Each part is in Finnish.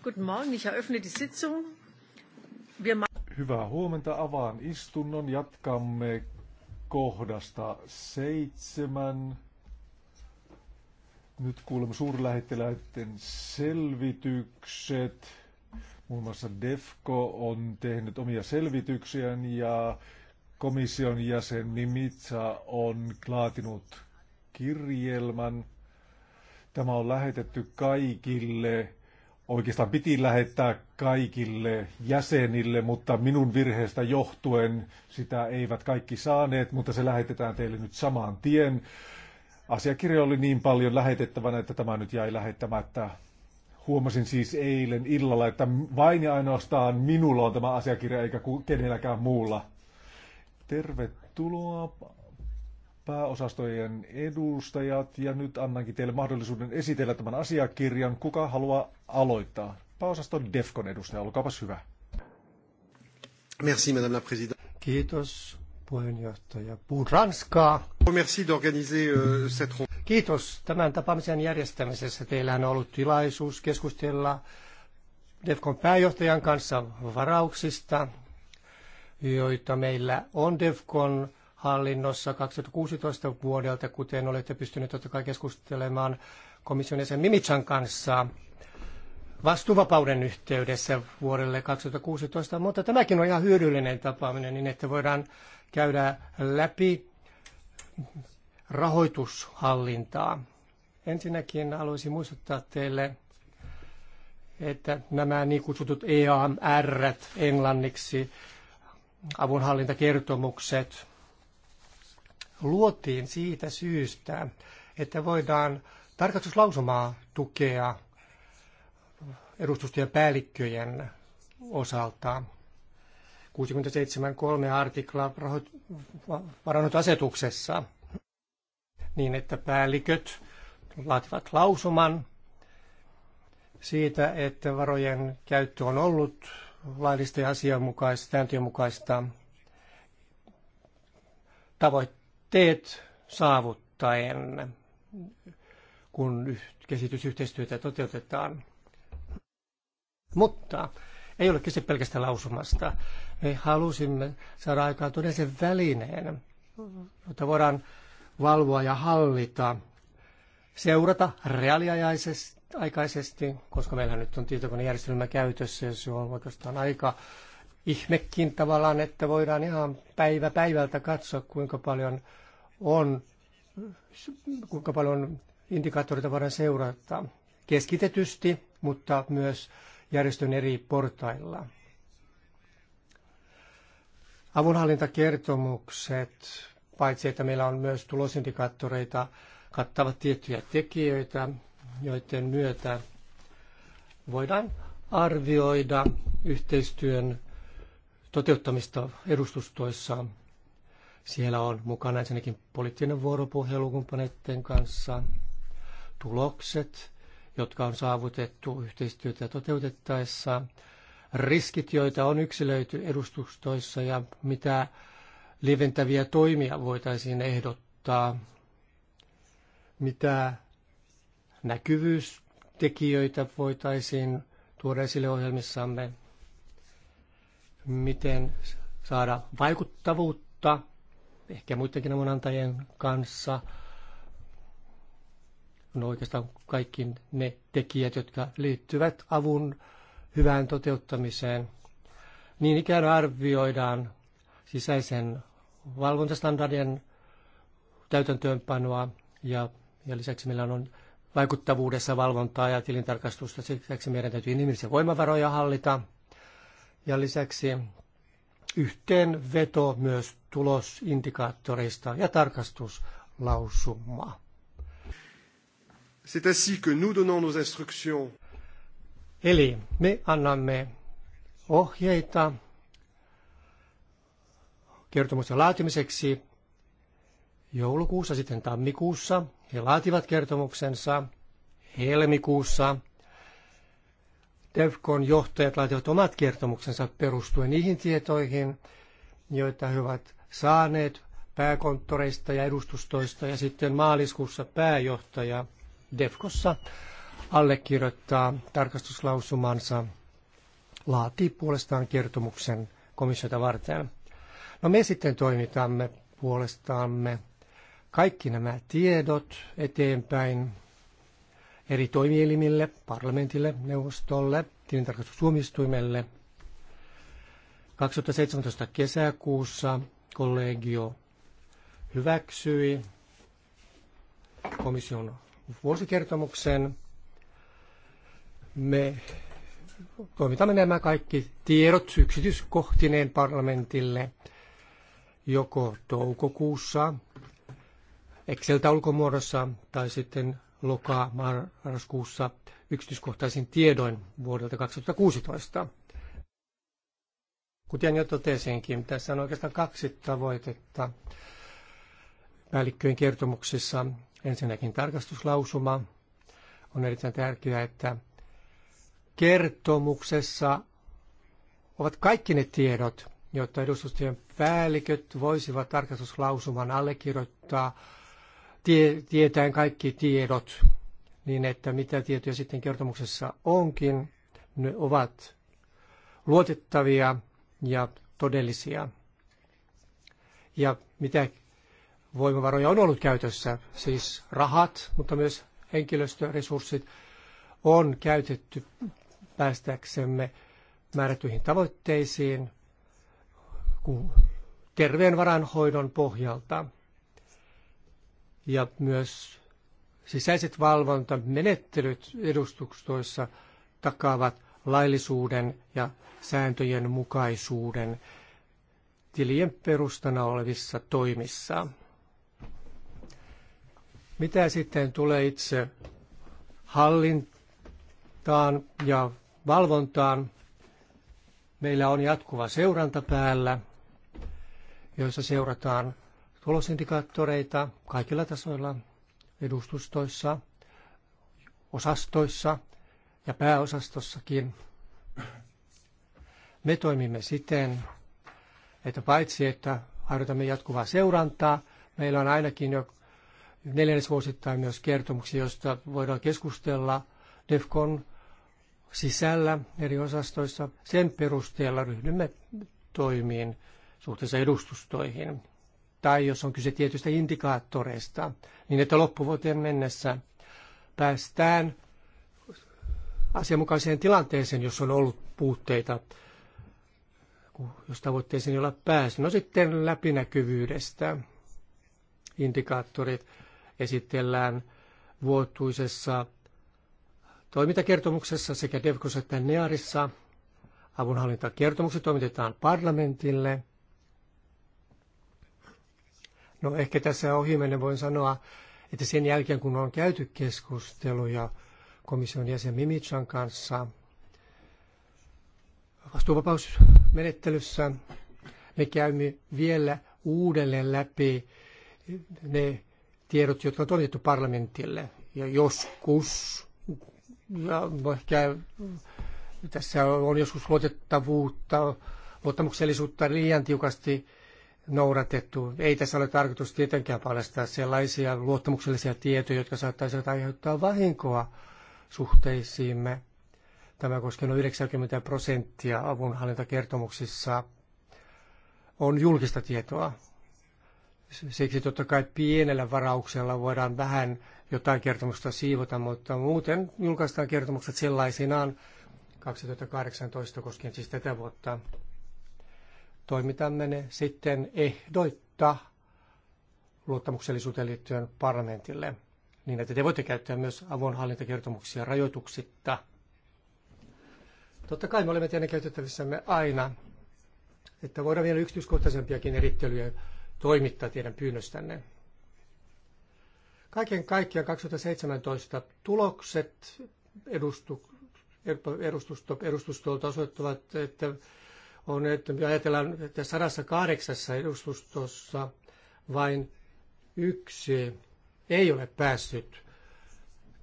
Guten Morgen, ich eröffne die Sitzung. Wir Hyvää huomenta, avaan istunnon. Jatkamme kohdasta seitsemän. Nyt kuulemme suurlähettiläiden selvitykset. Muun muassa DEFCO on tehnyt omia selvityksiään ja komission jäsen Mimitsa on laatinut kirjelmän. Tämä on lähetetty kaikille Oikeastaan piti lähettää kaikille jäsenille, mutta minun virheestä johtuen sitä eivät kaikki saaneet, mutta se lähetetään teille nyt samaan tien. Asiakirja oli niin paljon lähetettävänä, että tämä nyt jäi lähettämättä. Huomasin siis eilen illalla, että vain ja ainoastaan minulla on tämä asiakirja eikä kenelläkään muulla. Tervetuloa pääosastojen edustajat ja nyt annankin teille mahdollisuuden esitellä tämän asiakirjan. Kuka haluaa aloittaa? Pääosaston DEFCON edustaja, olkaapas hyvä. Merci, madame la présidente. Kiitos, puheenjohtaja. Puhun ranskaa. Merci d'organiser euh, cette Kiitos tämän tapaamisen järjestämisessä. teillä on ollut tilaisuus keskustella DEFCON pääjohtajan kanssa varauksista, joita meillä on DEFCON hallinnossa 2016 vuodelta, kuten olette pystyneet totta kai keskustelemaan komission jäsen Mimitsan kanssa vastuuvapauden yhteydessä vuodelle 2016, mutta tämäkin on ihan hyödyllinen tapaaminen niin, että voidaan käydä läpi rahoitushallintaa. Ensinnäkin haluaisin muistuttaa teille, että nämä niin kutsutut EAMR englanniksi, avunhallintakertomukset, luotiin siitä syystä, että voidaan tarkastuslausumaa tukea edustustojen päällikköjen osalta. 67.3 artikla varannut asetuksessa niin, että päälliköt laativat lausuman siitä, että varojen käyttö on ollut laillista ja asianmukaista, sääntöjen mukaista. Tavoit, tavoitteet saavuttaen, kun kehitysyhteistyötä toteutetaan. Mutta ei ole kyse pelkästä lausumasta. Me halusimme saada aikaan todellisen välineen, jota voidaan valvoa ja hallita, seurata reaaliaikaisesti, koska meillä nyt on tietokonejärjestelmä käytössä ja se on oikeastaan aika ihmekin tavallaan, että voidaan ihan päivä päivältä katsoa, kuinka paljon on, kuinka paljon indikaattoreita voidaan seurata keskitetysti, mutta myös järjestön eri portailla. Avunhallintakertomukset, paitsi että meillä on myös tulosindikaattoreita, kattavat tiettyjä tekijöitä, joiden myötä voidaan arvioida yhteistyön toteuttamista edustustoissaan. Siellä on mukana ensinnäkin poliittinen vuoropuhelu kumppaneiden kanssa, tulokset, jotka on saavutettu yhteistyötä toteutettaessa, riskit, joita on yksilöity edustustoissa ja mitä lieventäviä toimia voitaisiin ehdottaa, mitä näkyvyystekijöitä voitaisiin tuoda esille ohjelmissamme miten saada vaikuttavuutta, ehkä muidenkin avunantajien kanssa, no oikeastaan kaikki ne tekijät, jotka liittyvät avun hyvään toteuttamiseen. Niin ikään arvioidaan sisäisen valvontastandardien täytäntöönpanoa ja, ja lisäksi meillä on vaikuttavuudessa valvontaa ja tilintarkastusta. Siksi meidän täytyy inhimillisiä voimavaroja hallita ja lisäksi yhteenveto myös tulosindikaattoreista ja tarkastuslausuma. C'est ainsi que nous donnons nos instructions. Eli me annamme ohjeita kertomuksen laatimiseksi joulukuussa, sitten tammikuussa. He laativat kertomuksensa helmikuussa EFKon johtajat laitavat omat kertomuksensa perustuen niihin tietoihin, joita he ovat saaneet pääkonttoreista ja edustustoista ja sitten maaliskuussa pääjohtaja devkossa allekirjoittaa tarkastuslausumansa, laatii puolestaan kertomuksen komissiota varten. No me sitten toimitamme puolestaamme kaikki nämä tiedot eteenpäin eri toimielimille, parlamentille, neuvostolle, tilintarkastustuomistuimelle. 2017 kesäkuussa kollegio hyväksyi komission vuosikertomuksen. Me toimitamme nämä kaikki tiedot yksityiskohtineen parlamentille joko toukokuussa Excel-taulukomuodossa tai sitten loka marraskuussa yksityiskohtaisin tiedoin vuodelta 2016. Kuten jo totesinkin, tässä on oikeastaan kaksi tavoitetta päällikköjen kertomuksissa. Ensinnäkin tarkastuslausuma. On erittäin tärkeää, että kertomuksessa ovat kaikki ne tiedot, jotta edustustojen päälliköt voisivat tarkastuslausuman allekirjoittaa tie, tietään kaikki tiedot, niin että mitä tietoja sitten kertomuksessa onkin, ne ovat luotettavia ja todellisia. Ja mitä voimavaroja on ollut käytössä, siis rahat, mutta myös henkilöstöresurssit on käytetty päästäksemme määrätyihin tavoitteisiin terveen varanhoidon pohjalta – ja myös sisäiset valvontamenettelyt edustustoissa takaavat laillisuuden ja sääntöjen mukaisuuden tilien perustana olevissa toimissa. Mitä sitten tulee itse hallintaan ja valvontaan? Meillä on jatkuva seuranta päällä, joissa seurataan tulosindikaattoreita kaikilla tasoilla, edustustoissa, osastoissa ja pääosastossakin. Me toimimme siten, että paitsi että harjoitamme jatkuvaa seurantaa, meillä on ainakin jo neljännesvuosittain myös kertomuksia, joista voidaan keskustella DEFCON sisällä eri osastoissa. Sen perusteella ryhdymme toimiin suhteessa edustustoihin tai jos on kyse tietystä indikaattoreista, niin että loppuvuoteen mennessä päästään asianmukaiseen tilanteeseen, jos on ollut puutteita, jos tavoitteeseen ei olla päässyt. No sitten läpinäkyvyydestä indikaattorit esitellään vuotuisessa toimintakertomuksessa sekä DEVKOssa että NEARissa. Avunhallintakertomukset toimitetaan parlamentille No ehkä tässä ohimennen voin sanoa, että sen jälkeen kun on käyty keskusteluja komission jäsen Mimitsan kanssa vastuuvapausmenettelyssä, me käymme vielä uudelleen läpi ne tiedot, jotka on toimitettu parlamentille. Ja joskus, ja no, ehkä tässä on joskus luotettavuutta, luottamuksellisuutta liian tiukasti noudatettu. Ei tässä ole tarkoitus tietenkään paljastaa sellaisia luottamuksellisia tietoja, jotka saattaisivat aiheuttaa vahinkoa suhteisiimme. Tämä koskee noin 90 prosenttia avunhallintakertomuksissa on julkista tietoa. Siksi totta kai pienellä varauksella voidaan vähän jotain kertomusta siivota, mutta muuten julkaistaan kertomukset sellaisinaan 2018 koskien siis tätä vuotta toimitamme ne sitten ehdoitta luottamuksellisuuteen liittyen parlamentille, niin että te voitte käyttää myös avunhallintakertomuksia rajoituksitta. Totta kai me olemme teidän käytettävissämme aina, että voidaan vielä yksityiskohtaisempiakin erittelyjä toimittaa teidän pyynnöstänne. Kaiken kaikkiaan 2017 tulokset edustu, edustusto, edustustolta osoittavat, että on, että me ajatellaan, että 108 edustustossa vain yksi ei ole päässyt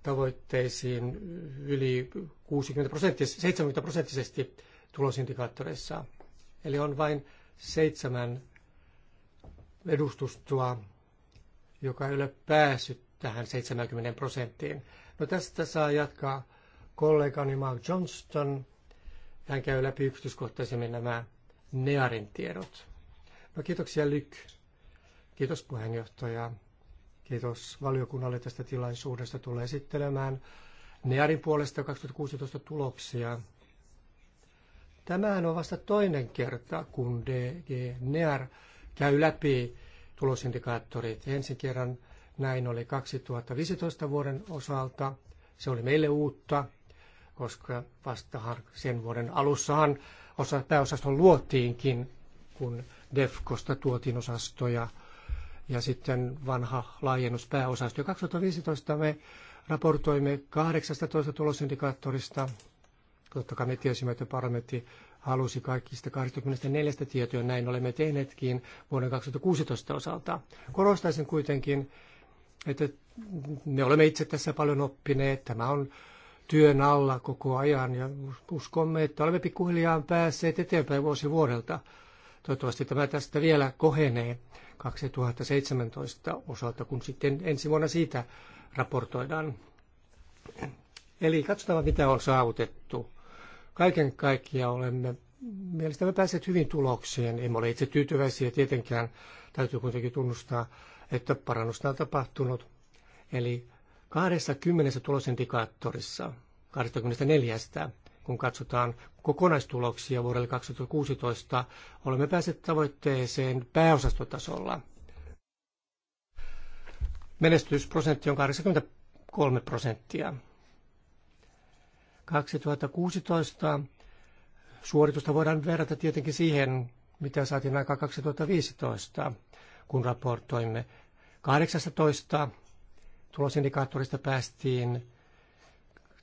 tavoitteisiin yli 60 prosenttisesti, 70 prosenttisesti tulosindikaattoreissa. Eli on vain seitsemän edustustoa, joka ei ole päässyt tähän 70 prosenttiin. No tästä saa jatkaa kollegani Mark Johnston, hän käy läpi yksityiskohtaisemmin nämä NEARin tiedot. No kiitoksia Lyk. Kiitos puheenjohtaja. Kiitos valiokunnalle tästä tilaisuudesta. Tulee esittelemään NEARin puolesta 2016 tuloksia. Tämähän on vasta toinen kerta, kun DG NEAR käy läpi tulosindikaattorit. Ensin kerran näin oli 2015 vuoden osalta. Se oli meille uutta koska vastahan sen vuoden alussahan osa, pääosasto luotiinkin, kun DEFKosta tuotiin osastoja ja sitten vanha laajennus pääosasto. 2015 me raportoimme 18 tulosindikaattorista. Totta kai me tiesimme, että parlamentti halusi kaikista 24 tietoja, näin olemme tehneetkin vuoden 2016 osalta. Korostaisin kuitenkin, että me olemme itse tässä paljon oppineet. Tämä on työn alla koko ajan ja uskomme, että olemme pikkuhiljaa päässeet eteenpäin vuosi vuodelta. Toivottavasti tämä tästä vielä kohenee 2017 osalta, kun sitten ensi vuonna siitä raportoidaan. Eli katsotaan, mitä on saavutettu. Kaiken kaikkiaan olemme mielestäni päässeet hyvin tulokseen. Emme ole itse tyytyväisiä tietenkään. Täytyy kuitenkin tunnustaa, että parannusta on tapahtunut. Eli 20 tulosindikaattorissa, 24, kun katsotaan kokonaistuloksia vuodelle 2016, olemme päässeet tavoitteeseen pääosastotasolla. Menestysprosentti on 83 prosenttia. 2016 suoritusta voidaan verrata tietenkin siihen, mitä saatiin aikaa 2015, kun raportoimme 18 tulosindikaattorista päästiin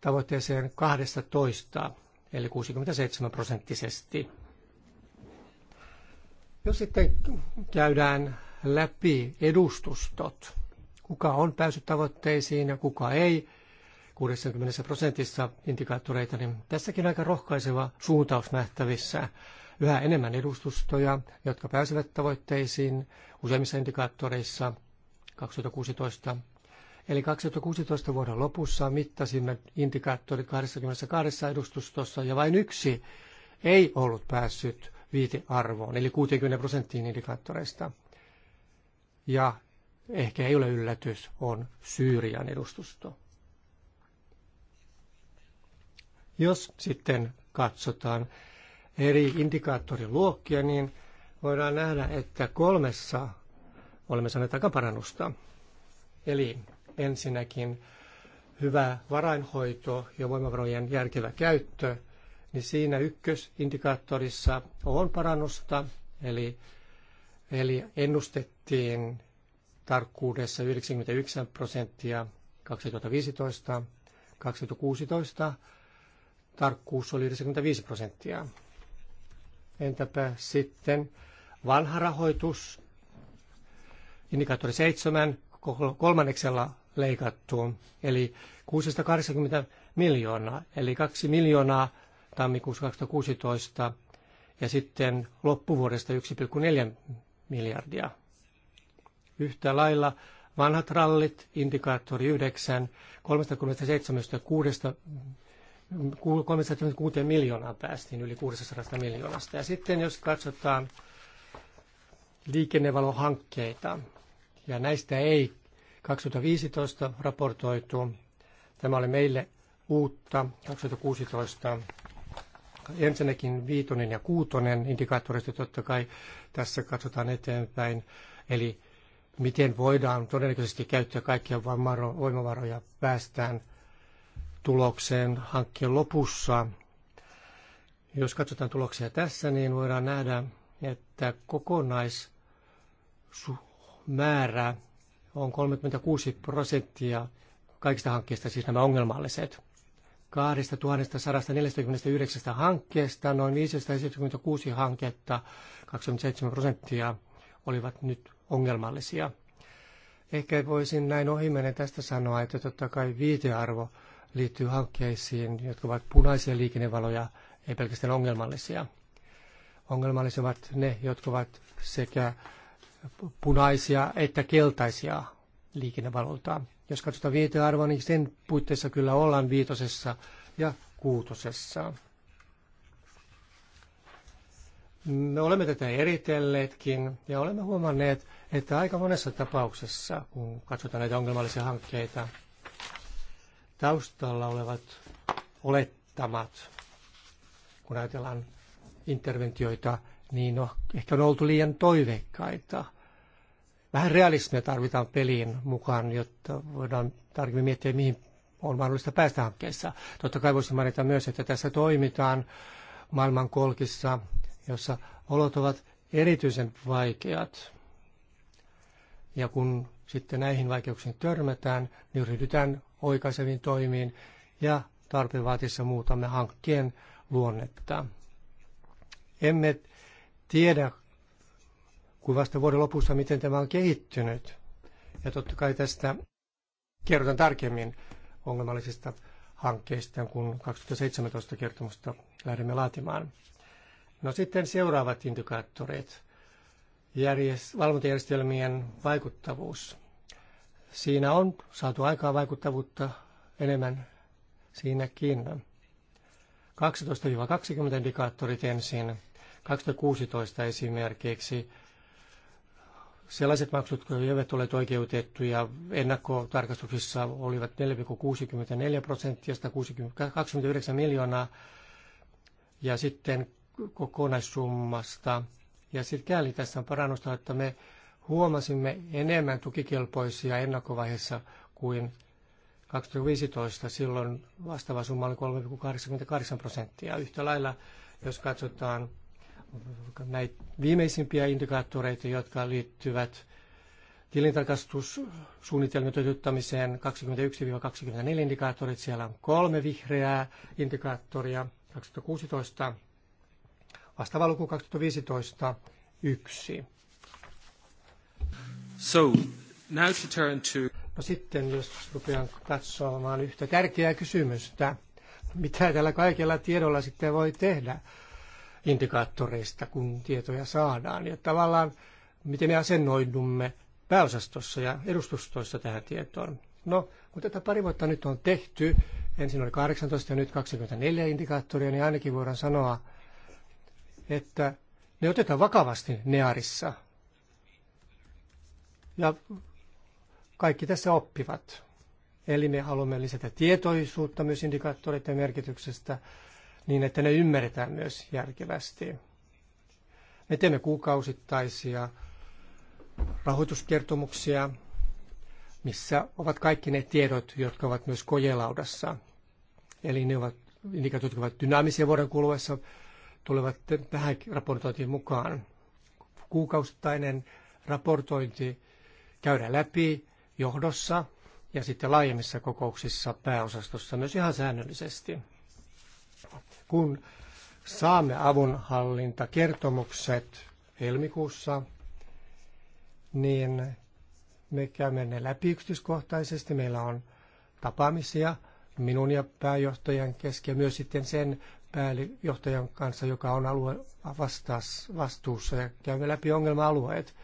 tavoitteeseen 12, eli 67 prosenttisesti. Jos sitten käydään läpi edustustot, kuka on päässyt tavoitteisiin ja kuka ei, 60 prosentissa indikaattoreita, niin tässäkin aika rohkaiseva suuntaus nähtävissä. Yhä enemmän edustustoja, jotka pääsevät tavoitteisiin useimmissa indikaattoreissa 2016 Eli 2016 vuoden lopussa mittasimme indikaattorit 22 edustustossa ja vain yksi ei ollut päässyt viitearvoon, eli 60 prosenttiin indikaattoreista. Ja ehkä ei ole yllätys, on Syyrian edustusto. Jos sitten katsotaan eri indikaattorin luokkia, niin voidaan nähdä, että kolmessa olemme saaneet aika parannusta. Eli Ensinnäkin hyvä varainhoito ja voimavarojen järkevä käyttö, niin siinä ykkösindikaattorissa on parannusta, eli, eli ennustettiin tarkkuudessa 99 prosenttia 2015, 2016 tarkkuus oli 95 prosenttia. Entäpä sitten vanha rahoitus, indikaattori 7, kolmanneksella leikattu, eli 680 miljoonaa, eli 2 miljoonaa tammikuussa 2016 ja sitten loppuvuodesta 1,4 miljardia. Yhtä lailla vanhat rallit, indikaattori 9, 376 miljoonaa päästiin yli 600 miljoonasta. Ja sitten jos katsotaan liikennevalohankkeita, ja näistä ei 2015 raportoitu. Tämä oli meille uutta 2016. Ensinnäkin viitonen ja kuutonen indikaattorista totta kai tässä katsotaan eteenpäin. Eli miten voidaan todennäköisesti käyttää kaikkia voimavaroja päästään tulokseen hankkeen lopussa. Jos katsotaan tuloksia tässä, niin voidaan nähdä, että kokonaismäärä on 36 prosenttia kaikista hankkeista, siis nämä ongelmalliset. 2149 hankkeesta noin 576 hanketta, 27 prosenttia olivat nyt ongelmallisia. Ehkä voisin näin ohimennen tästä sanoa, että totta kai viitearvo liittyy hankkeisiin, jotka ovat punaisia liikennevaloja, ei pelkästään ongelmallisia. Ongelmallisia ovat ne, jotka ovat sekä punaisia että keltaisia liikennevaloita. Jos katsotaan viitearvoa, niin sen puitteissa kyllä ollaan viitosessa ja kuutosessa. Me olemme tätä eritelleetkin ja olemme huomanneet, että aika monessa tapauksessa, kun katsotaan näitä ongelmallisia hankkeita, taustalla olevat olettamat, kun ajatellaan interventioita, niin no, ehkä on oltu liian toiveikkaita. Vähän realismia tarvitaan peliin mukaan, jotta voidaan tarkemmin miettiä, mihin on mahdollista päästä hankkeessa. Totta kai voisi mainita myös, että tässä toimitaan maailmankolkissa, jossa olot ovat erityisen vaikeat. Ja kun sitten näihin vaikeuksiin törmätään, niin ryhdytään oikaiseviin toimiin ja tarpeen vaatissa muutamme hankkeen luonnetta. Emme tiedä kuin vasta vuoden lopussa, miten tämä on kehittynyt. Ja totta kai tästä kerrotaan tarkemmin ongelmallisista hankkeista, kun 2017 kertomusta lähdemme laatimaan. No sitten seuraavat indikaattorit. Järjest, valvontajärjestelmien vaikuttavuus. Siinä on saatu aikaa vaikuttavuutta enemmän siinäkin. 12-20 indikaattorit ensin. 2016 esimerkiksi sellaiset maksut, jotka eivät ole oikeutettuja ennakkotarkastuksissa, olivat 4,64 prosenttia, 29 miljoonaa, ja sitten kokonaissummasta. Ja sitten käyli tässä on parannusta, että me huomasimme enemmän tukikelpoisia ennakkovaiheessa kuin 2015. Silloin vastaava summa oli 3,88 prosenttia. Yhtä lailla, jos katsotaan näitä viimeisimpiä indikaattoreita, jotka liittyvät tilintarkastussuunnitelmien toteuttamiseen 21-24 indikaattorit. Siellä on kolme vihreää indikaattoria 2016, vastaava luku 2015, yksi. So, now to turn to... No sitten, jos rupean katsomaan yhtä tärkeää kysymystä, mitä tällä kaikella tiedolla sitten voi tehdä indikaattoreista, kun tietoja saadaan. Ja tavallaan, miten me asennoidumme pääosastossa ja edustustoissa tähän tietoon. No, kun tätä pari vuotta nyt on tehty, ensin oli 18 ja nyt 24 indikaattoria, niin ainakin voidaan sanoa, että ne otetaan vakavasti nearissa. Ja kaikki tässä oppivat. Eli me haluamme lisätä tietoisuutta myös indikaattoreiden merkityksestä niin, että ne ymmärretään myös järkevästi. Me teemme kuukausittaisia rahoituskertomuksia, missä ovat kaikki ne tiedot, jotka ovat myös kojelaudassa. Eli ne ovat indikaatiot, jotka ovat dynaamisia vuoden kuluessa, tulevat tähän raportointiin mukaan. Kuukausittainen raportointi käydään läpi johdossa ja sitten laajemmissa kokouksissa pääosastossa myös ihan säännöllisesti. Kun saamme avunhallintakertomukset helmikuussa, niin me käymme ne läpi yksityiskohtaisesti. Meillä on tapaamisia minun ja pääjohtajan kesken ja myös sitten sen pääjohtajan kanssa, joka on alue vastaas, vastuussa ja käymme läpi ongelma-alueet.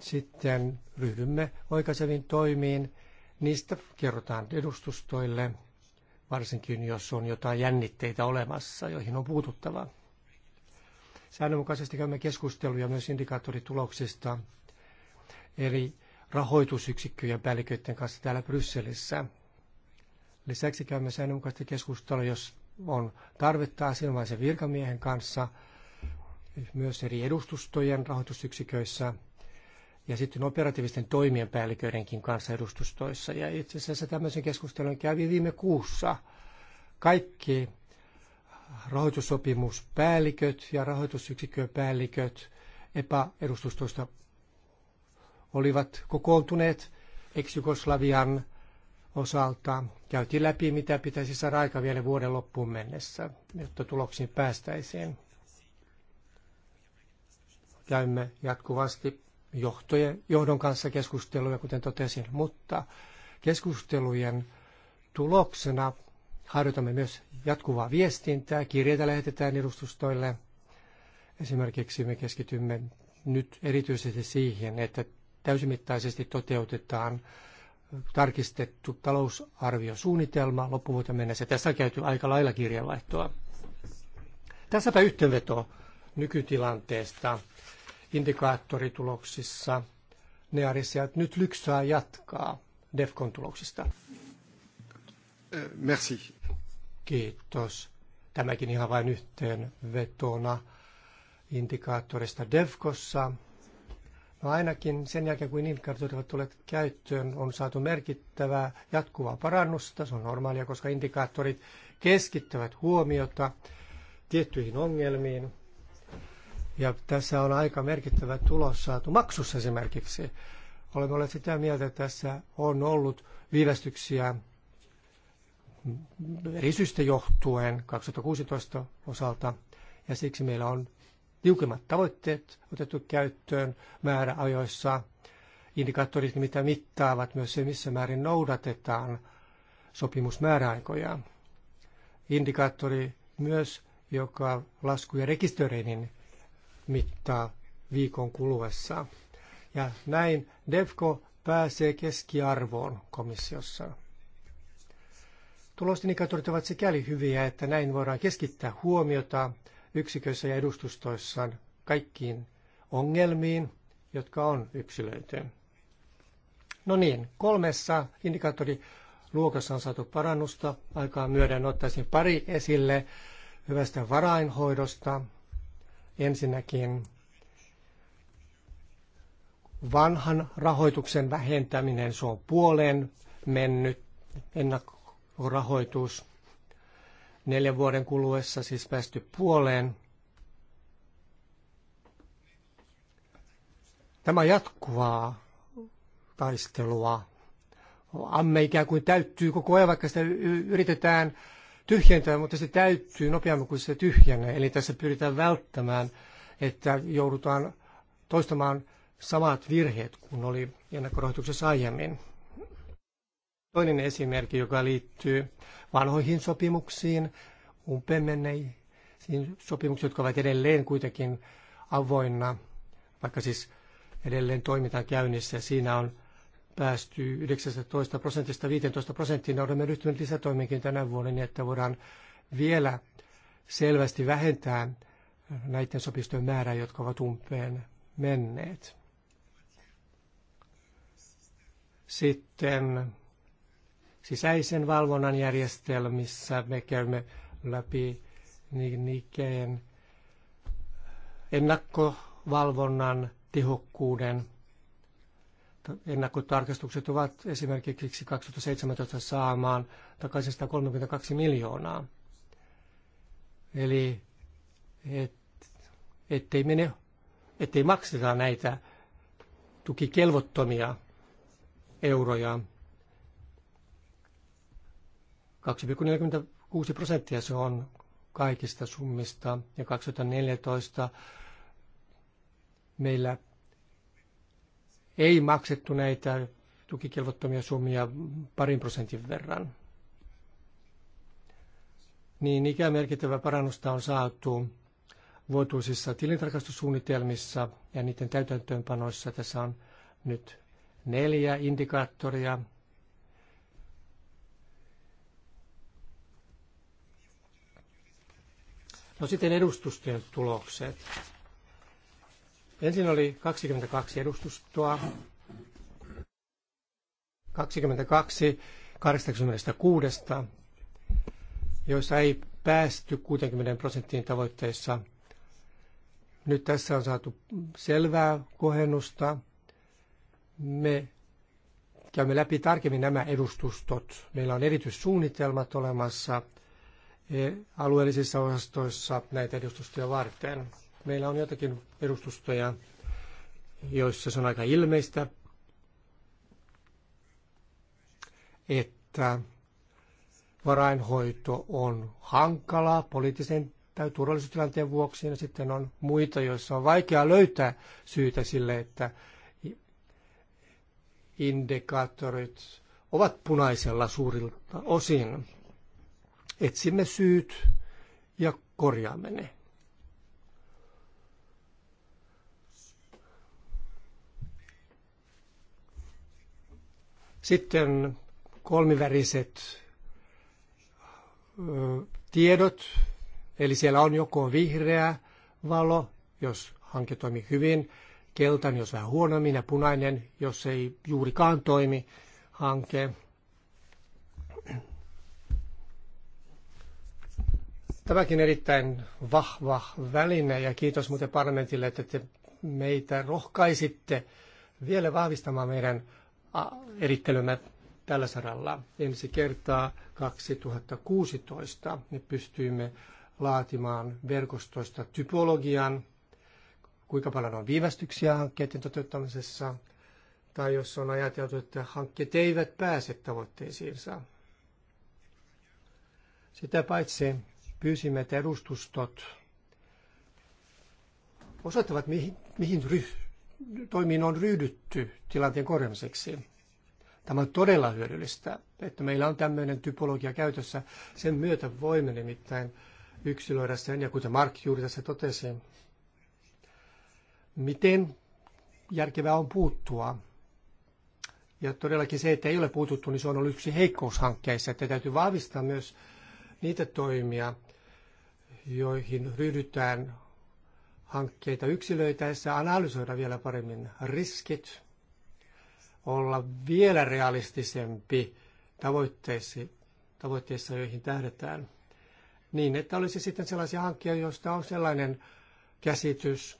Sitten ryhdymme oikaiseviin toimiin. Niistä kerrotaan edustustoille varsinkin jos on jotain jännitteitä olemassa, joihin on puututtava. Säännönmukaisesti käymme keskusteluja myös indikaattorituloksista eri rahoitusyksikköjen päälliköiden kanssa täällä Brysselissä. Lisäksi käymme säännönmukaisesti keskustelua, jos on tarvetta asianomaisen virkamiehen kanssa, myös eri edustustojen rahoitusyksiköissä – ja sitten operatiivisten toimien päälliköidenkin kanssa edustustoissa. Ja itse asiassa tämmöisen keskustelun kävi viime kuussa. Kaikki rahoitussopimuspäälliköt ja rahoitusyksikön päälliköt epäedustustoista olivat kokoontuneet ex-Jugoslavian osalta. Käytiin läpi, mitä pitäisi saada aika vielä vuoden loppuun mennessä, jotta tuloksiin päästäisiin. Käymme jatkuvasti johtojen, johdon kanssa keskusteluja, kuten totesin, mutta keskustelujen tuloksena harjoitamme myös jatkuvaa viestintää, kirjeitä lähetetään edustustoille. Esimerkiksi me keskitymme nyt erityisesti siihen, että täysimittaisesti toteutetaan tarkistettu talousarviosuunnitelma loppuvuoteen mennessä. Tässä on käyty aika lailla kirjeenvaihtoa. Tässäpä yhteenveto nykytilanteesta indikaattorituloksissa. Ne arisijat nyt lyksyä jatkaa DEFCON tuloksista. Merci. Kiitos. Tämäkin ihan vain yhteen vetona indikaattorista DEFCOssa. No ainakin sen jälkeen, kun indikaattorit ovat tulleet käyttöön, on saatu merkittävää jatkuvaa parannusta. Se on normaalia, koska indikaattorit keskittävät huomiota tiettyihin ongelmiin. Ja tässä on aika merkittävä tulos saatu maksussa esimerkiksi. Olemme olleet sitä mieltä, että tässä on ollut viivästyksiä eri syistä johtuen 2016 osalta, ja siksi meillä on tiukemmat tavoitteet otettu käyttöön määräajoissa. Indikaattorit mitä mittaavat myös se, missä määrin noudatetaan sopimusmääräaikoja. Indikaattori myös, joka laskuja rekisteröinnin mittaa viikon kuluessa. Ja näin DEFCO pääsee keskiarvoon komissiossa. Tulosten ovat sikäli hyviä, että näin voidaan keskittää huomiota yksiköissä ja edustustoissaan kaikkiin ongelmiin, jotka on yksilöity. No niin, kolmessa indikaattoriluokassa on saatu parannusta. Aikaa myöden ottaisin pari esille hyvästä varainhoidosta, Ensinnäkin vanhan rahoituksen vähentäminen, se on puoleen mennyt ennakkorahoitus. Neljän vuoden kuluessa siis päästy puoleen. Tämä jatkuvaa taistelua. Amme ikään kuin täyttyy koko ajan, vaikka sitä yritetään tyhjentää, mutta se täyttyy nopeammin kuin se tyhjenee. Eli tässä pyritään välttämään, että joudutaan toistamaan samat virheet kuin oli ennakkorahoituksessa aiemmin. Toinen esimerkki, joka liittyy vanhoihin sopimuksiin, umpemenneisiin sopimuksiin, jotka ovat edelleen kuitenkin avoinna, vaikka siis edelleen toiminta käynnissä. Siinä on päästy 19 prosentista 15 prosenttiin. Olemme ryhtyneet lisätoimiinkin tänä vuonna niin, että voidaan vielä selvästi vähentää näiden sopistojen määrää, jotka ovat umpeen menneet. Sitten sisäisen valvonnan järjestelmissä me käymme läpi Nikeen ennakkovalvonnan tehokkuuden ennakkotarkastukset ovat esimerkiksi 2017 saamaan takaisin 132 miljoonaa. Eli et, ettei, mene, ettei makseta näitä tukikelvottomia euroja. 2,46 prosenttia se on kaikista summista ja 2014 meillä ei maksettu näitä tukikelvottomia summia parin prosentin verran. Niin ikään merkittävä parannusta on saatu vuotuisissa tilintarkastussuunnitelmissa ja niiden täytäntöönpanoissa. Tässä on nyt neljä indikaattoria. No sitten edustustyön tulokset. Ensin oli 22 edustustoa, 22 86, joissa ei päästy 60 prosenttiin tavoitteissa. Nyt tässä on saatu selvää kohennusta. Me käymme läpi tarkemmin nämä edustustot. Meillä on erityissuunnitelmat olemassa e, alueellisissa osastoissa näitä edustustoja varten. Meillä on jotakin edustustoja, joissa se on aika ilmeistä, että varainhoito on hankalaa poliittisen tai turvallisuustilanteen vuoksi, ja sitten on muita, joissa on vaikea löytää syytä sille, että indikaattorit ovat punaisella suurilta osin. Etsimme syyt ja korjaamme ne. Sitten kolmiväriset tiedot, eli siellä on joko vihreä valo, jos hanke toimii hyvin, keltainen, jos vähän huonommin, ja punainen, jos ei juurikaan toimi hanke. Tämäkin erittäin vahva väline, ja kiitos muuten parlamentille, että te meitä rohkaisitte vielä vahvistamaan meidän erittelemään tällä saralla. Ensi kertaa 2016 me pystyimme laatimaan verkostoista typologian, kuinka paljon on viivästyksiä hankkeiden toteuttamisessa, tai jos on ajateltu, että hankkeet eivät pääse tavoitteisiinsa. Sitä paitsi pyysimme, että edustustot osoittavat, mihin, mihin ryh, toimiin on ryhdytty tilanteen korjaamiseksi. Tämä on todella hyödyllistä, että meillä on tämmöinen typologia käytössä. Sen myötä voimme nimittäin yksilöidä sen, ja kuten Mark juuri tässä totesi, miten järkevää on puuttua. Ja todellakin se, että ei ole puututtu, niin se on ollut yksi heikkous hankkeissa, että täytyy vahvistaa myös niitä toimia, joihin ryhdytään hankkeita yksilöitäessä analysoida vielä paremmin riskit, olla vielä realistisempi tavoitteissa, joihin tähdetään, niin että olisi sitten sellaisia hankkeja, joista on sellainen käsitys,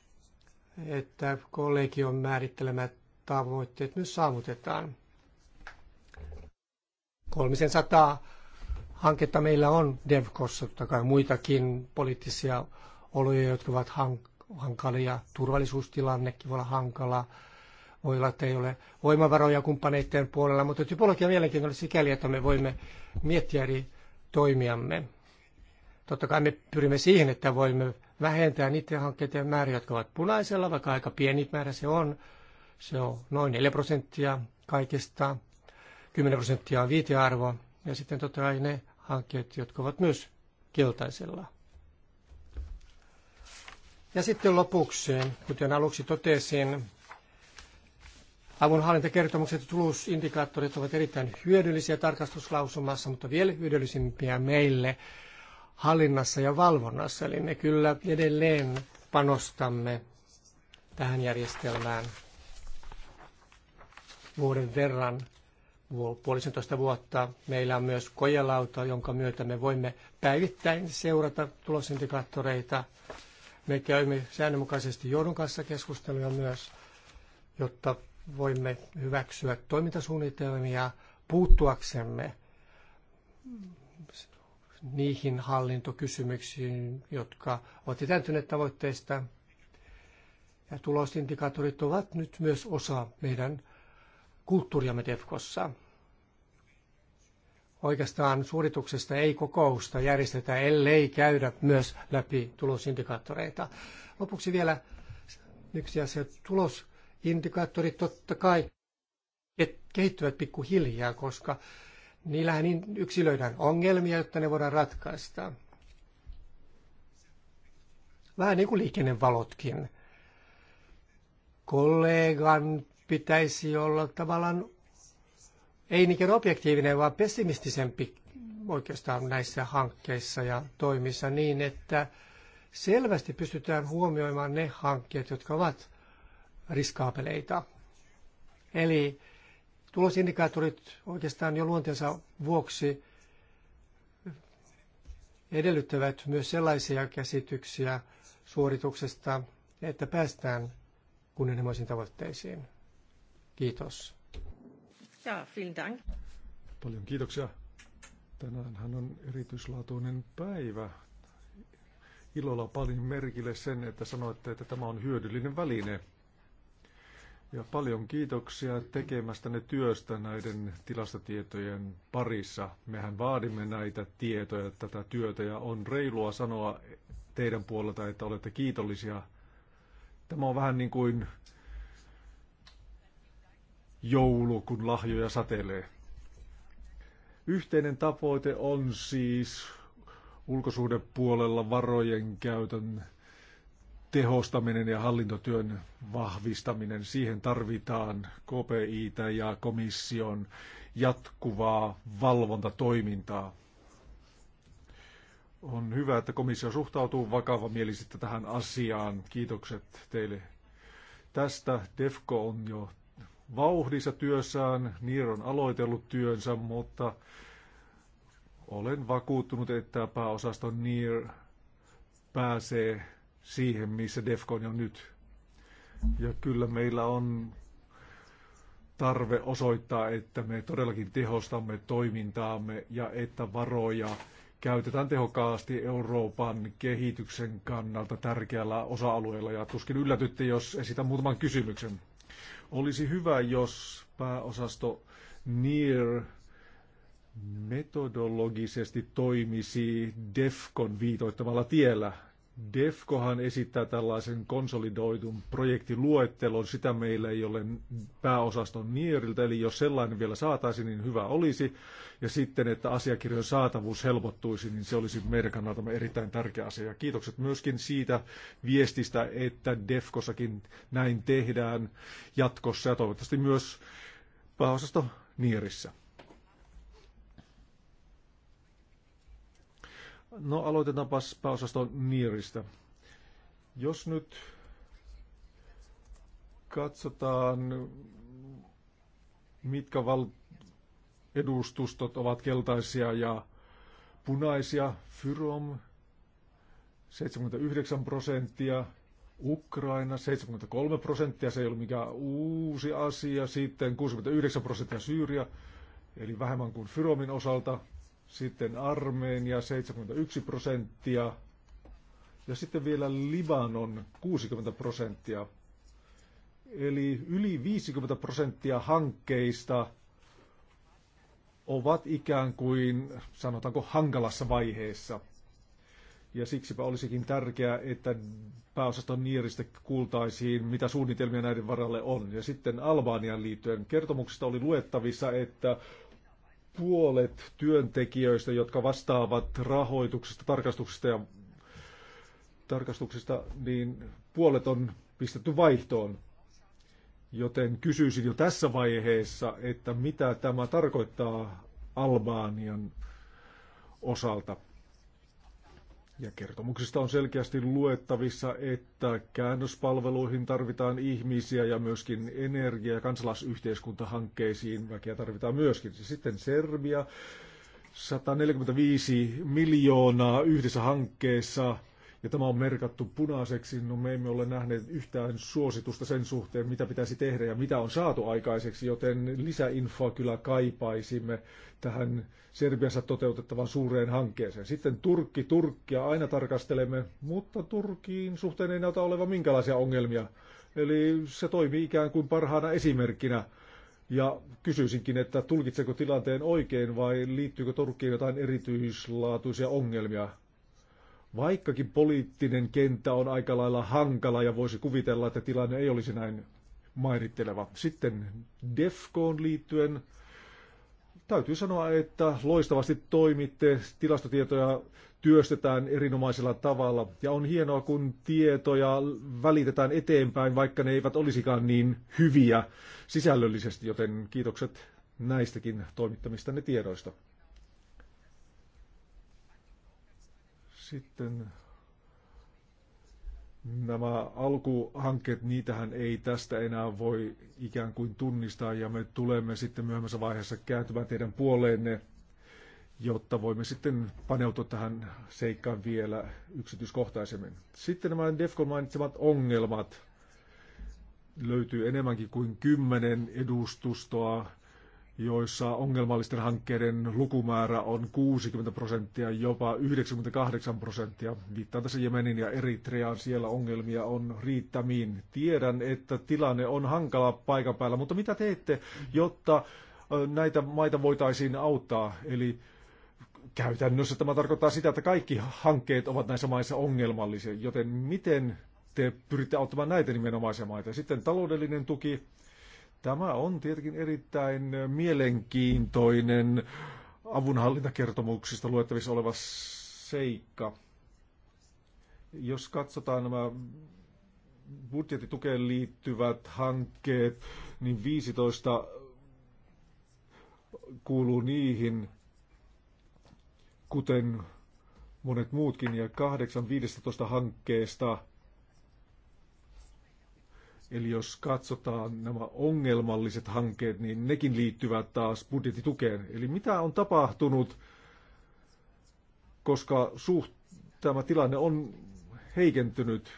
että kollegion määrittelemät tavoitteet myös saavutetaan. 300 hanketta meillä on DevKossa, totta kai muitakin poliittisia oloja, jotka ovat hank- hankalia, turvallisuustilannekin voi olla hankala, voi olla, että ei ole voimavaroja kumppaneiden puolella, mutta typologia vieläkin mielenkiintoinen sikäli, että me voimme miettiä eri toimiamme. Totta kai me pyrimme siihen, että voimme vähentää niiden hankkeiden määrä, jotka ovat punaisella, vaikka aika pieni määrä se on. Se on noin 4 prosenttia kaikista, 10 prosenttia on viitearvo, ja sitten totta kai ne hankkeet, jotka ovat myös keltaisella. Ja sitten lopuksi, kuten aluksi totesin, avunhallintakertomukset ja tulosindikaattorit ovat erittäin hyödyllisiä tarkastuslausumassa, mutta vielä hyödyllisimpiä meille hallinnassa ja valvonnassa. Eli me kyllä edelleen panostamme tähän järjestelmään vuoden verran, puolisentoista vuotta. Meillä on myös kojelauta, jonka myötä me voimme päivittäin seurata tulosindikaattoreita me käymme säännönmukaisesti johdon kanssa keskusteluja myös, jotta voimme hyväksyä toimintasuunnitelmia puuttuaksemme niihin hallintokysymyksiin, jotka ovat etääntyneet tavoitteista. Ja tulosindikaattorit ovat nyt myös osa meidän kulttuuriamme Defkossa. Oikeastaan suorituksesta ei kokousta järjestetä, ellei käydä myös läpi tulosindikaattoreita. Lopuksi vielä yksi asia. Tulosindikaattorit totta kai kehittyvät pikkuhiljaa, koska niillähän yksilöidään ongelmia, jotta ne voidaan ratkaista. Vähän niin kuin liikennevalotkin. Kollegan pitäisi olla tavallaan ei niinkään objektiivinen, vaan pessimistisempi oikeastaan näissä hankkeissa ja toimissa niin, että selvästi pystytään huomioimaan ne hankkeet, jotka ovat riskaapeleita. Eli tulosindikaattorit oikeastaan jo luonteensa vuoksi edellyttävät myös sellaisia käsityksiä suorituksesta, että päästään kunnianhimoisiin tavoitteisiin. Kiitos. Ja, vielen Dank. Paljon kiitoksia. Tänäänhän on erityislaatuinen päivä. Ilolla paljon merkille sen, että sanoitte, että tämä on hyödyllinen väline. Ja paljon kiitoksia tekemästänne työstä näiden tilastotietojen parissa. Mehän vaadimme näitä tietoja, tätä työtä, ja on reilua sanoa teidän puolelta, että olette kiitollisia. Tämä on vähän niin kuin joulu, kun lahjoja satelee. Yhteinen tavoite on siis ulkosuhdepuolella varojen käytön tehostaminen ja hallintotyön vahvistaminen. Siihen tarvitaan KPItä ja komission jatkuvaa valvontatoimintaa. On hyvä, että komissio suhtautuu vakavamielisesti tähän asiaan. Kiitokset teille tästä. DEFCO on jo vauhdissa työssään, Niir on aloitellut työnsä, mutta olen vakuuttunut, että pääosasto Niir pääsee siihen, missä Defcon on nyt. Ja kyllä meillä on tarve osoittaa, että me todellakin tehostamme toimintaamme ja että varoja käytetään tehokkaasti Euroopan kehityksen kannalta tärkeällä osa-alueella. Ja tuskin yllätytte, jos esitän muutaman kysymyksen. Olisi hyvä, jos pääosasto NIR metodologisesti toimisi DEFCON viitoittamalla tiellä DEFCOhan esittää tällaisen konsolidoidun projektiluettelon, sitä meillä ei ole pääosaston nieriltä, eli jos sellainen vielä saataisiin, niin hyvä olisi. Ja sitten, että asiakirjojen saatavuus helpottuisi, niin se olisi meidän kannaltamme erittäin tärkeä asia. Ja kiitokset myöskin siitä viestistä, että DEFCOssakin näin tehdään jatkossa ja toivottavasti myös pääosasto nierissä. No aloitetaanpa pääosaston Niiristä. Jos nyt katsotaan, mitkä val- edustustot ovat keltaisia ja punaisia. Fyrom 79 prosenttia, Ukraina 73 prosenttia, se ei ole mikään uusi asia. Sitten 69 prosenttia Syyria, eli vähemmän kuin Fyromin osalta. Sitten Armeenia 71 prosenttia. Ja sitten vielä Libanon 60 prosenttia. Eli yli 50 prosenttia hankkeista ovat ikään kuin, sanotaanko, hankalassa vaiheessa. Ja siksipä olisikin tärkeää, että pääosaston Nieristä kuultaisiin, mitä suunnitelmia näiden varalle on. Ja sitten Albanian liittyen kertomuksesta oli luettavissa, että puolet työntekijöistä, jotka vastaavat rahoituksesta, tarkastuksesta ja tarkastuksista, niin puolet on pistetty vaihtoon. Joten kysyisin jo tässä vaiheessa, että mitä tämä tarkoittaa Albanian osalta. Ja kertomuksista on selkeästi luettavissa, että käännöspalveluihin tarvitaan ihmisiä ja myöskin energia- ja kansalaisyhteiskuntahankkeisiin väkeä tarvitaan myöskin. Sitten Serbia, 145 miljoonaa yhdessä hankkeessa ja tämä on merkattu punaiseksi. No me emme ole nähneet yhtään suositusta sen suhteen, mitä pitäisi tehdä ja mitä on saatu aikaiseksi, joten lisäinfoa kyllä kaipaisimme tähän Serbiassa toteutettavaan suureen hankkeeseen. Sitten Turkki, Turkkia aina tarkastelemme, mutta Turkiin suhteen ei näytä olevan minkälaisia ongelmia. Eli se toimii ikään kuin parhaana esimerkkinä. Ja kysyisinkin, että tulkitseko tilanteen oikein vai liittyykö Turkkiin jotain erityislaatuisia ongelmia? Vaikkakin poliittinen kenttä on aika lailla hankala ja voisi kuvitella, että tilanne ei olisi näin mainitteleva. Sitten DEFCOon liittyen täytyy sanoa, että loistavasti toimitte, tilastotietoja työstetään erinomaisella tavalla ja on hienoa, kun tietoja välitetään eteenpäin, vaikka ne eivät olisikaan niin hyviä sisällöllisesti, joten kiitokset näistäkin ne tiedoista. Sitten nämä alkuhankkeet, niitähän ei tästä enää voi ikään kuin tunnistaa ja me tulemme sitten myöhemmässä vaiheessa kääntymään teidän puoleenne, jotta voimme sitten paneutua tähän seikkaan vielä yksityiskohtaisemmin. Sitten nämä Defcon mainitsemat ongelmat löytyy enemmänkin kuin kymmenen edustustoa joissa ongelmallisten hankkeiden lukumäärä on 60 prosenttia, jopa 98 prosenttia. Viittaan tässä Jemenin ja Eritreaan, siellä ongelmia on riittämiin. Tiedän, että tilanne on hankala paikan päällä, mutta mitä teette, jotta näitä maita voitaisiin auttaa? Eli käytännössä tämä tarkoittaa sitä, että kaikki hankkeet ovat näissä maissa ongelmallisia, joten miten te pyritte auttamaan näitä nimenomaisia maita? Sitten taloudellinen tuki, Tämä on tietenkin erittäin mielenkiintoinen avunhallintakertomuksista luettavissa oleva seikka. Jos katsotaan nämä budjettitukeen liittyvät hankkeet, niin 15 kuuluu niihin, kuten monet muutkin, ja 8-15 hankkeesta – Eli jos katsotaan nämä ongelmalliset hankkeet, niin nekin liittyvät taas budjettitukeen. Eli mitä on tapahtunut, koska suht, tämä tilanne on heikentynyt,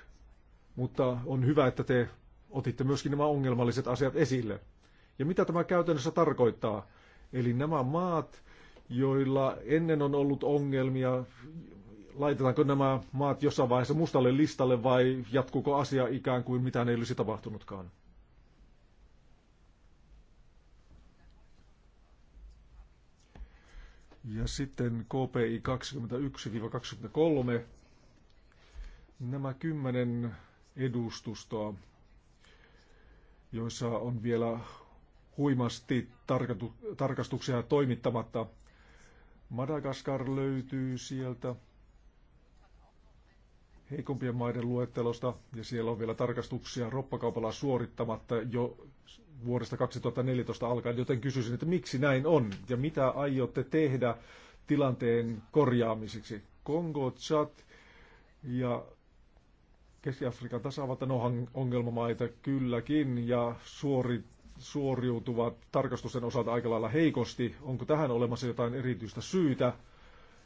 mutta on hyvä, että te otitte myöskin nämä ongelmalliset asiat esille. Ja mitä tämä käytännössä tarkoittaa? Eli nämä maat, joilla ennen on ollut ongelmia, laitetaanko nämä maat jossain vaiheessa mustalle listalle vai jatkuuko asia ikään kuin mitään ei olisi tapahtunutkaan? Ja sitten KPI 21-23. Nämä kymmenen edustustoa, joissa on vielä huimasti tarkastuksia toimittamatta. Madagaskar löytyy sieltä heikompien maiden luettelosta, ja siellä on vielä tarkastuksia roppakaupalla suorittamatta jo vuodesta 2014 alkaen, joten kysyisin, että miksi näin on, ja mitä aiotte tehdä tilanteen korjaamiseksi? Kongo, Chad ja Keski-Afrikan tasavalta, no ongelmamaita kylläkin, ja suori, suoriutuvat tarkastusten osalta aika lailla heikosti. Onko tähän olemassa jotain erityistä syytä?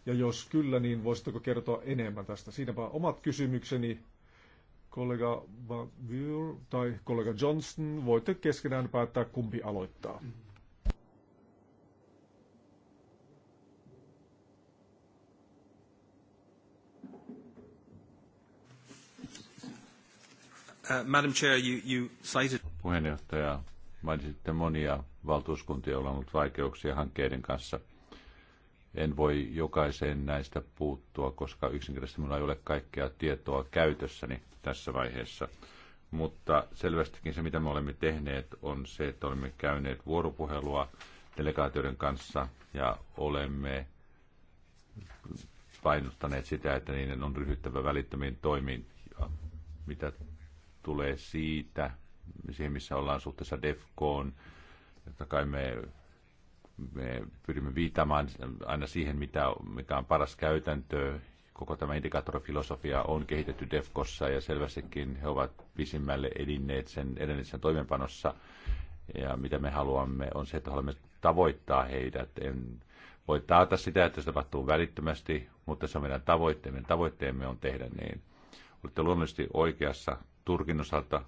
Ja jos kyllä, niin voisitteko kertoa enemmän tästä? Siinäpä omat kysymykseni kollega Bavir tai kollega Johnson. Voitte keskenään päättää, kumpi aloittaa. Uh, Madam Chair, you, you cited... Puheenjohtaja, mainitsitte monia valtuuskuntia, joilla on ollut vaikeuksia hankkeiden kanssa – en voi jokaiseen näistä puuttua, koska yksinkertaisesti minulla ei ole kaikkea tietoa käytössäni tässä vaiheessa. Mutta selvästikin se, mitä me olemme tehneet, on se, että olemme käyneet vuoropuhelua delegaatioiden kanssa ja olemme painottaneet sitä, että niiden on ryhdyttävä välittömiin toimiin, mitä tulee siitä, siihen missä ollaan suhteessa DEFCOon. että kai me me pyrimme viitamaan aina siihen, mitä, mikä on paras käytäntö. Koko tämä indikaattorifilosofia on kehitetty DEFKossa ja selvästikin he ovat pisimmälle edinneet sen edellisessä toimenpanossa. Ja mitä me haluamme on se, että haluamme tavoittaa heidät. En voi taata sitä, että se tapahtuu välittömästi, mutta se on meidän tavoitteemme. Tavoitteemme on tehdä niin. Olette luonnollisesti oikeassa Turkin osalta.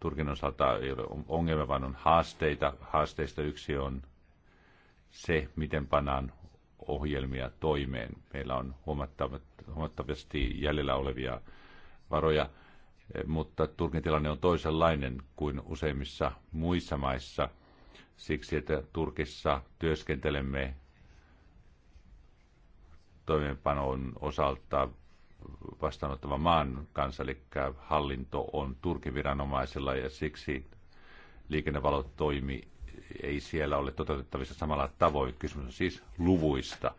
Turkin osalta ei ole ongelma, vaan on haasteita. Haasteista yksi on se, miten pannaan ohjelmia toimeen. Meillä on huomattavasti jäljellä olevia varoja, eh, mutta Turkin tilanne on toisenlainen kuin useimmissa muissa maissa, siksi että Turkissa työskentelemme toimeenpanon osalta vastaanottavan maan kanssa, eli hallinto on Turkin viranomaisella ja siksi liikennevalot toimi ei siellä ole toteutettavissa samalla tavoin. Kysymys on siis luvuista.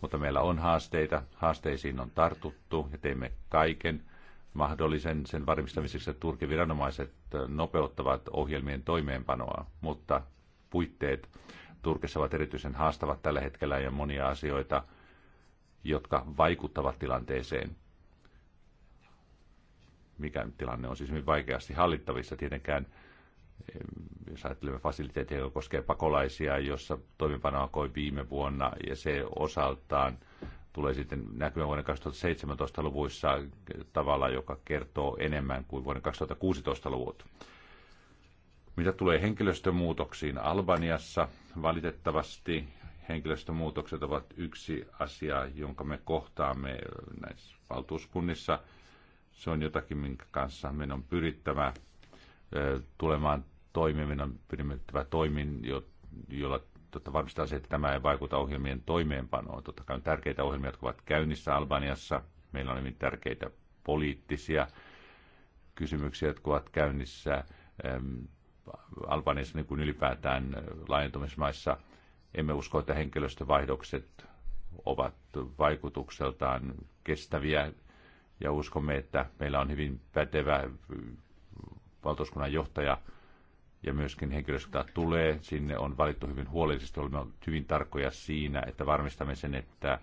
Mutta meillä on haasteita, haasteisiin on tartuttu ja teemme kaiken mahdollisen sen varmistamiseksi, että Turkin viranomaiset nopeuttavat ohjelmien toimeenpanoa, mutta puitteet Turkissa ovat erityisen haastavat tällä hetkellä ja monia asioita, jotka vaikuttavat tilanteeseen. Mikä tilanne on siis hyvin vaikeasti hallittavissa tietenkään Ehm, jos ajattelemme fasiliteetteja, joka koskee pakolaisia, jossa toimipano alkoi viime vuonna ja se osaltaan tulee sitten näkymään vuoden 2017 luvuissa tavalla, joka kertoo enemmän kuin vuoden 2016 luvut. Mitä tulee henkilöstömuutoksiin Albaniassa, valitettavasti henkilöstömuutokset ovat yksi asia, jonka me kohtaamme näissä valtuuskunnissa. Se on jotakin, minkä kanssa meidän on pyrittävä tulemaan toimiminen, pyrimme toimin, jo, jolla totta varmistetaan se, että tämä ei vaikuta ohjelmien toimeenpanoon. Totta kai on tärkeitä ohjelmia, jotka ovat käynnissä Albaniassa. Meillä on hyvin tärkeitä poliittisia kysymyksiä, jotka ovat käynnissä ähm, Albaniassa niin kuin ylipäätään laajentumismaissa. Emme usko, että henkilöstövaihdokset ovat vaikutukseltaan kestäviä ja uskomme, että meillä on hyvin pätevä valtuuskunnan johtaja ja myöskin henkilöstöä tulee, sinne on valittu hyvin huolellisesti. Olemme hyvin tarkkoja siinä, että varmistamme sen, että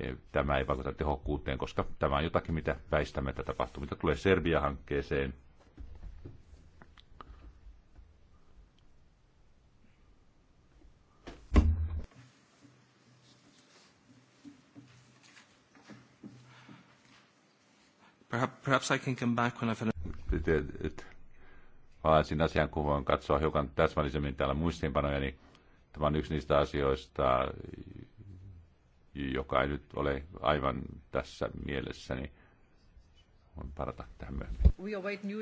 e, tämä ei vaikuta tehokkuuteen, koska tämä on jotakin, mitä väistämättä tapahtuu. Mitä tulee Serbia-hankkeeseen, Perhaps I can come back when I've palaisin asian, kun voin katsoa hiukan täsmällisemmin täällä muistiinpanoja, niin tämä on yksi niistä asioista, joka ei nyt ole aivan tässä mielessäni. Voin parata tähän myöhemmin. We await, new,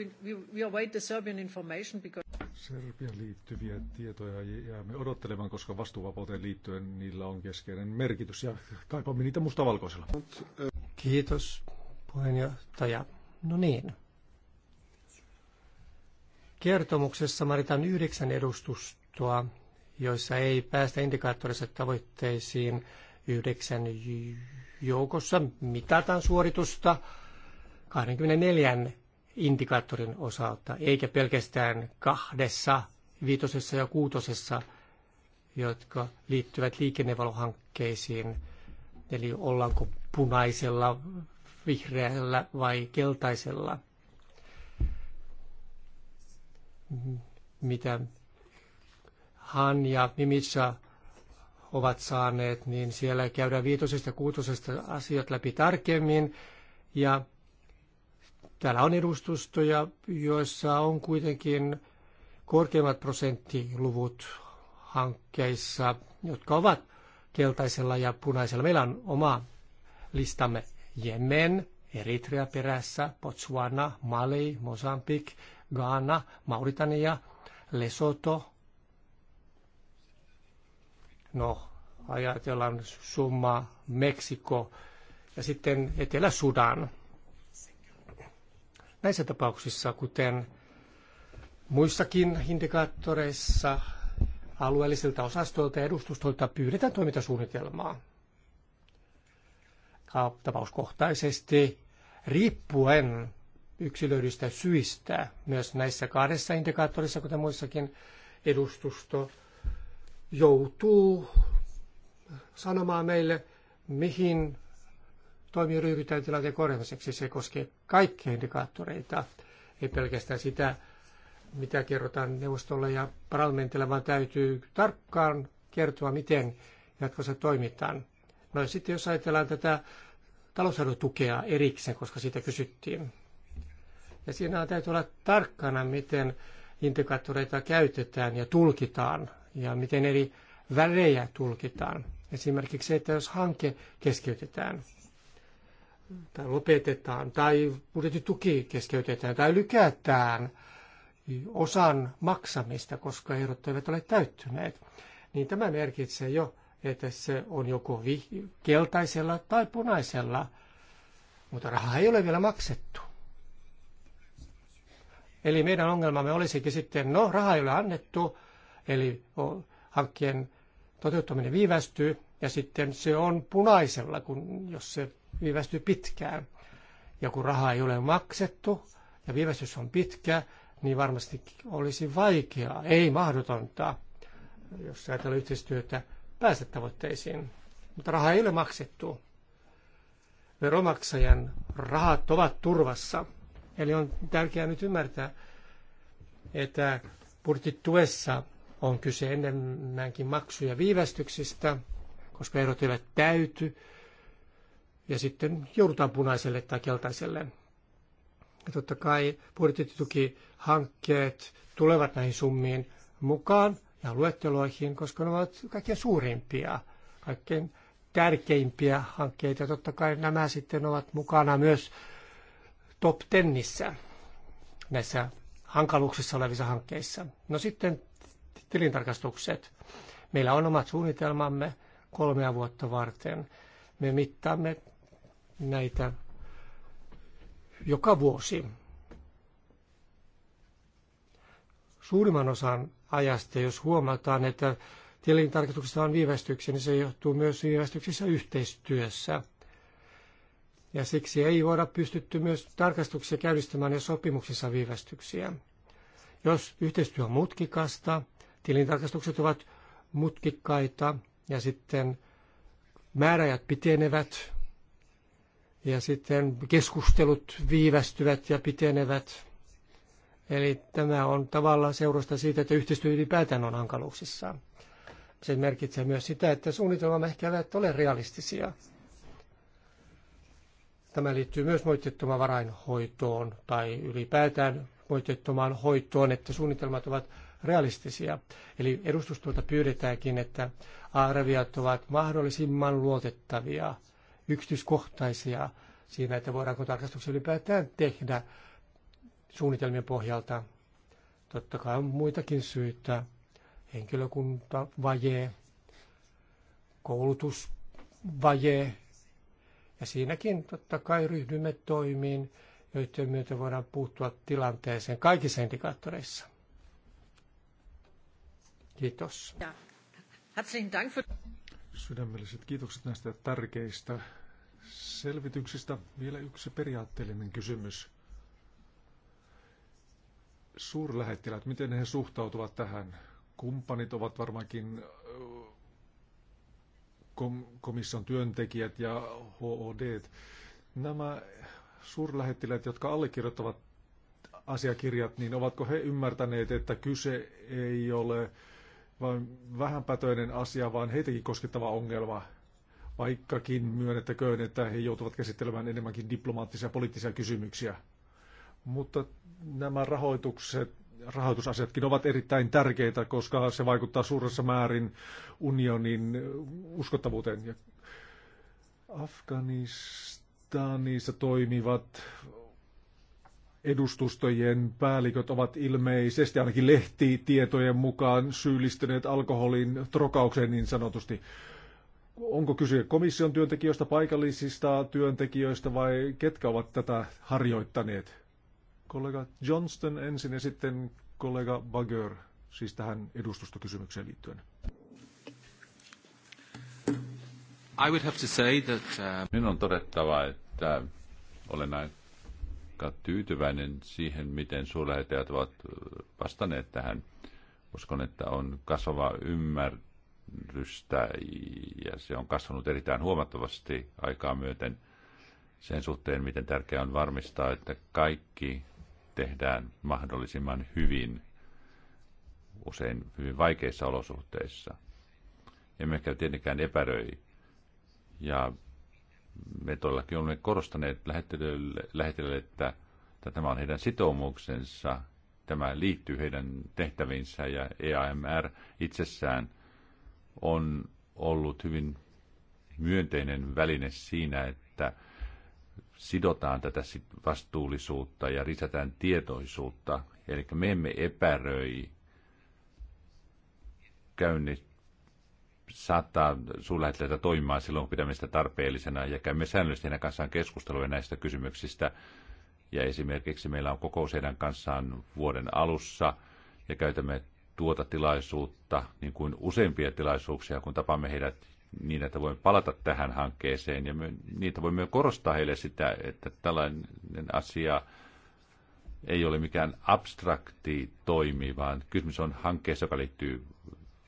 we await the Serbian information because... Serbian liittyviä tietoja jäämme odottelemaan, koska vastuuvapauteen liittyen niillä on keskeinen merkitys ja kaipaamme niitä mustavalkoisella. Kiitos puheenjohtaja. No niin, Kertomuksessa mainitaan yhdeksän edustustoa, joissa ei päästä indikaattorissa tavoitteisiin. Yhdeksän joukossa mitataan suoritusta 24 indikaattorin osalta, eikä pelkästään kahdessa, viitosessa ja kuutosessa, jotka liittyvät liikennevalohankkeisiin. Eli ollaanko punaisella, vihreällä vai keltaisella – mitä Han ja Mimitsa ovat saaneet, niin siellä käydään viitosesta ja kuutosesta asiat läpi tarkemmin. Ja täällä on edustustoja, joissa on kuitenkin korkeimmat prosenttiluvut hankkeissa, jotka ovat keltaisella ja punaisella. Meillä on oma listamme Jemen, Eritrea perässä, Botswana, Mali, Mosambik, Ghana, Mauritania, Lesoto. No, ajatellaan summa Meksiko ja sitten Etelä-Sudan. Näissä tapauksissa, kuten muissakin indikaattoreissa, alueellisilta osastoilta ja edustustoilta pyydetään toimintasuunnitelmaa tapauskohtaisesti riippuen yksilöidyistä syistä myös näissä kahdessa indikaattorissa, kuten muissakin edustusto, joutuu sanomaan meille, mihin toimii ryhdytään tilanteen korjaamiseksi. Se koskee kaikkia indikaattoreita, ei pelkästään sitä, mitä kerrotaan neuvostolle ja parlamentille, vaan täytyy tarkkaan kertoa, miten jatkossa toimitaan. No sitten jos ajatellaan tätä talousarvotukea erikseen, koska siitä kysyttiin, ja siinä on täytyy olla tarkkana, miten indikaattoreita käytetään ja tulkitaan ja miten eri välejä tulkitaan. Esimerkiksi se, että jos hanke keskeytetään tai lopetetaan tai budjettituki keskeytetään tai lykätään osan maksamista, koska ehdot eivät ole täyttyneet, niin tämä merkitsee jo, että se on joko keltaisella tai punaisella, mutta rahaa ei ole vielä maksettu. Eli meidän ongelmamme olisikin sitten, no raha ei ole annettu, eli hankkeen toteuttaminen viivästyy ja sitten se on punaisella, kun, jos se viivästyy pitkään. Ja kun raha ei ole maksettu ja viivästys on pitkä, niin varmasti olisi vaikeaa, ei mahdotonta, jos ajatellaan yhteistyötä, päästä tavoitteisiin. Mutta raha ei ole maksettu. Veromaksajan rahat ovat turvassa. Eli on tärkeää nyt ymmärtää, että budjettituessa on kyse enemmänkin maksuja viivästyksistä, koska erot eivät täyty, ja sitten joudutaan punaiselle tai keltaiselle. Ja totta kai budjettitukihankkeet tulevat näihin summiin mukaan ja luetteloihin, koska ne ovat kaikkein suurimpia, kaikkein tärkeimpiä hankkeita. Totta kai nämä sitten ovat mukana myös top tennissä näissä hankaluuksissa olevissa hankkeissa. No sitten tilintarkastukset. Meillä on omat suunnitelmamme kolmea vuotta varten. Me mittaamme näitä joka vuosi. Suurimman osan ajasta, jos huomataan, että tilintarkastuksessa on viivästyksiä, niin se johtuu myös viivästyksissä yhteistyössä – ja siksi ei voida pystytty myös tarkastuksia käynnistämään ja sopimuksissa viivästyksiä. Jos yhteistyö on mutkikasta, tilintarkastukset ovat mutkikkaita ja sitten määräajat pitenevät ja sitten keskustelut viivästyvät ja pitenevät. Eli tämä on tavallaan seurasta siitä, että yhteistyö ylipäätään on hankaluuksissaan. Se merkitsee myös sitä, että suunnitelmamme ehkä eivät ole realistisia Tämä liittyy myös moitteettomaan varainhoitoon tai ylipäätään moitteettomaan hoitoon, että suunnitelmat ovat realistisia. Eli edustustolta pyydetäänkin, että arviot ovat mahdollisimman luotettavia, yksityiskohtaisia siinä, että voidaanko tarkastuksia ylipäätään tehdä suunnitelmien pohjalta. Totta kai on muitakin syitä, henkilökunta, koulutus koulutusvaje, ja siinäkin totta kai ryhdymme toimiin, joiden myötä voidaan puuttua tilanteeseen kaikissa indikaattoreissa. Kiitos. Sydämelliset kiitokset näistä tärkeistä selvityksistä. Vielä yksi periaatteellinen kysymys. Suurlähettiläät, miten he suhtautuvat tähän? Kumppanit ovat varmaankin komission työntekijät ja HOD. Nämä suurlähettiläät, jotka allekirjoittavat asiakirjat, niin ovatko he ymmärtäneet, että kyse ei ole vain vähänpätöinen asia, vaan heitäkin koskettava ongelma, vaikkakin myönnettäköön, että he joutuvat käsittelemään enemmänkin diplomaattisia ja poliittisia kysymyksiä. Mutta nämä rahoitukset rahoitusasiatkin ovat erittäin tärkeitä, koska se vaikuttaa suuressa määrin unionin uskottavuuteen. Ja Afganistanissa toimivat edustustojen päälliköt ovat ilmeisesti ainakin lehtitietojen mukaan syyllistyneet alkoholin trokaukseen niin sanotusti. Onko kyse komission työntekijöistä, paikallisista työntekijöistä vai ketkä ovat tätä harjoittaneet? Kollega Johnston ensin ja sitten kollega Bagger, siis tähän edustustokysymykseen liittyen. I would have to say that, uh... Minun on todettava, että olen aika tyytyväinen siihen, miten suurlähetäjät ovat vastanneet tähän. Uskon, että on kasvava ymmärrystä ja se on kasvanut erittäin huomattavasti aikaa myöten sen suhteen, miten tärkeää on varmistaa, että kaikki tehdään mahdollisimman hyvin, usein hyvin vaikeissa olosuhteissa. Emmekä tietenkään epäröi. Ja me todellakin olemme korostaneet lähettilöille, että, että tämä on heidän sitoumuksensa, tämä liittyy heidän tehtäviinsä ja EAMR itsessään on ollut hyvin myönteinen väline siinä, että – sidotaan tätä vastuullisuutta ja lisätään tietoisuutta. Eli me emme epäröi käynnit saattaa suurlähettiläitä toimimaan silloin, kun pidämme sitä tarpeellisena. Ja käymme säännöllisesti heidän kanssaan keskustelua näistä kysymyksistä. Ja esimerkiksi meillä on kokous heidän kanssaan vuoden alussa ja käytämme tuota tilaisuutta, niin kuin useimpia tilaisuuksia, kun tapaamme heidät niin, että voimme palata tähän hankkeeseen ja me, niitä voimme korostaa heille sitä, että tällainen asia ei ole mikään abstrakti toimi, vaan kysymys on hankkeessa, joka liittyy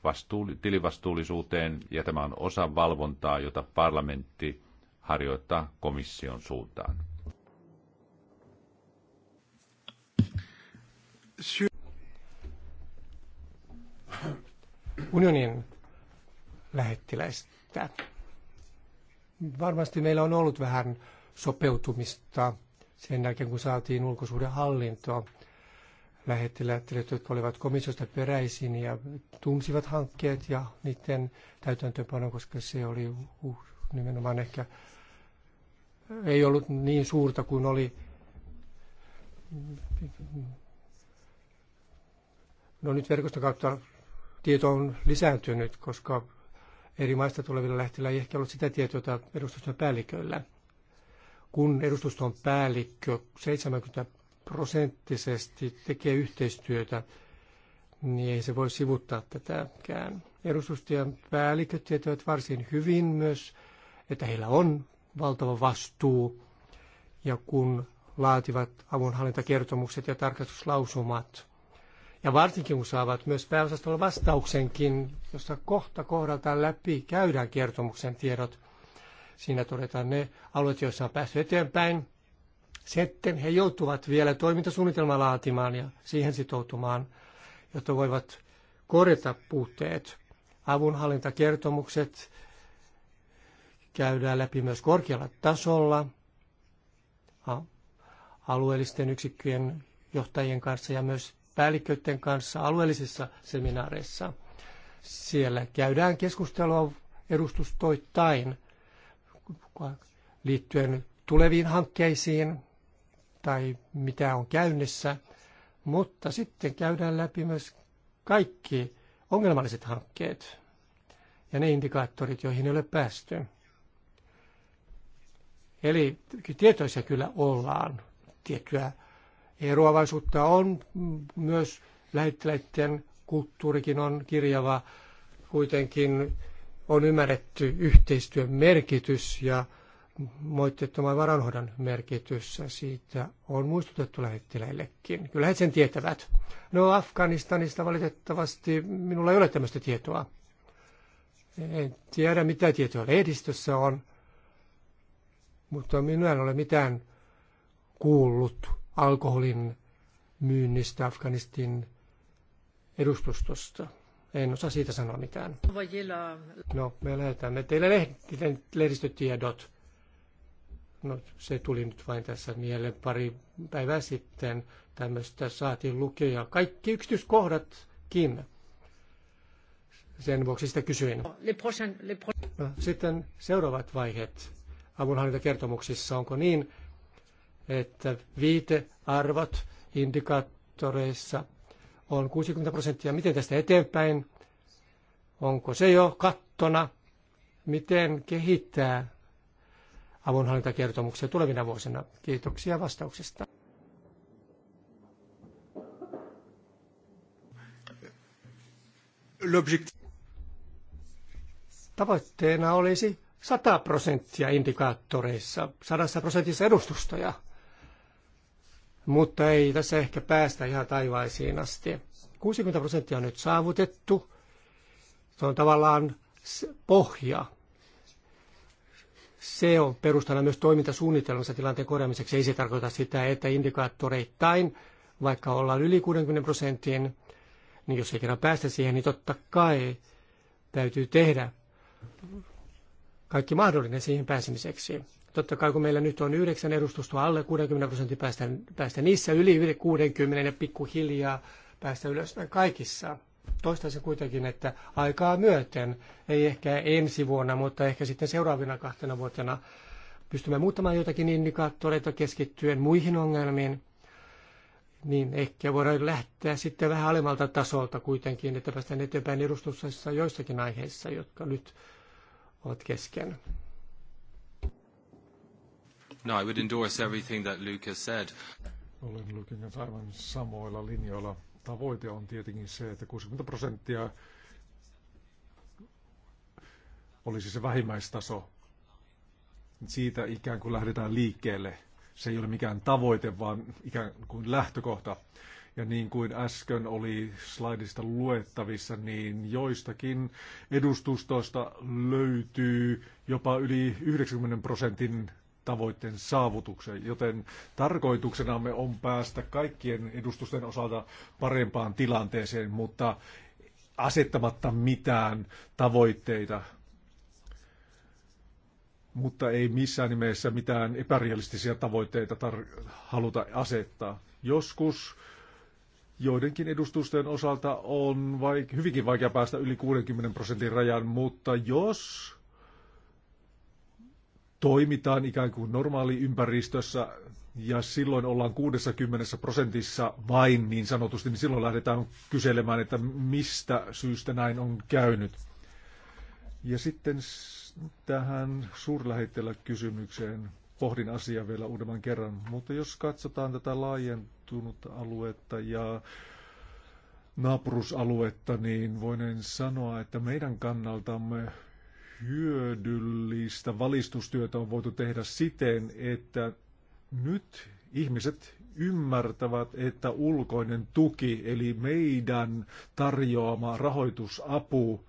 vastuu, tilivastuullisuuteen ja tämä on osa valvontaa, jota parlamentti harjoittaa komission suuntaan. Unionin lähettiläiset että varmasti meillä on ollut vähän sopeutumista sen jälkeen, kun saatiin ulkosuuden hallinto Lähettiläät, jotka olivat komissiosta peräisin ja tunsivat hankkeet ja niiden täytäntöönpano, koska se oli uh, nimenomaan ehkä ei ollut niin suurta kuin oli No nyt verkoston kautta tieto on lisääntynyt, koska eri maista tulevilla lähtillä ei ehkä ollut sitä tietoa, jota edustuston päälliköillä. Kun edustuston päällikkö 70 prosenttisesti tekee yhteistyötä, niin ei se voi sivuttaa tätäkään. Edustustien päälliköt tietävät varsin hyvin myös, että heillä on valtava vastuu, ja kun laativat avunhallintakertomukset ja tarkastuslausumat, ja varsinkin kun saavat myös pääosastolla vastauksenkin, jossa kohta kohdaltaan läpi käydään kertomuksen tiedot. Siinä todetaan ne alueet, joissa on päästy eteenpäin. Sitten he joutuvat vielä toimintasuunnitelma laatimaan ja siihen sitoutumaan, jotta voivat korjata puutteet. Avunhallintakertomukset käydään läpi myös korkealla tasolla alueellisten yksikköjen johtajien kanssa ja myös päälliköiden kanssa alueellisissa seminaareissa. Siellä käydään keskustelua edustustoittain liittyen tuleviin hankkeisiin tai mitä on käynnissä, mutta sitten käydään läpi myös kaikki ongelmalliset hankkeet ja ne indikaattorit, joihin ei ole päästy. Eli tietoisia kyllä ollaan tiettyä Eroavaisuutta on myös lähettiläiden kulttuurikin on kirjava. Kuitenkin on ymmärretty yhteistyön merkitys ja moitteettoman varanhoidon merkitys. Siitä on muistutettu lähettiläillekin. Kyllä he sen tietävät. No Afganistanista valitettavasti minulla ei ole tämmöistä tietoa. En tiedä mitä tietoa lehdistössä on, mutta minä en ole mitään kuullut alkoholin myynnistä Afganistin edustustosta. En osaa siitä sanoa mitään. No, me me teille lehdistötiedot. No, se tuli nyt vain tässä mieleen pari päivää sitten. Tämmöistä saatiin lukea. Kaikki yksityiskohdatkin. Sen vuoksi sitä kysyin. No, sitten seuraavat vaiheet avunhallintakertomuksissa. Onko niin, että viitearvot indikaattoreissa on 60 prosenttia. Miten tästä eteenpäin? Onko se jo kattona? Miten kehittää avunhallintakertomuksia tulevina vuosina? Kiitoksia vastauksesta. Tavoitteena olisi 100 prosenttia indikaattoreissa, 100 prosentissa edustustoja mutta ei tässä ehkä päästä ihan taivaisiin asti. 60 prosenttia on nyt saavutettu. Se on tavallaan pohja. Se on perustana myös toimintasuunnitelmassa tilanteen korjaamiseksi. Ei se tarkoita sitä, että indikaattoreittain, vaikka ollaan yli 60 prosentin, niin jos ei kerran päästä siihen, niin totta kai täytyy tehdä kaikki mahdollinen siihen pääsemiseksi. Totta kai kun meillä nyt on yhdeksän edustustoa alle 60 prosentin päästä, päästä niissä yli, yli 60 ja pikkuhiljaa päästä ylöspäin kaikissa. Toistaisin kuitenkin, että aikaa myöten, ei ehkä ensi vuonna, mutta ehkä sitten seuraavina kahtena vuotena pystymme muuttamaan jotakin indikaattoreita keskittyen muihin ongelmiin, niin ehkä voidaan lähteä sitten vähän alemmalta tasolta kuitenkin, että päästään eteenpäin edustuksessa joissakin aiheissa, jotka nyt ovat kesken. No, I would endorse everything that Lucas said. Olen Lukin kanssa aivan samoilla linjoilla. Tavoite on tietenkin se, että 60 prosenttia olisi se vähimmäistaso. Siitä ikään kuin lähdetään liikkeelle. Se ei ole mikään tavoite, vaan ikään kuin lähtökohta. Ja niin kuin äsken oli slaidista luettavissa, niin joistakin edustustoista löytyy jopa yli 90 prosentin tavoitteen saavutukseen, joten tarkoituksenamme on päästä kaikkien edustusten osalta parempaan tilanteeseen, mutta asettamatta mitään tavoitteita, mutta ei missään nimessä mitään epärealistisia tavoitteita tar- haluta asettaa. Joskus joidenkin edustusten osalta on vaik- hyvinkin vaikea päästä yli 60 prosentin rajan, mutta jos toimitaan ikään kuin ympäristössä ja silloin ollaan 60 prosentissa vain niin sanotusti, niin silloin lähdetään kyselemään, että mistä syystä näin on käynyt. Ja sitten tähän suurlähettelä kysymykseen pohdin asiaa vielä uudemman kerran, mutta jos katsotaan tätä laajentunutta aluetta ja naapurusaluetta, niin voinen sanoa, että meidän kannaltamme hyödyllistä valistustyötä on voitu tehdä siten, että nyt ihmiset ymmärtävät, että ulkoinen tuki, eli meidän tarjoama rahoitusapu,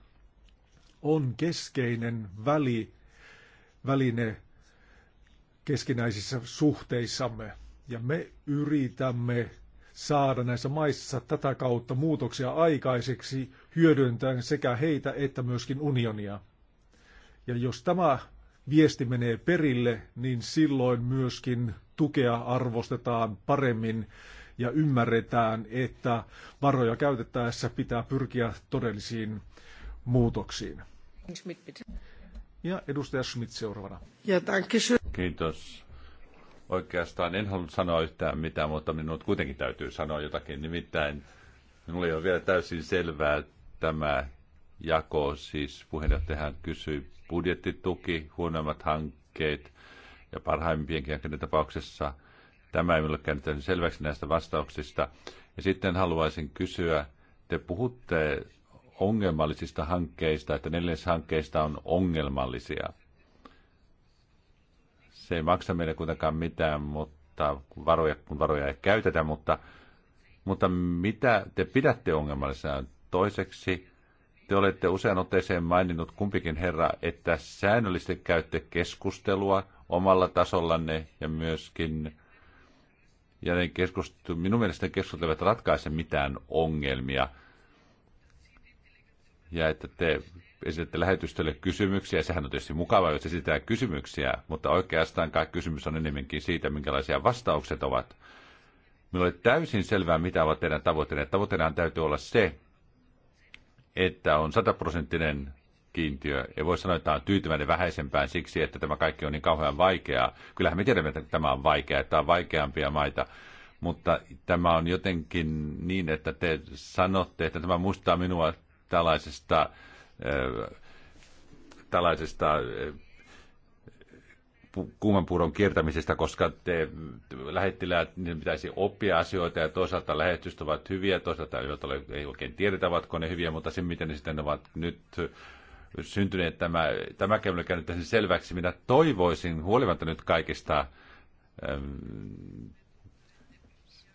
on keskeinen väli, väline keskinäisissä suhteissamme. Ja me yritämme saada näissä maissa tätä kautta muutoksia aikaiseksi hyödyntäen sekä heitä että myöskin unionia. Ja jos tämä viesti menee perille, niin silloin myöskin tukea arvostetaan paremmin ja ymmärretään, että varoja käytettäessä pitää pyrkiä todellisiin muutoksiin. Ja edustaja Schmidt seuraavana. Ja Kiitos. Oikeastaan en halunnut sanoa yhtään mitään, mutta minun kuitenkin täytyy sanoa jotakin. Nimittäin minulla ei ole vielä täysin selvää tämä jako. Siis puheenjohtajahan kysyi budjettituki, huonommat hankkeet ja parhaimpienkin hankkeiden tapauksessa. Tämä ei minulle käynyt täysin selväksi näistä vastauksista. Ja sitten haluaisin kysyä, te puhutte ongelmallisista hankkeista, että neljäs hankkeista on ongelmallisia. Se ei maksa meille kuitenkaan mitään, mutta kun varoja, kun varoja ei käytetä, mutta, mutta mitä te pidätte ongelmallisena? Toiseksi, te olette usean otteeseen maininnut kumpikin herra, että säännöllisesti käytte keskustelua omalla tasollanne ja myöskin ja ne keskustelu, minun mielestäni keskustelut eivät ratkaise mitään ongelmia. Ja että te esitätte lähetystölle kysymyksiä, sehän on tietysti mukavaa, jos esitetään kysymyksiä, mutta oikeastaan kai kysymys on enemmänkin siitä, minkälaisia vastaukset ovat. Minulle täysin selvää, mitä ovat teidän tavoitteenne. Tavoitteena täytyy olla se, että on sataprosenttinen kiintiö. Ja voisi sanoa, että on tyytyväinen vähäisempään siksi, että tämä kaikki on niin kauhean vaikeaa. Kyllähän me tiedämme, että tämä on vaikeaa, että on vaikeampia maita. Mutta tämä on jotenkin niin, että te sanotte, että tämä muistaa minua tällaisesta, äh, tällaisesta äh, kuumanpuuron kiertämisestä, koska te lähettiläät niin pitäisi oppia asioita ja toisaalta lähetystä ovat hyviä, toisaalta joita ei oikein tiedetä, ovatko ne hyviä, mutta se miten ne sitten ovat nyt syntyneet, tämä, tämä käy käynyt selväksi. Minä toivoisin, huolimatta nyt kaikista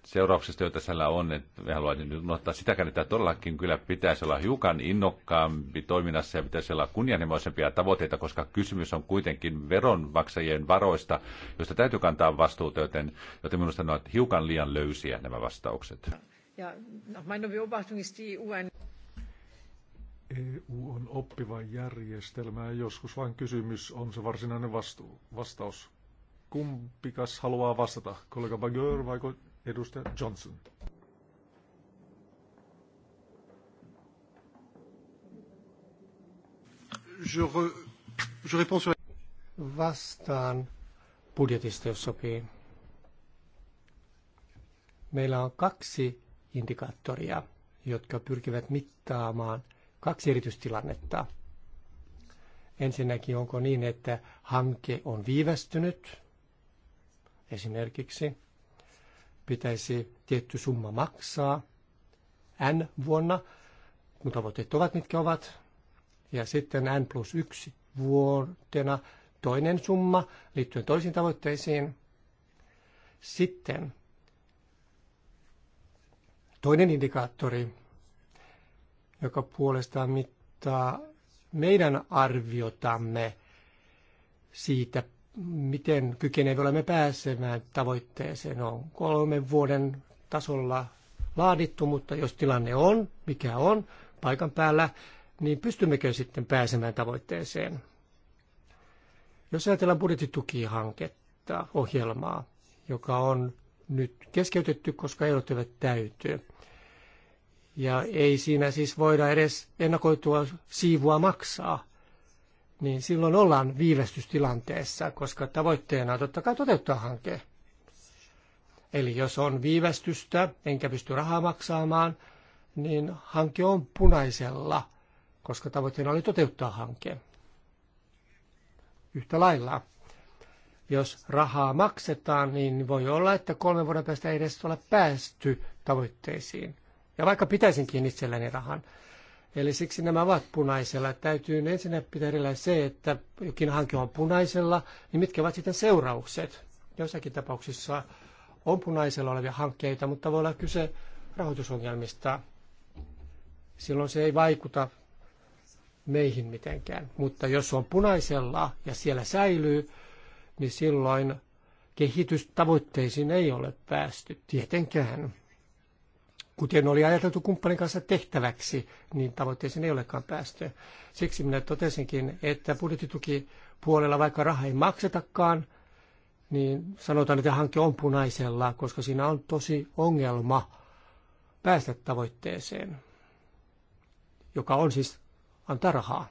seurauksista, joita tällä on, että me haluaisin unohtaa sitäkään, että todellakin kyllä pitäisi olla hiukan innokkaampi toiminnassa ja pitäisi olla kunnianhimoisempia tavoitteita, koska kysymys on kuitenkin veronmaksajien varoista, joista täytyy kantaa vastuuta, joten, joten minusta ne ovat hiukan liian löysiä nämä vastaukset. Ja, no, EU e EU on oppiva järjestelmä ja joskus vain kysymys on se varsinainen vastu- vastaus. Kumpikas haluaa vastata, kollega Bagör vai Edustaja Johnson. Vastaan budjetista, jos sopii. Meillä on kaksi indikaattoria, jotka pyrkivät mittaamaan kaksi erityistilannetta. Ensinnäkin onko niin, että hanke on viivästynyt esimerkiksi, pitäisi tietty summa maksaa N vuonna, kun tavoitteet ovat mitkä ovat, ja sitten N plus 1 vuotena toinen summa liittyen toisiin tavoitteisiin. Sitten toinen indikaattori, joka puolestaan mittaa meidän arviotamme siitä, miten kykeneviä olemme pääsemään tavoitteeseen. On kolmen vuoden tasolla laadittu, mutta jos tilanne on, mikä on paikan päällä, niin pystymmekö sitten pääsemään tavoitteeseen? Jos ajatellaan budjettitukihanketta, ohjelmaa, joka on nyt keskeytetty, koska ehdot eivät täyty. Ja ei siinä siis voida edes ennakoitua siivua maksaa niin silloin ollaan viivästystilanteessa, koska tavoitteena on totta kai toteuttaa hanke. Eli jos on viivästystä, enkä pysty rahaa maksaamaan, niin hanke on punaisella, koska tavoitteena oli toteuttaa hanke. Yhtä lailla, jos rahaa maksetaan, niin voi olla, että kolmen vuoden päästä ei edes ole päästy tavoitteisiin. Ja vaikka pitäisinkin itselläni rahan, Eli siksi nämä ovat punaisella. Täytyy ensin pitää erillään se, että jokin hanke on punaisella, niin mitkä ovat sitten seuraukset. Joissakin tapauksissa on punaisella olevia hankkeita, mutta voi olla kyse rahoitusongelmista. Silloin se ei vaikuta meihin mitenkään. Mutta jos on punaisella ja siellä säilyy, niin silloin kehitystavoitteisiin ei ole päästy tietenkään kuten oli ajateltu kumppanin kanssa tehtäväksi, niin tavoitteeseen ei olekaan päästy. Siksi minä totesinkin, että budjettituki puolella, vaikka raha ei maksetakaan, niin sanotaan, että hanke on punaisella, koska siinä on tosi ongelma päästä tavoitteeseen, joka on siis antaa rahaa.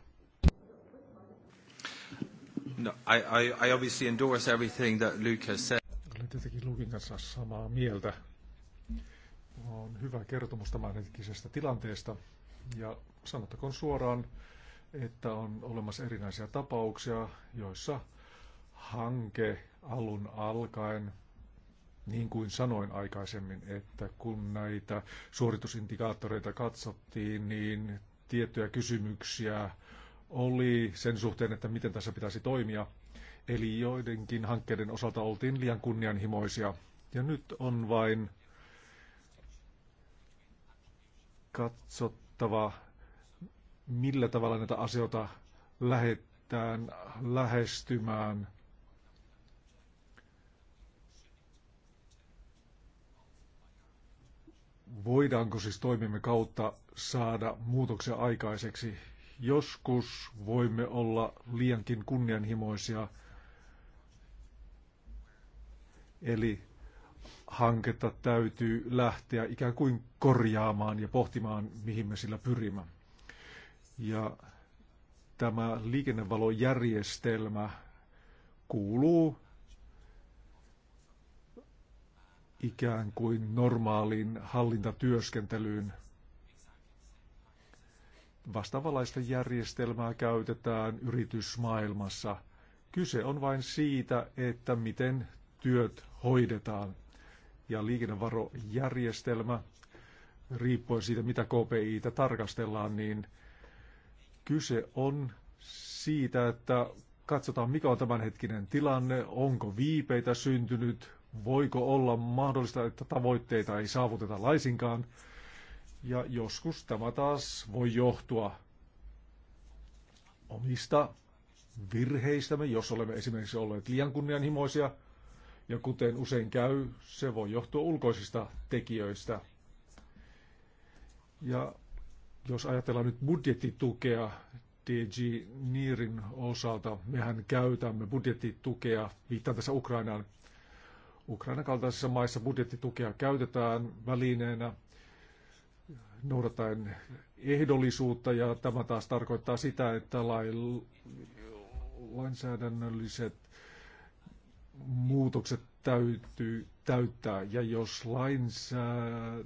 No, I, I, I obviously endorse everything that Luke has said. Olen tietenkin Lukin kanssa samaa mieltä on hyvä kertomus tämänhetkisestä tilanteesta. Ja sanottakoon suoraan, että on olemassa erinäisiä tapauksia, joissa hanke alun alkaen, niin kuin sanoin aikaisemmin, että kun näitä suoritusindikaattoreita katsottiin, niin tiettyjä kysymyksiä oli sen suhteen, että miten tässä pitäisi toimia. Eli joidenkin hankkeiden osalta oltiin liian kunnianhimoisia. Ja nyt on vain katsottava, millä tavalla näitä asioita lähettään, lähestymään. Voidaanko siis toimimme kautta saada muutoksia aikaiseksi? Joskus voimme olla liiankin kunnianhimoisia. Eli hanketta täytyy lähteä ikään kuin korjaamaan ja pohtimaan, mihin me sillä pyrimme. Ja tämä liikennevalojärjestelmä kuuluu ikään kuin normaaliin hallintatyöskentelyyn. Vastaavanlaista järjestelmää käytetään yritysmaailmassa. Kyse on vain siitä, että miten työt hoidetaan ja liikennevarojärjestelmä, riippuen siitä, mitä KPItä tarkastellaan, niin kyse on siitä, että katsotaan, mikä on tämänhetkinen tilanne, onko viipeitä syntynyt, voiko olla mahdollista, että tavoitteita ei saavuteta laisinkaan. Ja joskus tämä taas voi johtua omista virheistämme, jos olemme esimerkiksi olleet liian kunnianhimoisia – ja kuten usein käy, se voi johtua ulkoisista tekijöistä. Ja jos ajatellaan nyt budjettitukea DG Niirin osalta, mehän käytämme budjettitukea, viittaan tässä Ukrainaan, Ukrainan kaltaisissa maissa budjettitukea käytetään välineenä noudattaen ehdollisuutta ja tämä taas tarkoittaa sitä, että lainsäädännölliset muutokset täytyy täyttää. Ja jos lainsäädäntö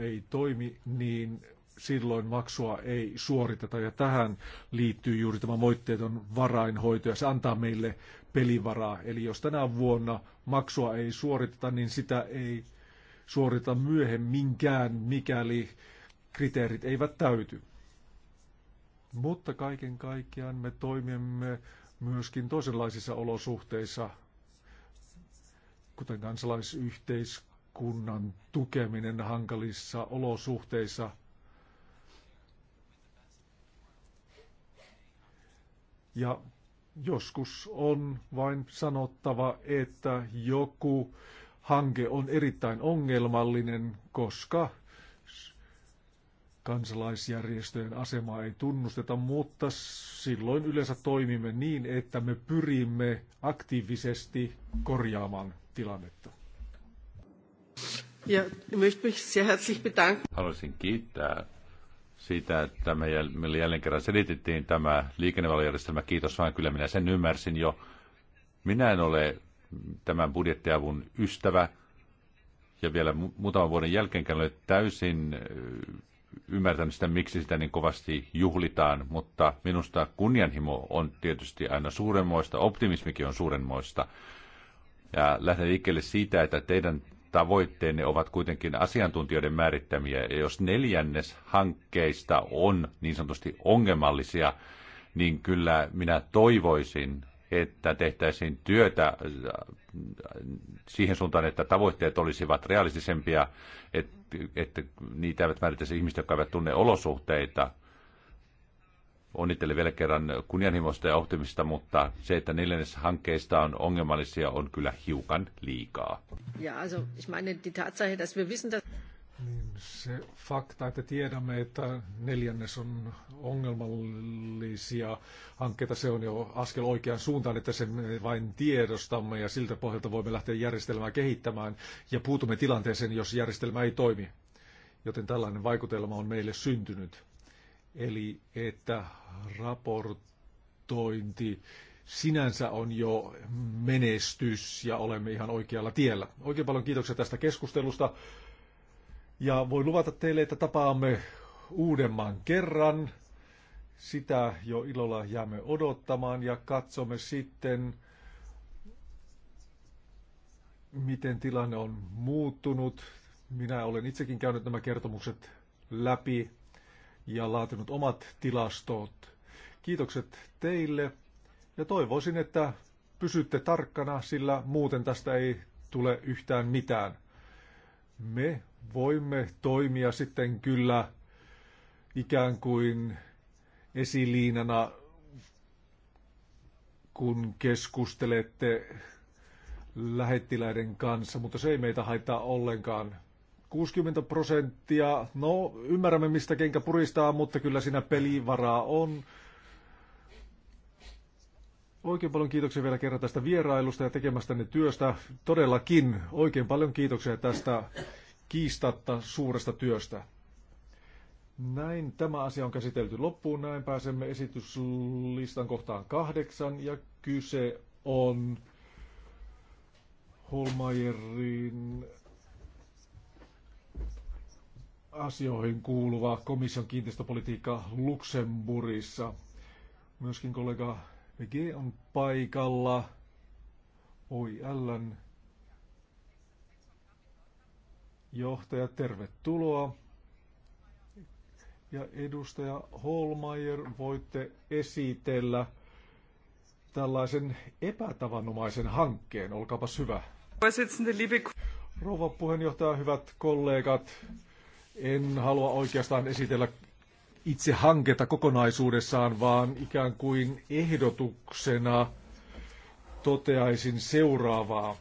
ei toimi, niin silloin maksua ei suoriteta. Ja tähän liittyy juuri tämä moitteeton varainhoito ja se antaa meille pelivaraa. Eli jos tänä vuonna maksua ei suoriteta, niin sitä ei suorita myöhemminkään, mikäli kriteerit eivät täyty. Mutta kaiken kaikkiaan me toimimme myöskin toisenlaisissa olosuhteissa, kuten kansalaisyhteiskunnan tukeminen hankalissa olosuhteissa. Ja joskus on vain sanottava, että joku hanke on erittäin ongelmallinen, koska kansalaisjärjestöjen asemaa ei tunnusteta, mutta silloin yleensä toimimme niin, että me pyrimme aktiivisesti korjaamaan tilannetta. Ja, Haluaisin kiittää siitä, että meille jälleen kerran selitettiin tämä liikennevalojärjestelmä. Kiitos vaan, kyllä minä sen ymmärsin jo. Minä en ole tämän budjettiavun ystävä ja vielä muutaman vuoden jälkeen ole täysin ymmärtänyt sitä, miksi sitä niin kovasti juhlitaan, mutta minusta kunnianhimo on tietysti aina suurenmoista, optimismikin on suurenmoista. Ja lähden liikkeelle siitä, että teidän tavoitteenne ovat kuitenkin asiantuntijoiden määrittämiä, ja jos neljännes hankkeista on niin sanotusti ongelmallisia, niin kyllä minä toivoisin, että tehtäisiin työtä siihen suuntaan, että tavoitteet olisivat realistisempia, että, niitä eivät määritäisi ihmiset, jotka eivät tunne olosuhteita. Onnittelen vielä kerran kunnianhimoista ja optimista, mutta se, että neljännessä hankkeista on ongelmallisia, on kyllä hiukan liikaa. Ja, also, ich meine, die Tatsache, dass wir wissen, dass... Niin se fakta, että tiedämme, että neljännes on ongelmallisia hankkeita, se on jo askel oikeaan suuntaan, että se vain tiedostamme ja siltä pohjalta voimme lähteä järjestelmää kehittämään ja puutumme tilanteeseen, jos järjestelmä ei toimi. Joten tällainen vaikutelma on meille syntynyt. Eli että raportointi sinänsä on jo menestys ja olemme ihan oikealla tiellä. Oikein paljon kiitoksia tästä keskustelusta. Ja voi luvata teille, että tapaamme uudemman kerran. Sitä jo ilolla jäämme odottamaan ja katsomme sitten, miten tilanne on muuttunut. Minä olen itsekin käynyt nämä kertomukset läpi ja laatinut omat tilastot. Kiitokset teille ja toivoisin, että pysytte tarkkana, sillä muuten tästä ei tule yhtään mitään. Me voimme toimia sitten kyllä ikään kuin esiliinana, kun keskustelette lähettiläiden kanssa, mutta se ei meitä haittaa ollenkaan. 60 prosenttia, no ymmärrämme mistä kenkä puristaa, mutta kyllä siinä pelivaraa on. Oikein paljon kiitoksia vielä kerran tästä vierailusta ja tekemästänne työstä. Todellakin oikein paljon kiitoksia tästä kiistatta suuresta työstä. Näin tämä asia on käsitelty loppuun. Näin pääsemme esityslistan kohtaan kahdeksan ja kyse on Holmajerin asioihin kuuluva komission kiinteistöpolitiikka Luxemburissa. Myöskin kollega VG on paikalla. Oi Ellen. johtaja, tervetuloa. Ja edustaja Holmeier, voitte esitellä tällaisen epätavanomaisen hankkeen. Olkaapa hyvä. Rouva puheenjohtaja, hyvät kollegat, en halua oikeastaan esitellä itse hanketta kokonaisuudessaan, vaan ikään kuin ehdotuksena toteaisin seuraavaa.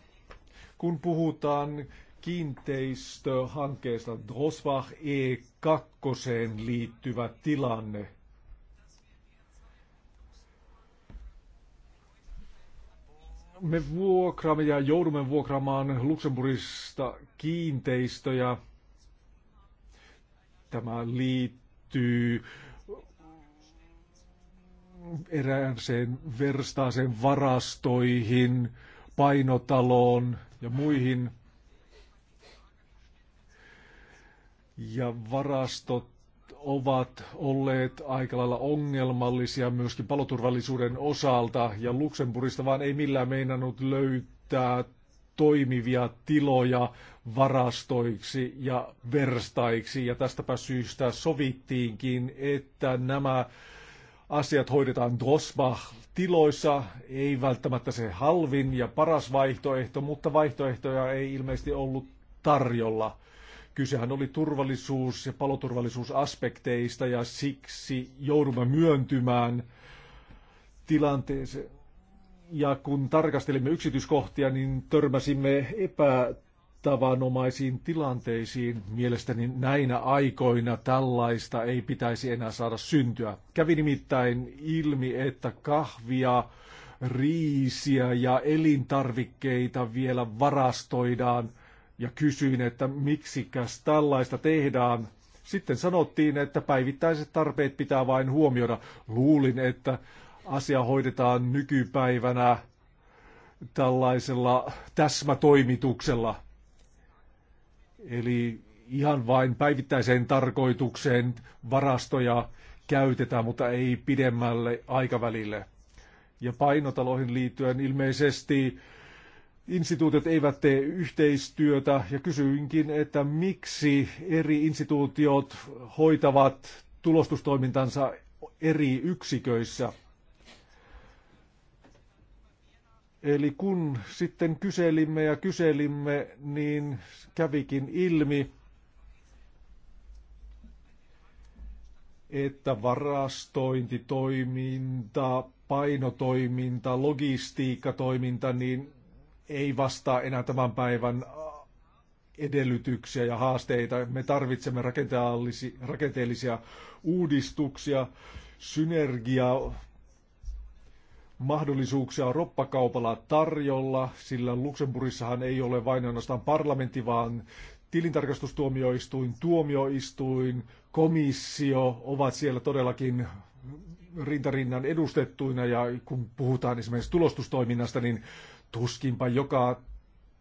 Kun puhutaan kiinteistöhankkeesta Drosbach E2 liittyvä tilanne. Me vuokraamme ja joudumme vuokraamaan Luxemburgista kiinteistöjä. Tämä liittyy erääseen verstaaseen varastoihin, painotaloon ja muihin – ja varastot ovat olleet aika lailla ongelmallisia myöskin paloturvallisuuden osalta ja Luxemburgista vaan ei millään meinannut löytää toimivia tiloja varastoiksi ja verstaiksi ja tästäpä syystä sovittiinkin, että nämä asiat hoidetaan Drosbach-tiloissa, ei välttämättä se halvin ja paras vaihtoehto, mutta vaihtoehtoja ei ilmeisesti ollut tarjolla. Kysehän oli turvallisuus- ja paloturvallisuusaspekteista ja siksi joudumme myöntymään tilanteeseen. Ja kun tarkastelimme yksityiskohtia, niin törmäsimme epätavanomaisiin tilanteisiin. Mielestäni näinä aikoina tällaista ei pitäisi enää saada syntyä. Kävi nimittäin ilmi, että kahvia, riisiä ja elintarvikkeita vielä varastoidaan – ja kysyin, että miksikäs tällaista tehdään. Sitten sanottiin, että päivittäiset tarpeet pitää vain huomioida. Luulin, että asia hoidetaan nykypäivänä tällaisella täsmätoimituksella. Eli ihan vain päivittäiseen tarkoitukseen varastoja käytetään, mutta ei pidemmälle aikavälille. Ja painotaloihin liittyen ilmeisesti instituutiot eivät tee yhteistyötä ja kysyinkin, että miksi eri instituutiot hoitavat tulostustoimintansa eri yksiköissä. Eli kun sitten kyselimme ja kyselimme, niin kävikin ilmi, että varastointitoiminta, painotoiminta, logistiikkatoiminta, niin ei vastaa enää tämän päivän edellytyksiä ja haasteita. Me tarvitsemme rakenteellisia uudistuksia, synergiaa, mahdollisuuksia roppakaupalla tarjolla, sillä Luxemburgissahan ei ole vain ainoastaan parlamentti, vaan tilintarkastustuomioistuin, tuomioistuin, komissio ovat siellä todellakin rintarinnan edustettuina ja kun puhutaan esimerkiksi tulostustoiminnasta, niin Tuskinpa joka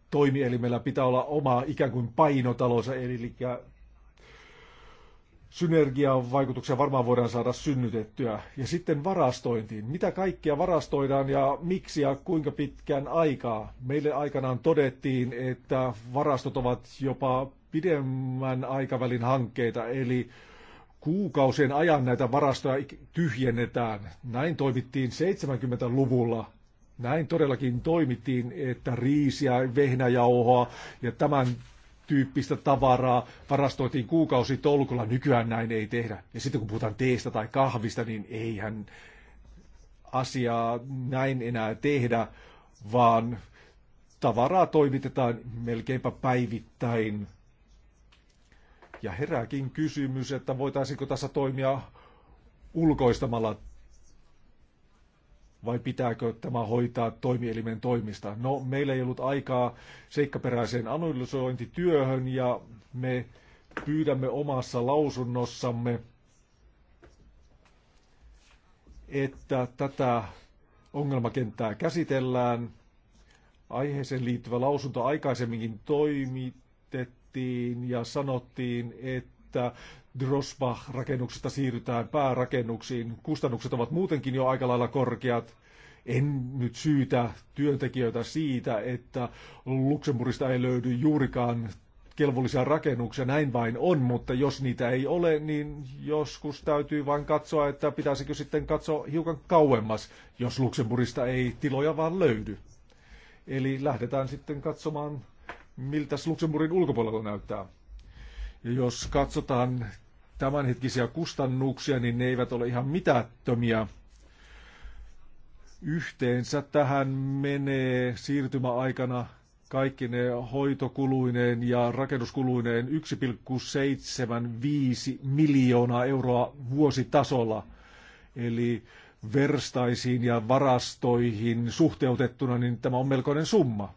toimielimellä pitää olla oma ikään kuin painotalonsa, eli synergian vaikutuksia varmaan voidaan saada synnytettyä. Ja sitten varastointiin. Mitä kaikkia varastoidaan ja miksi ja kuinka pitkään aikaa? Meille aikanaan todettiin, että varastot ovat jopa pidemmän aikavälin hankkeita, eli kuukausien ajan näitä varastoja tyhjennetään. Näin toimittiin 70-luvulla näin todellakin toimittiin, että riisiä, vehnäjauhoa ja tämän tyyppistä tavaraa varastoitiin kuukausi tolkulla. Nykyään näin ei tehdä. Ja sitten kun puhutaan teestä tai kahvista, niin eihän asiaa näin enää tehdä, vaan tavaraa toimitetaan melkeinpä päivittäin. Ja herääkin kysymys, että voitaisiinko tässä toimia ulkoistamalla vai pitääkö tämä hoitaa toimielimen toimista? No, meillä ei ollut aikaa seikkaperäiseen analysointityöhön ja me pyydämme omassa lausunnossamme, että tätä ongelmakenttää käsitellään. Aiheeseen liittyvä lausunto aikaisemminkin toimitettiin ja sanottiin, että Drosbach-rakennuksesta siirrytään päärakennuksiin. Kustannukset ovat muutenkin jo aika lailla korkeat. En nyt syytä työntekijöitä siitä, että Luxemburgista ei löydy juurikaan kelvollisia rakennuksia, näin vain on, mutta jos niitä ei ole, niin joskus täytyy vain katsoa, että pitäisikö sitten katsoa hiukan kauemmas, jos Luxemburgista ei tiloja vaan löydy. Eli lähdetään sitten katsomaan, miltä Luxemburgin ulkopuolella näyttää. Ja jos katsotaan tämänhetkisiä kustannuksia, niin ne eivät ole ihan mitättömiä. Yhteensä tähän menee siirtymäaikana kaikki ne hoitokuluineen ja rakennuskuluineen 1,75 miljoonaa euroa vuositasolla. Eli verstaisiin ja varastoihin suhteutettuna, niin tämä on melkoinen summa.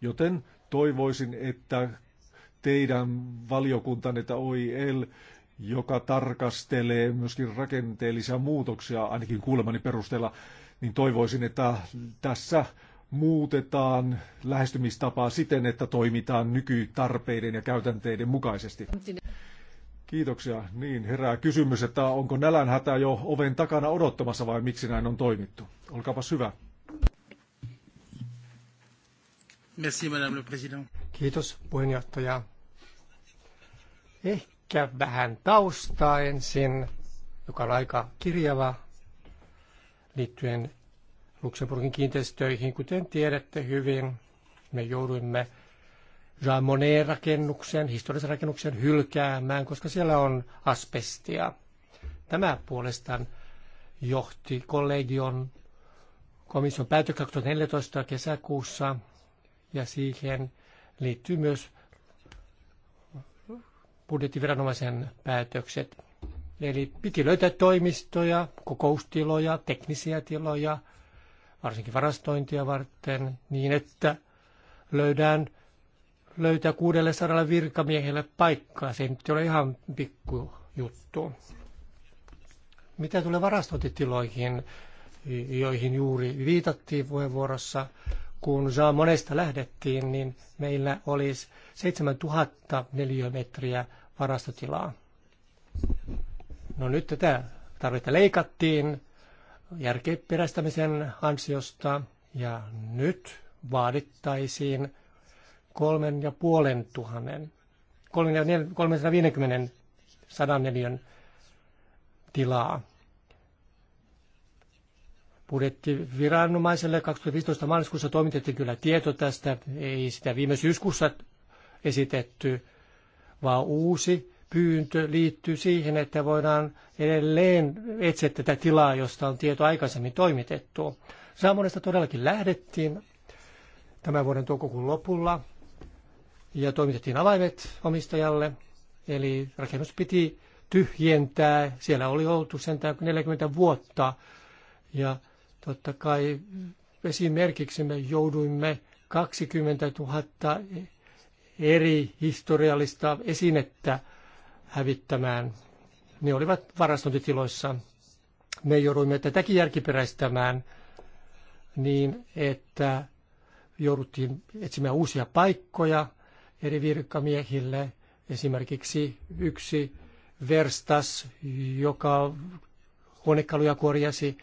Joten toivoisin, että teidän valiokuntanne, että OIL, joka tarkastelee myöskin rakenteellisia muutoksia, ainakin kuulemani perusteella, niin toivoisin, että tässä muutetaan lähestymistapaa siten, että toimitaan nykytarpeiden ja käytänteiden mukaisesti. Kiitoksia. Niin herää kysymys, että onko nälänhätä jo oven takana odottamassa vai miksi näin on toimittu? Olkaapa hyvä. Merci, madame le président. Kiitos puheenjohtaja. Ehkä vähän taustaa ensin, joka on aika kirjava liittyen Luxemburgin kiinteistöihin. Kuten tiedätte hyvin, me jouduimme Jean Monnet-rakennuksen, historiallisen rakennuksen hylkäämään, koska siellä on asbestia. Tämä puolestaan johti kollegion komission päätöksen 2014 kesäkuussa ja siihen liittyy myös budjettiviranomaisen päätökset. Eli piti löytää toimistoja, kokoustiloja, teknisiä tiloja, varsinkin varastointia varten, niin että löydään löytää 600 virkamiehelle paikkaa. Se ei nyt ole ihan pikku juttu. Mitä tulee varastointitiloihin, joihin juuri viitattiin puheenvuorossa, kun Jean Monesta lähdettiin, niin meillä olisi 7000 neliömetriä varastotilaa. No nyt tätä tarvetta leikattiin järkeperäistämisen ansiosta ja nyt vaadittaisiin kolmen ja puolen tuhannen, kolmen ja 350 sadan neliön tilaa budjettiviranomaiselle 2015 maaliskuussa toimitettiin kyllä tieto tästä, ei sitä viime syyskuussa esitetty, vaan uusi pyyntö liittyy siihen, että voidaan edelleen etsiä tätä tilaa, josta on tieto aikaisemmin toimitettu. Saamonesta todellakin lähdettiin tämän vuoden toukokuun lopulla ja toimitettiin avaimet omistajalle, eli rakennus piti tyhjentää. Siellä oli oltu sentään 40 vuotta ja Totta kai esimerkiksi me jouduimme 20 000 eri historiallista esinettä hävittämään. Ne olivat varastointitiloissa. Me jouduimme tätäkin järkiperäistämään niin, että jouduttiin etsimään uusia paikkoja eri virkamiehille. Esimerkiksi yksi verstas, joka huonekaluja korjasi,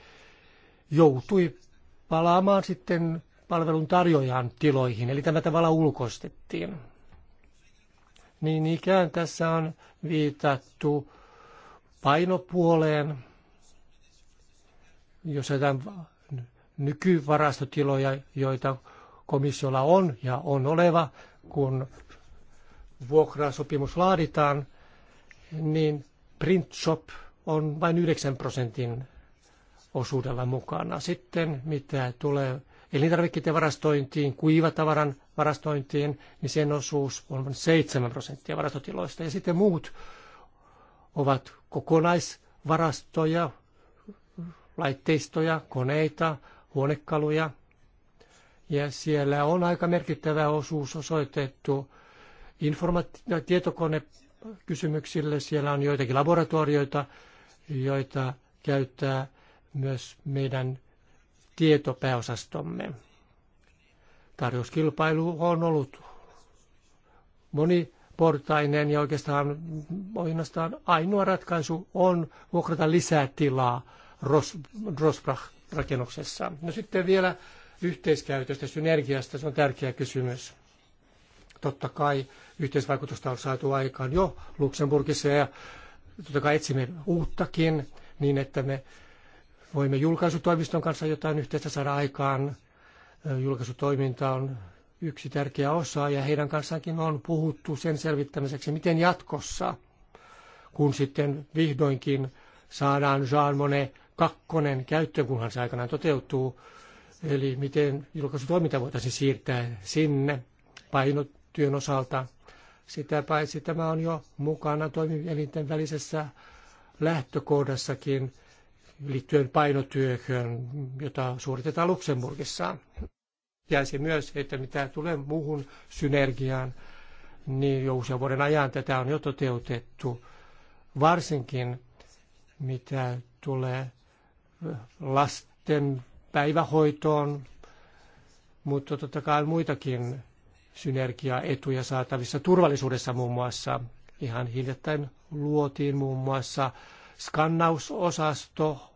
joutui palaamaan sitten palvelun tarjoajan tiloihin, eli tämä tavallaan ulkoistettiin. Niin ikään tässä on viitattu painopuoleen, jos ajatellaan nykyvarastotiloja, joita komissiolla on ja on oleva, kun vuokrasopimus laaditaan, niin print shop on vain 9 prosentin osuudella mukana. Sitten mitä tulee elintarvikkeiden varastointiin, kuivatavaran varastointiin, niin sen osuus on 7 prosenttia varastotiloista. Ja sitten muut ovat kokonaisvarastoja, laitteistoja, koneita, huonekaluja. Ja siellä on aika merkittävä osuus osoitettu informa- tietokonekysymyksille. Siellä on joitakin laboratorioita, joita käyttää myös meidän tietopääosastomme. Tarjouskilpailu on ollut moniportainen ja oikeastaan, oikeastaan ainoa ratkaisu on vuokrata lisää tilaa Ros, Rosbrach-rakennuksessa. No sitten vielä yhteiskäytöstä, synergiasta, se on tärkeä kysymys. Totta kai yhteisvaikutusta on saatu aikaan jo Luxemburgissa ja totta kai etsimme uuttakin niin, että me Voimme julkaisutoimiston kanssa jotain yhteistä saada aikaan. Julkaisutoiminta on yksi tärkeä osa ja heidän kanssaankin on puhuttu sen selvittämiseksi, miten jatkossa, kun sitten vihdoinkin saadaan Jean Monnet kakkonen käyttöön, kunhan se aikanaan toteutuu, eli miten julkaisutoiminta voitaisiin siirtää sinne painotyön osalta. Sitä paitsi tämä on jo mukana toimielinten välisessä lähtökohdassakin liittyen painotyöhön, jota suoritetaan Luxemburgissa. Ja se myös, että mitä tulee muuhun synergiaan, niin jo usean vuoden ajan tätä on jo toteutettu, varsinkin mitä tulee lasten päivähoitoon, mutta totta kai muitakin synergiaetuja saatavissa turvallisuudessa muun muassa. Ihan hiljattain luotiin muun muassa skannausosasto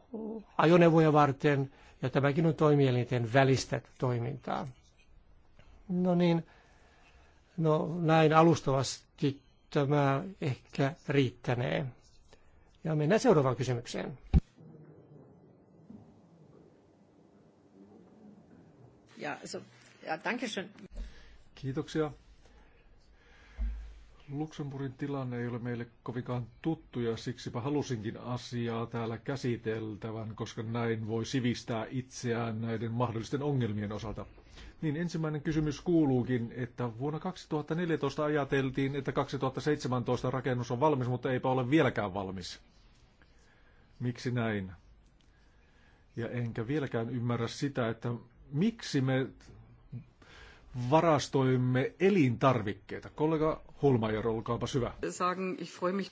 ajoneuvoja varten, ja tämäkin on toimielinten välistä toimintaa. No niin, no näin alustavasti tämä ehkä riittänee. Ja mennään seuraavaan kysymykseen. Ja, so, ja, Kiitoksia. Luxemburgin tilanne ei ole meille kovinkaan tuttu ja siksipä halusinkin asiaa täällä käsiteltävän, koska näin voi sivistää itseään näiden mahdollisten ongelmien osalta. Niin ensimmäinen kysymys kuuluukin, että vuonna 2014 ajateltiin, että 2017 rakennus on valmis, mutta eipä ole vieläkään valmis. Miksi näin? Ja enkä vieläkään ymmärrä sitä, että miksi me varastoimme elintarvikkeita. Kollega Hulmajor, olkaapa hyvä.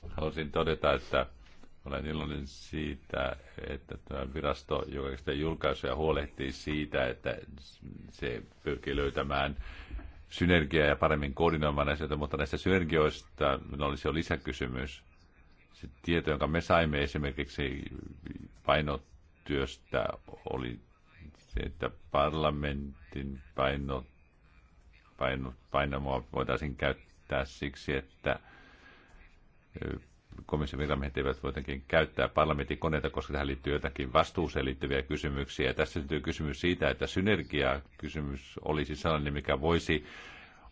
Haluaisin todeta, että olen iloinen siitä, että tämä virasto, joka sitä julkaisuja huolehtii siitä, että se pyrkii löytämään synergiaa ja paremmin koordinoimaan asioita, mutta näistä synergioista olisi jo lisäkysymys. Se tieto, jonka me saimme esimerkiksi painotyöstä oli se, että parlamentin painot painamoa voitaisiin käyttää siksi, että komission virkamiehet eivät voitakin käyttää parlamentin koneita, koska tähän liittyy jotakin vastuuseen liittyviä kysymyksiä. Ja tässä syntyy kysymys siitä, että synergiakysymys olisi sellainen, mikä voisi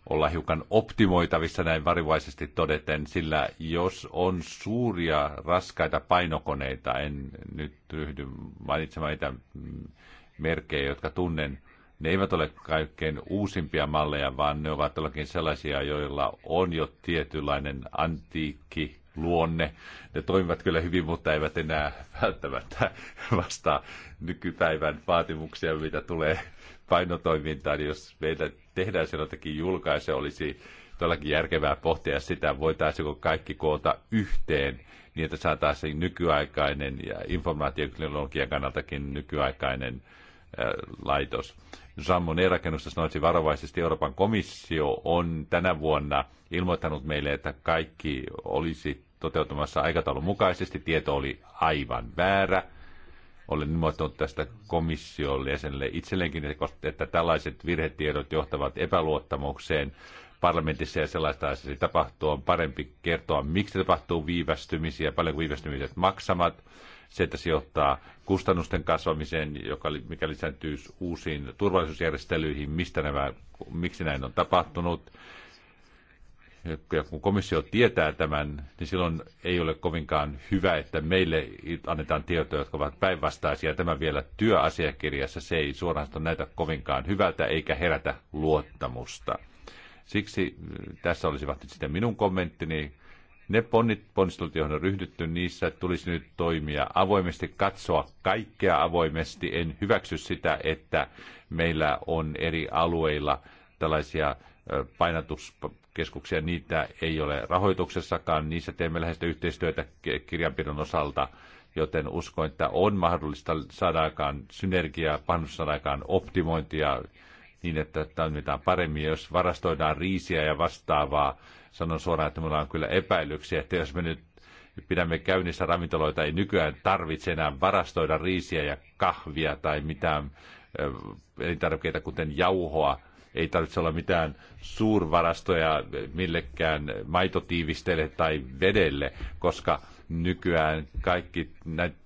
olla hiukan optimoitavissa näin varivaisesti todeten, sillä jos on suuria raskaita painokoneita, en nyt ryhdy mainitsemaan niitä merkkejä, jotka tunnen, ne eivät ole kaikkein uusimpia malleja, vaan ne ovat jollakin sellaisia, joilla on jo tietynlainen antiikki luonne. Ne toimivat kyllä hyvin, mutta eivät enää välttämättä vastaa nykypäivän vaatimuksia, mitä tulee painotoimintaan. Jos meillä tehdään sen jotakin julkaisu, olisi todellakin järkevää pohtia sitä, voitaisiinko kaikki koota yhteen niin, että saataisiin nykyaikainen ja informaatioteknologian kannaltakin nykyaikainen laitos. Jean Monnet-rakennusta sanoisin varovaisesti, Euroopan komissio on tänä vuonna ilmoittanut meille, että kaikki olisi toteutumassa aikataulun mukaisesti. Tieto oli aivan väärä. Olen ilmoittanut tästä komissiolle ja itselleenkin, että tällaiset virhetiedot johtavat epäluottamukseen parlamentissa ja sellaista asiaa tapahtuu. On parempi kertoa, miksi tapahtuu viivästymisiä, paljonko viivästymiset maksamat se, että se johtaa kustannusten kasvamiseen, joka, mikä lisääntyy uusiin turvallisuusjärjestelyihin, mistä nämä, miksi näin on tapahtunut. Ja kun komissio tietää tämän, niin silloin ei ole kovinkaan hyvä, että meille annetaan tietoja, jotka ovat päinvastaisia. Tämä vielä työasiakirjassa, se ei suoraan näytä kovinkaan hyvältä eikä herätä luottamusta. Siksi mm, tässä olisivat nyt sitten minun kommenttini ne ponnit, ponnistelut, joihin on ryhdytty, niissä tulisi nyt toimia avoimesti, katsoa kaikkea avoimesti. En hyväksy sitä, että meillä on eri alueilla tällaisia painatuskeskuksia, niitä ei ole rahoituksessakaan, niissä teemme läheistä yhteistyötä kirjanpidon osalta, joten uskon, että on mahdollista saada aikaan synergiaa, pannus saada aikaan optimointia niin, että toimitaan paremmin, jos varastoidaan riisiä ja vastaavaa sanon suoraan, että minulla on kyllä epäilyksiä, että jos me nyt pidämme käynnissä ravintoloita, ei nykyään tarvitse enää varastoida riisiä ja kahvia tai mitään elintarvikeita, kuten jauhoa. Ei tarvitse olla mitään suurvarastoja millekään maitotiivisteelle tai vedelle, koska nykyään kaikki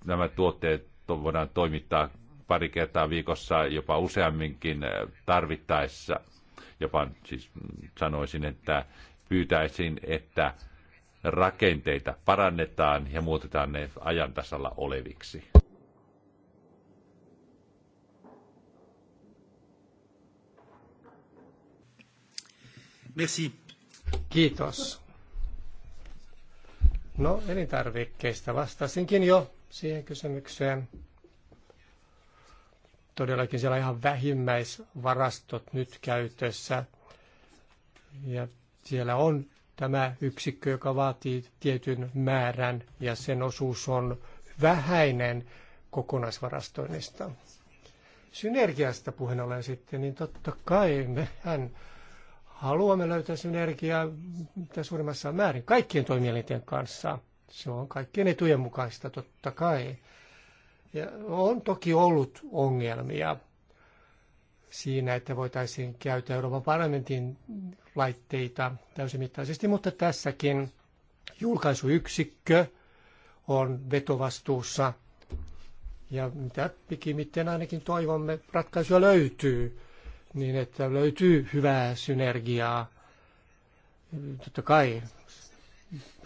nämä tuotteet voidaan toimittaa pari kertaa viikossa, jopa useamminkin tarvittaessa. Jopa siis sanoisin, että pyytäisin, että rakenteita parannetaan ja muutetaan ne ajan tasalla oleviksi. Merci. Kiitos. No, elintarvikkeista vastasinkin jo siihen kysymykseen. Todellakin siellä on ihan vähimmäisvarastot nyt käytössä. Ja siellä on tämä yksikkö, joka vaatii tietyn määrän ja sen osuus on vähäinen kokonaisvarastoinnista. Synergiasta puheen ollen sitten, niin totta kai mehän haluamme löytää synergiaa mitä suurimmassa määrin kaikkien toimielinten kanssa. Se on kaikkien etujen mukaista totta kai. Ja on toki ollut ongelmia siinä, että voitaisiin käyttää Euroopan parlamentin laitteita täysimittaisesti, mutta tässäkin julkaisuyksikkö on vetovastuussa. Ja mitä pikimiten ainakin toivomme, ratkaisuja löytyy, niin että löytyy hyvää synergiaa. Totta kai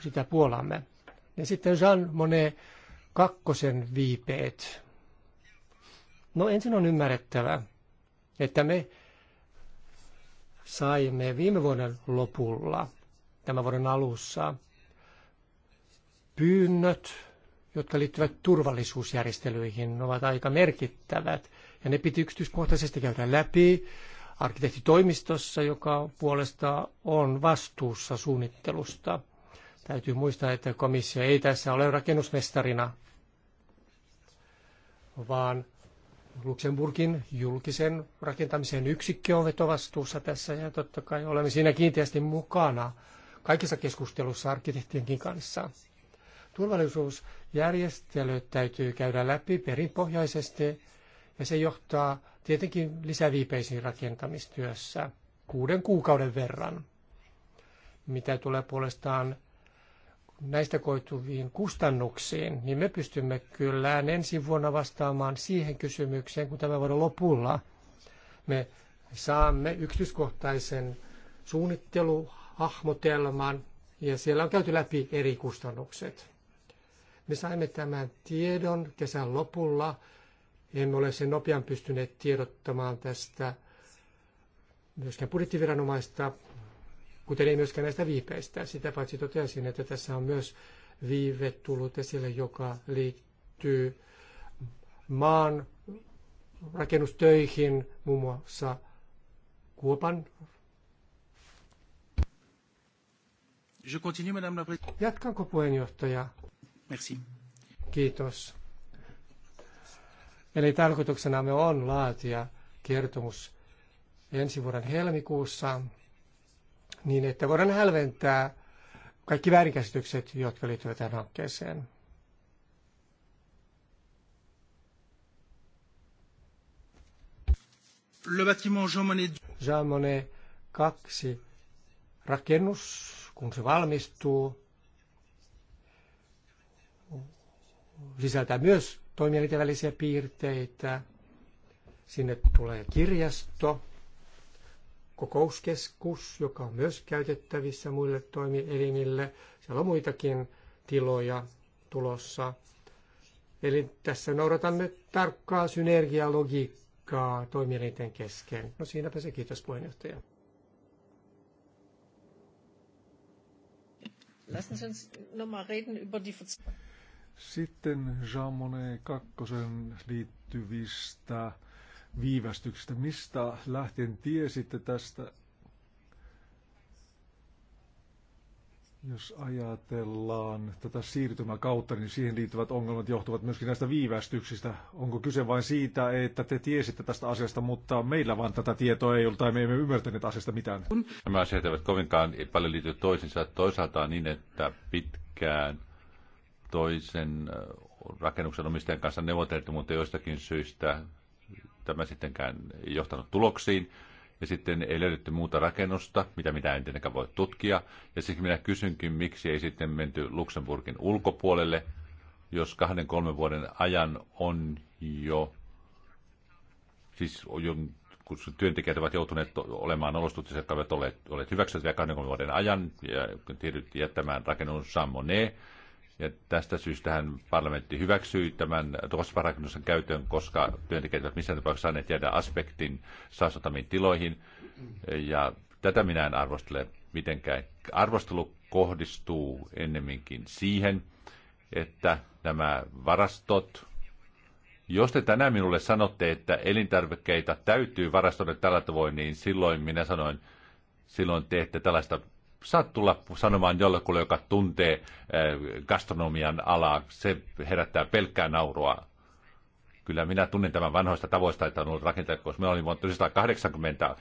sitä puolamme. Ja sitten Jean Monnet kakkosen viipeet. No ensin on ymmärrettävä, että me saimme viime vuoden lopulla, tämän vuoden alussa, pyynnöt, jotka liittyvät turvallisuusjärjestelyihin, ovat aika merkittävät. Ja ne piti yksityiskohtaisesti käydä läpi arkkitehtitoimistossa, joka puolesta on vastuussa suunnittelusta. Täytyy muistaa, että komissio ei tässä ole rakennusmestarina, vaan Luxemburgin julkisen rakentamisen yksikkö on vetovastuussa tässä ja totta kai olemme siinä kiinteästi mukana kaikissa keskustelussa arkkitehtienkin kanssa. Turvallisuusjärjestelyt täytyy käydä läpi perinpohjaisesti ja se johtaa tietenkin lisäviipeisiin rakentamistyössä kuuden kuukauden verran. Mitä tulee puolestaan näistä koituviin kustannuksiin, niin me pystymme kyllä ensi vuonna vastaamaan siihen kysymykseen, kun tämän vuoden lopulla me saamme yksityiskohtaisen suunnitteluhahmotelman, ja siellä on käyty läpi eri kustannukset. Me saimme tämän tiedon kesän lopulla. Emme ole sen nopean pystyneet tiedottamaan tästä myöskään budjettiviranomaista kuten ei myöskään näistä viipeistä. Sitä paitsi totesin, että tässä on myös viive tullut esille, joka liittyy maan rakennustöihin, muun muassa Kuopan. Je continue, madame la Jatkanko puheenjohtaja? Merci. Kiitos. Eli me on laatia kertomus ensi vuoden helmikuussa niin että voidaan hälventää kaikki väärinkäsitykset, jotka liittyvät tähän hankkeeseen. Le bâtiment Jean Monnet. Jean Monnet 2 rakennus, kun se valmistuu, sisältää myös toimielinten piirteitä. Sinne tulee kirjasto, kokouskeskus, joka on myös käytettävissä muille toimielimille. Siellä on muitakin tiloja tulossa. Eli tässä noudatamme tarkkaa synergialogiikkaa toimielinten kesken. No siinäpä se, kiitos puheenjohtaja. Sitten Jean Monnet kakkosen liittyvistä viivästyksestä. Mistä lähtien tiesitte tästä, jos ajatellaan tätä siirtymäkautta, niin siihen liittyvät ongelmat johtuvat myöskin näistä viivästyksistä. Onko kyse vain siitä, että te tiesitte tästä asiasta, mutta meillä vaan tätä tietoa ei ollut tai me emme ymmärtäneet asiasta mitään? Nämä asiat eivät kovinkaan paljon liity toisiinsa. Toisaalta on niin, että pitkään toisen äh, rakennuksen omistajan kanssa neuvoteltu, mutta joistakin syistä tämä sittenkään johtanut tuloksiin. Ja sitten ei löydetty muuta rakennusta, mitä mitä en tietenkään voi tutkia. Ja siksi minä kysynkin, miksi ei sitten menty Luxemburgin ulkopuolelle, jos kahden kolmen vuoden ajan on jo, siis jo, kun työntekijät ovat joutuneet olemaan olosuhteissa, jotka ovat olleet, olleet hyväksyttäviä kahden kolmen vuoden ajan, ja tiedyt jättämään rakennus Sammoneen, ja tästä syystähän parlamentti hyväksyi tämän rosvarakennuksen käytön, koska työntekijät ovat missään tapauksessa saaneet jäädä aspektin saastuttamiin tiloihin. Ja tätä minä en arvostele mitenkään. Arvostelu kohdistuu ennemminkin siihen, että nämä varastot, jos te tänään minulle sanotte, että elintarvikkeita täytyy varastoida tällä tavoin, niin silloin minä sanoin, silloin teette tällaista saat tulla sanomaan jollekulle, joka tuntee eh, gastronomian alaa. Se herättää pelkkää naurua. Kyllä minä tunnen tämän vanhoista tavoista, että on ollut rakentajat, koska minä olin vuonna 1980 eh,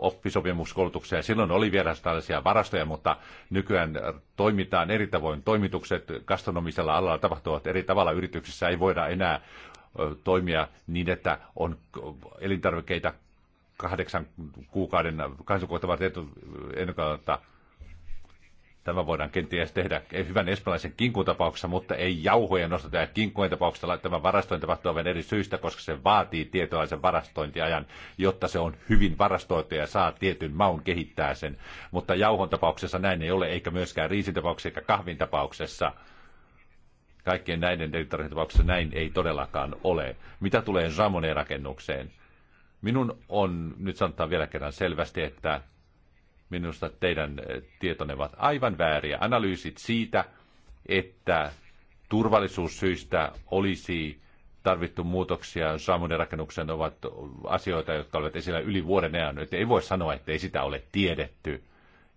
oppisopimuskoulutuksia ja silloin oli vielä tällaisia varastoja, mutta nykyään toimitaan eri tavoin. Toimitukset gastronomisella alalla tapahtuvat eri tavalla. Yrityksissä ei voida enää eh, toimia niin, että on elintarvikkeita kahdeksan kuukauden, kahdeksan kuukautta varten ennen Tämä voidaan kenties tehdä hyvän espanjalaisen kinkun tapauksessa, mutta ei jauhojen nosteta ja kinkujen tapauksessa. Tämä varastointi tapahtuu vain eri syistä, koska se vaatii tietoisen varastointiajan, jotta se on hyvin varastoitu ja saa tietyn maun kehittää sen. Mutta jauhon tapauksessa näin ei ole, eikä myöskään riisin tapauksessa eikä kahvin tapauksessa kaikkien näiden tapauksessa näin ei todellakaan ole. Mitä tulee Ramoneen rakennukseen? Minun on nyt sanotaan vielä kerran selvästi, että Minusta teidän eh, tietonne ovat aivan vääriä. Analyysit siitä, että turvallisuussyistä olisi tarvittu muutoksia Saamunen rakennuksen ovat asioita, jotka olivat esillä yli vuoden ajan. Että ei voi sanoa, että ei sitä ole tiedetty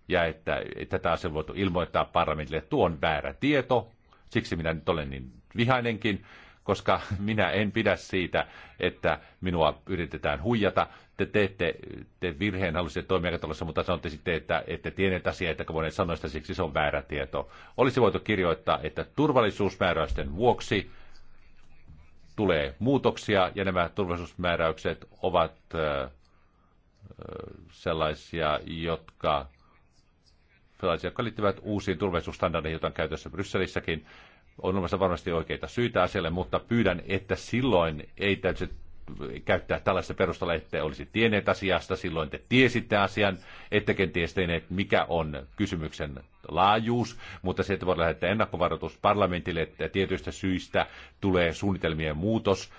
ja että, että tätä asiaa voitu ilmoittaa parlamentille. Tuo on väärä tieto, siksi minä nyt olen niin vihainenkin, koska minä en pidä siitä, että minua yritetään huijata te teette te virheen, halusitte toimia katolossa, mutta sanotte sitten, että ette tienneet asiaa, että voin sanoa sitä, siksi se on väärä tieto. Olisi voitu kirjoittaa, että turvallisuusmääräysten vuoksi tulee muutoksia ja nämä turvallisuusmääräykset ovat sellaisia, jotka, sellaisia, jotka liittyvät uusiin turvallisuusstandardeihin, joita on käytössä Brysselissäkin. On olemassa varmasti oikeita syitä asialle, mutta pyydän, että silloin ei täytyy käyttää tällaista perustalla, että olisi tienneet asiasta, silloin te tiesitte asian, ette kenties tienneet, mikä on kysymyksen laajuus, mutta se, että voi lähettää ennakkovaroitus parlamentille, että tietyistä syistä tulee suunnitelmien muutos,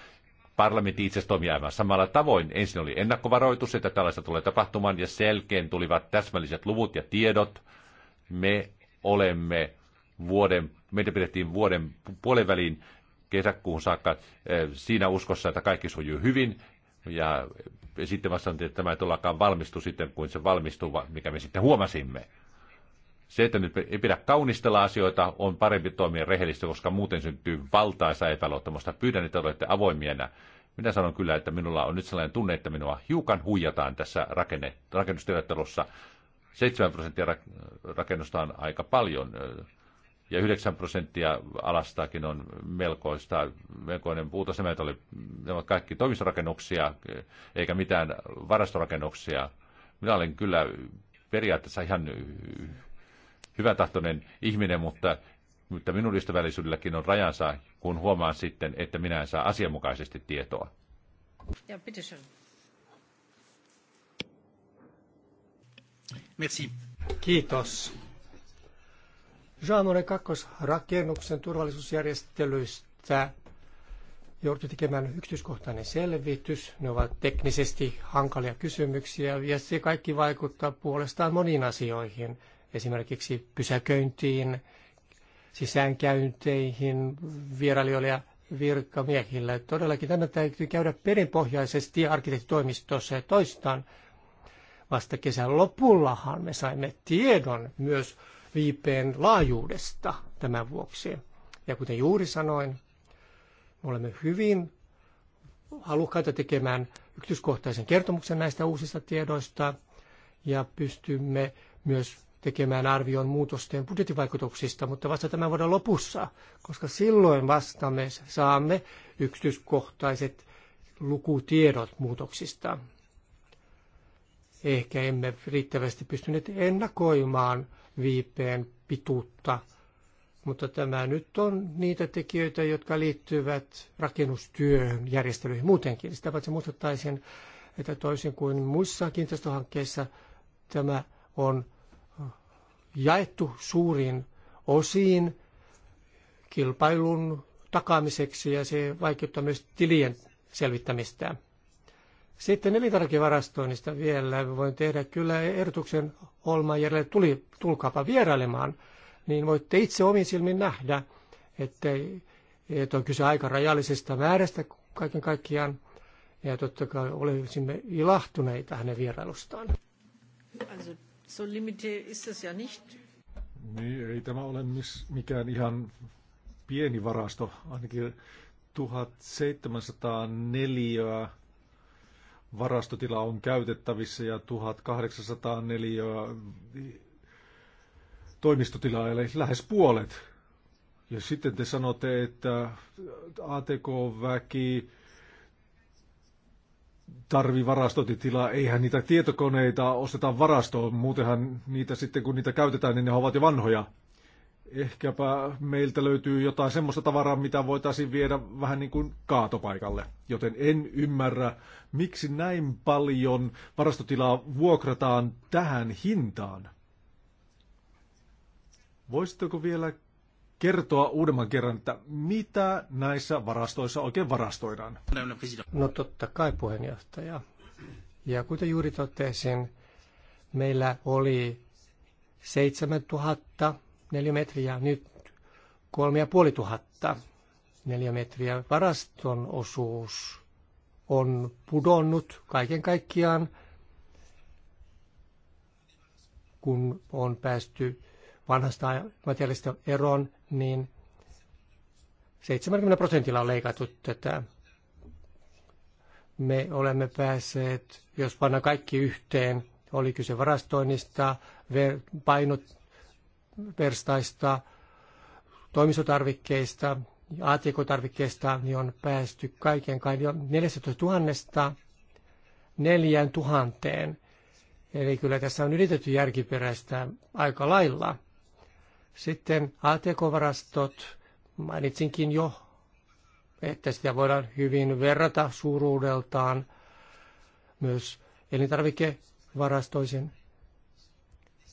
Parlamentti itse toimii aivan samalla tavoin. Ensin oli ennakkovaroitus, että tällaista tulee tapahtumaan, ja selkeän tulivat täsmälliset luvut ja tiedot. Me olemme vuoden, meitä pidettiin vuoden puolen väliin kesäkuun saakka eh, siinä uskossa, että kaikki sujuu hyvin. Ja sitten vasta että tämä ei todellakaan valmistu sitten, kuin se valmistuu, mikä me sitten huomasimme. Se, että nyt ei pidä kaunistella asioita, on parempi toimia rehellisesti, koska muuten syntyy valtaisa epäluottamusta. Pyydän, että olette avoimienä. Minä sanon kyllä, että minulla on nyt sellainen tunne, että minua hiukan huijataan tässä rakenne, rakennustyöttelussa. 7 prosenttia rakennusta on aika paljon ja 9 prosenttia alastakin on melkoista, melkoinen puutos. Nämä oli, ne ovat kaikki toimistorakennuksia, eikä mitään varastorakennuksia. Minä olen kyllä periaatteessa ihan hyväntahtoinen ihminen, mutta, mutta minun ystävällisyydelläkin on rajansa, kun huomaan sitten, että minä en saa asianmukaisesti tietoa. Ja, bitteschön. Merci. Kiitos. Jaamonen kakkosrakennuksen turvallisuusjärjestelyistä joutui tekemään yksityiskohtainen selvitys. Ne ovat teknisesti hankalia kysymyksiä ja se kaikki vaikuttaa puolestaan moniin asioihin, esimerkiksi pysäköintiin, sisäänkäynteihin, vierailijoille ja virkamiehillä. Todellakin tämä täytyy käydä perinpohjaisesti arkkitehtitoimistossa ja toistaan vasta kesän lopullahan me saimme tiedon myös viipeen laajuudesta tämän vuoksi. Ja kuten juuri sanoin, me olemme hyvin halukkaita tekemään yksityiskohtaisen kertomuksen näistä uusista tiedoista ja pystymme myös tekemään arvion muutosten budjettivaikutuksista, mutta vasta tämän vuoden lopussa, koska silloin vasta me saamme yksityiskohtaiset lukutiedot muutoksista. Ehkä emme riittävästi pystyneet ennakoimaan viipeen pituutta. Mutta tämä nyt on niitä tekijöitä, jotka liittyvät rakennustyöhön, järjestelyihin muutenkin. Sitä paitsi muistuttaisin, että toisin kuin muissa kiinteistöhankkeissa tämä on jaettu suuriin osiin kilpailun takaamiseksi ja se vaikuttaa myös tilien selvittämistä. Sitten elintarvikevarastoinnista vielä voin tehdä kyllä ehdotuksen Holmajärjelle, tuli, tulkaapa vierailemaan, niin voitte itse omin silmin nähdä, että, että on kyse aika rajallisesta määrästä kaiken kaikkiaan. Ja totta kai olisimme ilahtuneita hänen vierailustaan. Also, so ist es ja nicht. Niin, ei tämä ole mikään ihan pieni varasto, ainakin 1704 varastotila on käytettävissä ja 1804 toimistotilaa, eli lähes puolet. Ja sitten te sanotte, että ATK-väki tarvi varastotilaa, eihän niitä tietokoneita osteta varastoon, muutenhan niitä sitten kun niitä käytetään, niin ne ovat jo vanhoja ehkäpä meiltä löytyy jotain semmoista tavaraa, mitä voitaisiin viedä vähän niin kuin kaatopaikalle. Joten en ymmärrä, miksi näin paljon varastotilaa vuokrataan tähän hintaan. Voisitteko vielä kertoa uudemman kerran, että mitä näissä varastoissa oikein varastoidaan? No totta kai puheenjohtaja. Ja kuten juuri totesin, meillä oli 7000 neliömetriä, nyt kolme ja puoli tuhatta neliömetriä. Varaston osuus on pudonnut kaiken kaikkiaan, kun on päästy vanhasta materiaalista eroon, niin 70 prosentilla on leikattu tätä. Me olemme päässeet, jos panna kaikki yhteen, oli kyse varastoinnista, painot, verstaista, toimistotarvikkeista, ATK-tarvikkeista, niin on päästy kaiken kaikkiaan 14 000 neljään tuhanteen, Eli kyllä tässä on yritetty järkiperäistä aika lailla. Sitten ATK-varastot, mainitsinkin jo, että sitä voidaan hyvin verrata suuruudeltaan myös elintarvikevarastoisen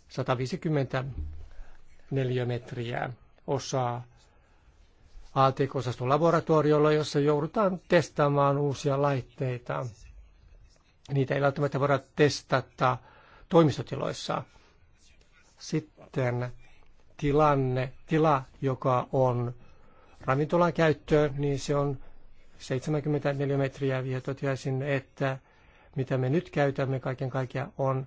150 neliömetriä osaa ATK-osaston laboratoriolla, jossa joudutaan testaamaan uusia laitteita. Niitä ei välttämättä voida testata toimistotiloissa. Sitten tilanne, tila, joka on ravintolan käyttöön, niin se on 74 metriä vielä toteaisin, että mitä me nyt käytämme kaiken kaikkiaan on,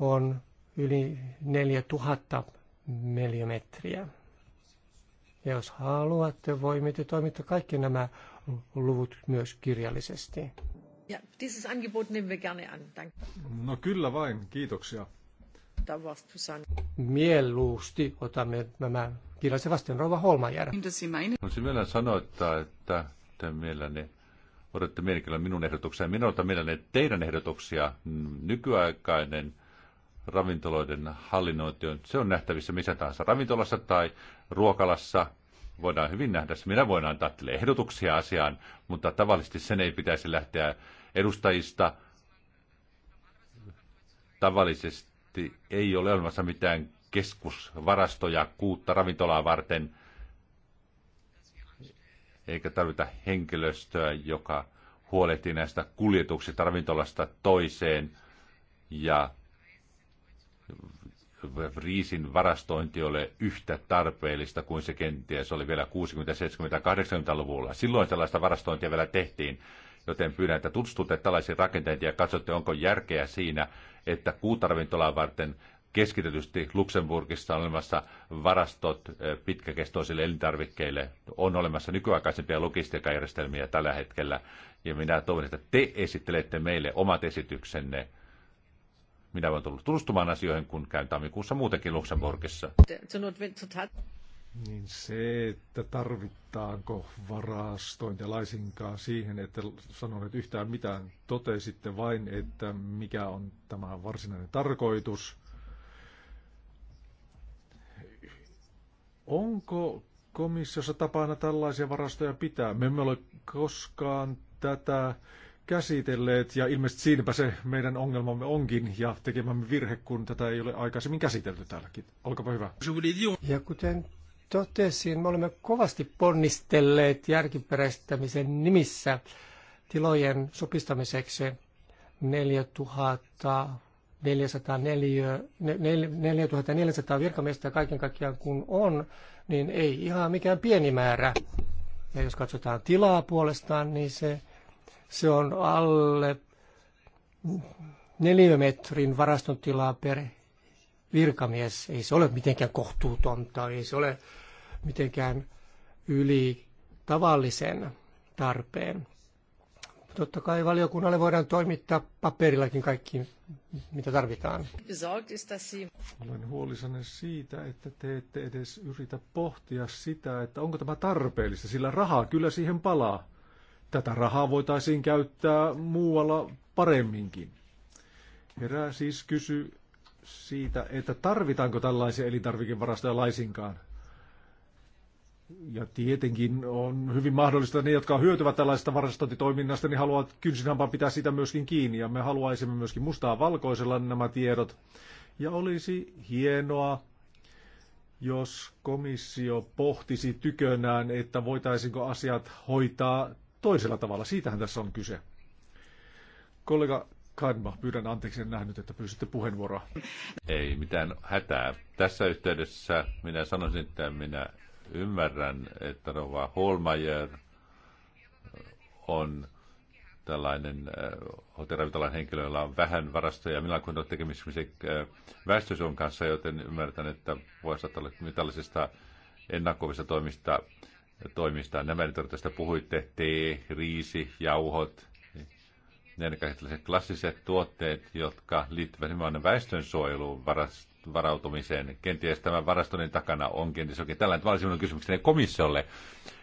on yli 4000 neliömetriä. Ja jos haluatte, voimme te toimittaa kaikki nämä luvut myös kirjallisesti. Ja, dieses Angebot nehmen wir gerne an. Danke. No kyllä vain, kiitoksia. Mieluusti otamme nämä kirjallisen vastaan Rova Holmajär. Voisin niin, vielä sanoa, että te mielelläni odotte mielenkiinnolla minun ehdotuksia. Minä otan mielelläni teidän ehdotuksia. Nykyaikainen ravintoloiden hallinnointi on, se on nähtävissä missä tahansa ravintolassa tai ruokalassa. Voidaan hyvin nähdä se. Minä voin antaa teille ehdotuksia asiaan, mutta tavallisesti sen ei pitäisi lähteä edustajista. Tavallisesti ei ole olemassa mitään keskusvarastoja kuutta ravintolaa varten, eikä tarvita henkilöstöä, joka huolehtii näistä kuljetuksista ravintolasta toiseen ja riisin varastointi ole yhtä tarpeellista kuin se kenties oli vielä 60-, 70-, 80-luvulla. Silloin tällaista varastointia vielä tehtiin, joten pyydän, että tutustutte tällaisiin rakenteisiin ja katsotte, onko järkeä siinä, että kuutarvintolaa varten keskitetysti Luxemburgissa on olemassa varastot eh, pitkäkestoisille elintarvikkeille. On olemassa nykyaikaisempia logistiikkajärjestelmiä tällä hetkellä, ja minä toivon, että te esittelette meille omat esityksenne – minä olen tullut tutustumaan asioihin, kun käyn tammikuussa muutenkin Luxemburgissa. Niin se, että tarvittaanko varastointia laisinkaan siihen, että sanon, yhtään mitään totesitte vain, että mikä on tämä varsinainen tarkoitus. Onko komissiossa tapana tällaisia varastoja pitää? Me emme ole koskaan tätä käsitelleet ja ilmeisesti siinäpä se meidän ongelmamme onkin ja tekemämme virhe, kun tätä ei ole aikaisemmin käsitelty täälläkin. Olkapa hyvä. Ja kuten totesin, me olemme kovasti ponnistelleet järkiperäistämisen nimissä tilojen supistamiseksi 4000 4400 virkamiestä kaiken kaikkiaan kun on, niin ei ihan mikään pieni määrä. Ja jos katsotaan tilaa puolestaan, niin se se on alle neliömetrin varastontilaa per virkamies. Ei se ole mitenkään kohtuutonta, ei se ole mitenkään yli tavallisen tarpeen. Totta kai valiokunnalle voidaan toimittaa paperillakin kaikki, mitä tarvitaan. Olen huolissani siitä, että te ette edes yritä pohtia sitä, että onko tämä tarpeellista, sillä rahaa kyllä siihen palaa tätä rahaa voitaisiin käyttää muualla paremminkin. Herää siis kysy siitä, että tarvitaanko tällaisia elintarvikevarastoja laisinkaan. Ja tietenkin on hyvin mahdollista, että ne, jotka hyötyvät tällaisesta varastointitoiminnasta, niin haluavat kynsinhampaan pitää sitä myöskin kiinni. Ja me haluaisimme myöskin mustaa valkoisella nämä tiedot. Ja olisi hienoa, jos komissio pohtisi tykönään, että voitaisiinko asiat hoitaa toisella tavalla. Siitähän tässä on kyse. Kollega Kadma, pyydän anteeksi, en nähnyt, että pyysitte puheenvuoroa. Ei mitään hätää. Tässä yhteydessä minä sanoisin, että minä ymmärrän, että Rova Holmajer on tällainen äh, hotellavitalainen henkilö, jolla on vähän varastoja. Minä olen ollut tekemisissä äh, väestösuun kanssa, joten ymmärrän, että voisi olla tällaisista ennakkovista toimista toimistaan Nämä nyt tästä puhuitte, tee, riisi, jauhot, ne sellaiset klassiset tuotteet, jotka liittyvät nimenomaan väestönsuojeluun varautumiseen. Kenties tämän varastonin takana on kenties jokin tällainen. Tämä oli kysymykseni komissiolle,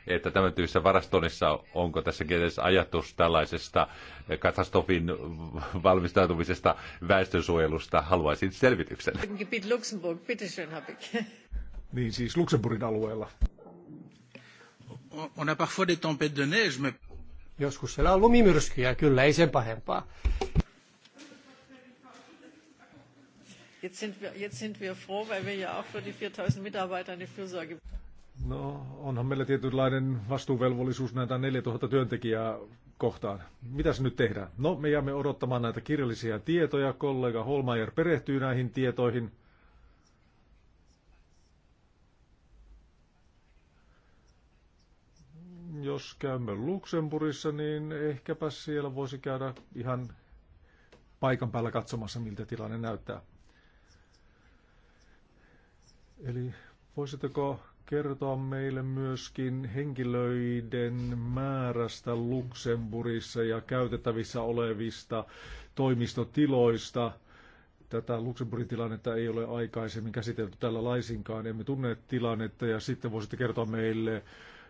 että tämän tyyppisessä varastonissa onko tässä kenties ajatus tällaisesta katastrofin valmistautumisesta väestönsuojelusta. Haluaisin selvityksen. Niin siis Luxemburgin alueella on a parfois des tempêtes de neige, mais... Joskus siellä on lumimyrskyjä, kyllä, ei sen pahempaa. No, onhan meillä tietynlainen vastuuvelvollisuus näitä 4000 työntekijää kohtaan. Mitäs nyt tehdään? No, me jäämme odottamaan näitä kirjallisia tietoja. Kollega Holmeier perehtyy näihin tietoihin. jos käymme Luxemburissa, niin ehkäpä siellä voisi käydä ihan paikan päällä katsomassa, miltä tilanne näyttää. Eli voisitteko kertoa meille myöskin henkilöiden määrästä Luxemburissa ja käytettävissä olevista toimistotiloista? Tätä Luxemburgin tilannetta ei ole aikaisemmin käsitelty tällä laisinkaan, emme tunne tilannetta ja sitten voisitte kertoa meille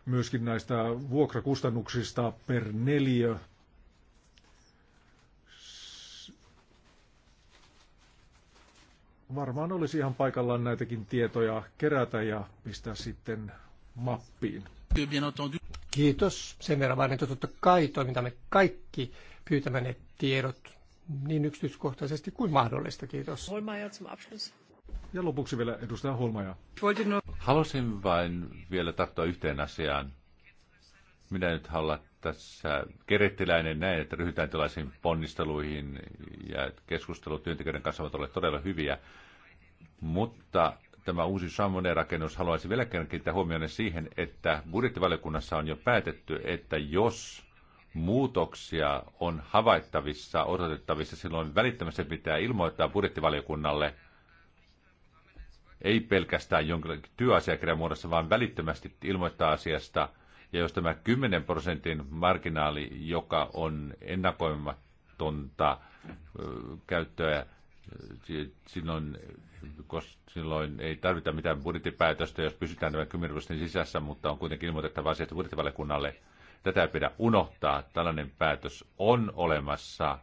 myöskin näistä vuokrakustannuksista per neliö. Varmaan olisi ihan paikallaan näitäkin tietoja kerätä ja pistää sitten mappiin. Kiitos. Sen verran vain, että totta kai toimintamme kaikki pyytämäne tiedot niin yksityiskohtaisesti kuin mahdollista. Kiitos. Ja lopuksi vielä edustaja Holmaja. Halusin vain vielä tarttua yhteen asiaan. Minä nyt haluan tässä kerettiläinen näin, että ryhdytään tällaisiin ponnisteluihin ja keskustelut työntekijöiden kanssa ovat olleet todella hyviä. Mutta tämä uusi sammonen rakennus haluaisi vielä kerran kiinnittää huomioon siihen, että budjettivaliokunnassa on jo päätetty, että jos muutoksia on havaittavissa, odotettavissa, silloin välittömästi pitää ilmoittaa budjettivaliokunnalle – ei pelkästään jonkin työasiakirjan muodossa, vaan välittömästi ilmoittaa asiasta. Ja jos tämä 10 prosentin marginaali, joka on ennakoimatonta käyttöä, silloin, koska silloin ei tarvita mitään budjettipäätöstä, jos pysytään tämän 10 prosentin sisässä, mutta on kuitenkin ilmoitettava asiasta budjettivaliokunnalle. Tätä ei pidä unohtaa. Tällainen päätös on olemassa.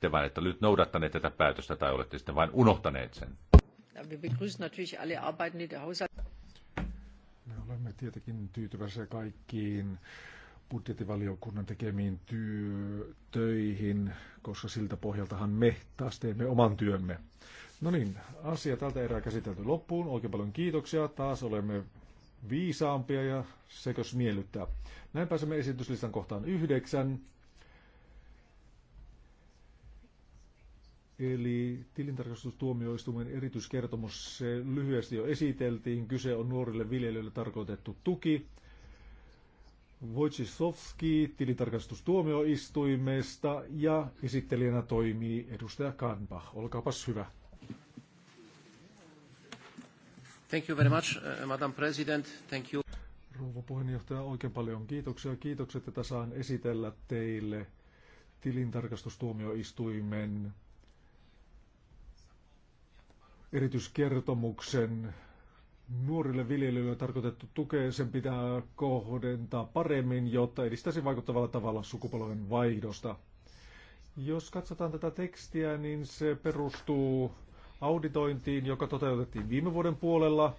Te vain että nyt noudattaneet tätä päätöstä tai olette sitten vain unohtaneet sen wir begrüßen natürlich alle Arbeiten, die der Haushalt... Me olemme tietenkin tyytyväisiä kaikkiin budjettivaliokunnan tekemiin työ, töihin, koska siltä pohjaltahan me taas teemme oman työmme. No niin, asia tältä erää käsitelty loppuun. Oikein paljon kiitoksia. Taas olemme viisaampia ja sekös miellyttää. Näin pääsemme esityslistan kohtaan yhdeksän. Eli tilintarkastustuomioistuimen erityiskertomus, se lyhyesti jo esiteltiin. Kyse on nuorille viljelijöille tarkoitettu tuki. Wojciechowski tilintarkastustuomioistuimesta ja esittelijänä toimii edustaja Kanpa. Olkaapas hyvä. Thank you very much, uh, Madam President. Thank you. Rouva puheenjohtaja, oikein paljon kiitoksia. Kiitokset, että saan esitellä teille tilintarkastustuomioistuimen erityiskertomuksen. Nuorille viljelijöille tarkoitettu tukea sen pitää kohdentaa paremmin, jotta edistäisi vaikuttavalla tavalla sukupolven vaihdosta. Jos katsotaan tätä tekstiä, niin se perustuu auditointiin, joka toteutettiin viime vuoden puolella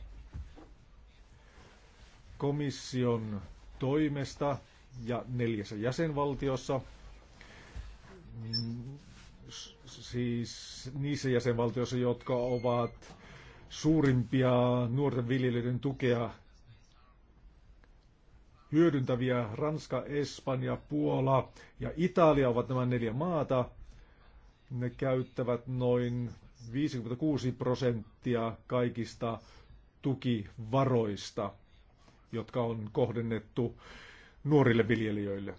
komission toimesta ja neljässä jäsenvaltiossa siis niissä jäsenvaltioissa, jotka ovat suurimpia nuorten viljelijöiden tukea hyödyntäviä. Ranska, Espanja, Puola ja Italia ovat nämä neljä maata. Ne käyttävät noin 56 prosenttia kaikista tukivaroista, jotka on kohdennettu nuorille viljelijöille.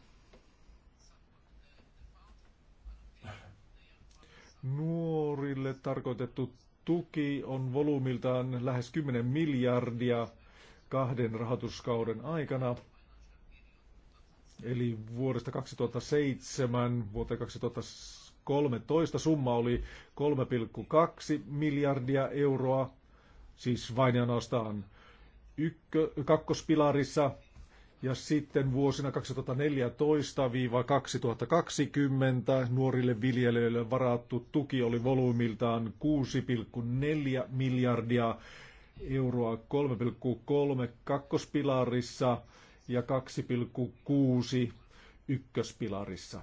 Nuorille tarkoitettu tuki on volyymiltaan lähes 10 miljardia kahden rahoituskauden aikana. Eli vuodesta 2007 vuoteen 2013 summa oli 3,2 miljardia euroa, siis vain ja ykkö, kakkospilarissa ja sitten vuosina 2014-2020 nuorille viljelijöille varattu tuki oli volyymiltaan 6,4 miljardia euroa 3,3 kakkospilarissa ja 2,6 ykköspilarissa.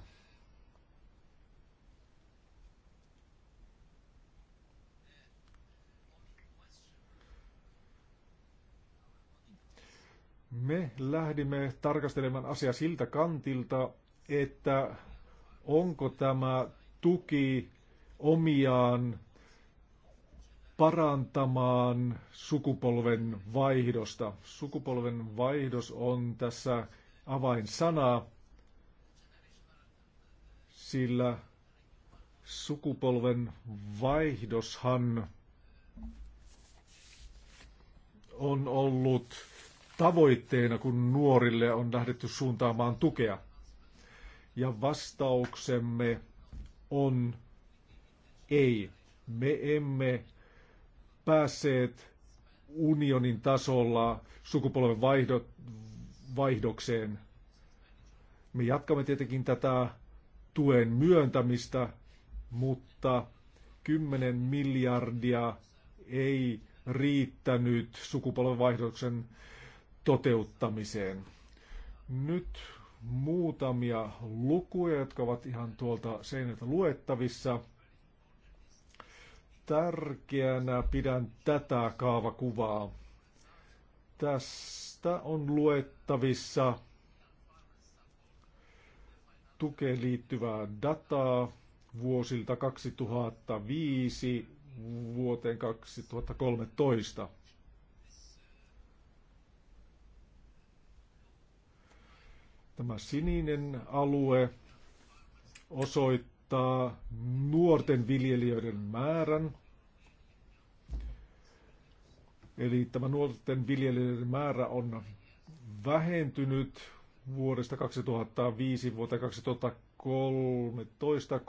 Me lähdimme tarkastelemaan asiaa siltä kantilta, että onko tämä tuki omiaan parantamaan sukupolven vaihdosta. Sukupolven vaihdos on tässä avainsana, sillä sukupolven vaihdoshan on ollut tavoitteena, kun nuorille on lähdetty suuntaamaan tukea? Ja vastauksemme on ei. Me emme päässeet unionin tasolla sukupolven vaihdo, vaihdokseen. Me jatkamme tietenkin tätä tuen myöntämistä, mutta 10 miljardia ei riittänyt sukupolven vaihdoksen toteuttamiseen. Nyt muutamia lukuja, jotka ovat ihan tuolta seinältä luettavissa. Tärkeänä pidän tätä kaavakuvaa. Tästä on luettavissa tukeen liittyvää dataa vuosilta 2005 vuoteen 2013. Tämä sininen alue osoittaa nuorten viljelijöiden määrän. Eli tämä nuorten viljelijöiden määrä on vähentynyt vuodesta 2005 vuoteen 2013 3,3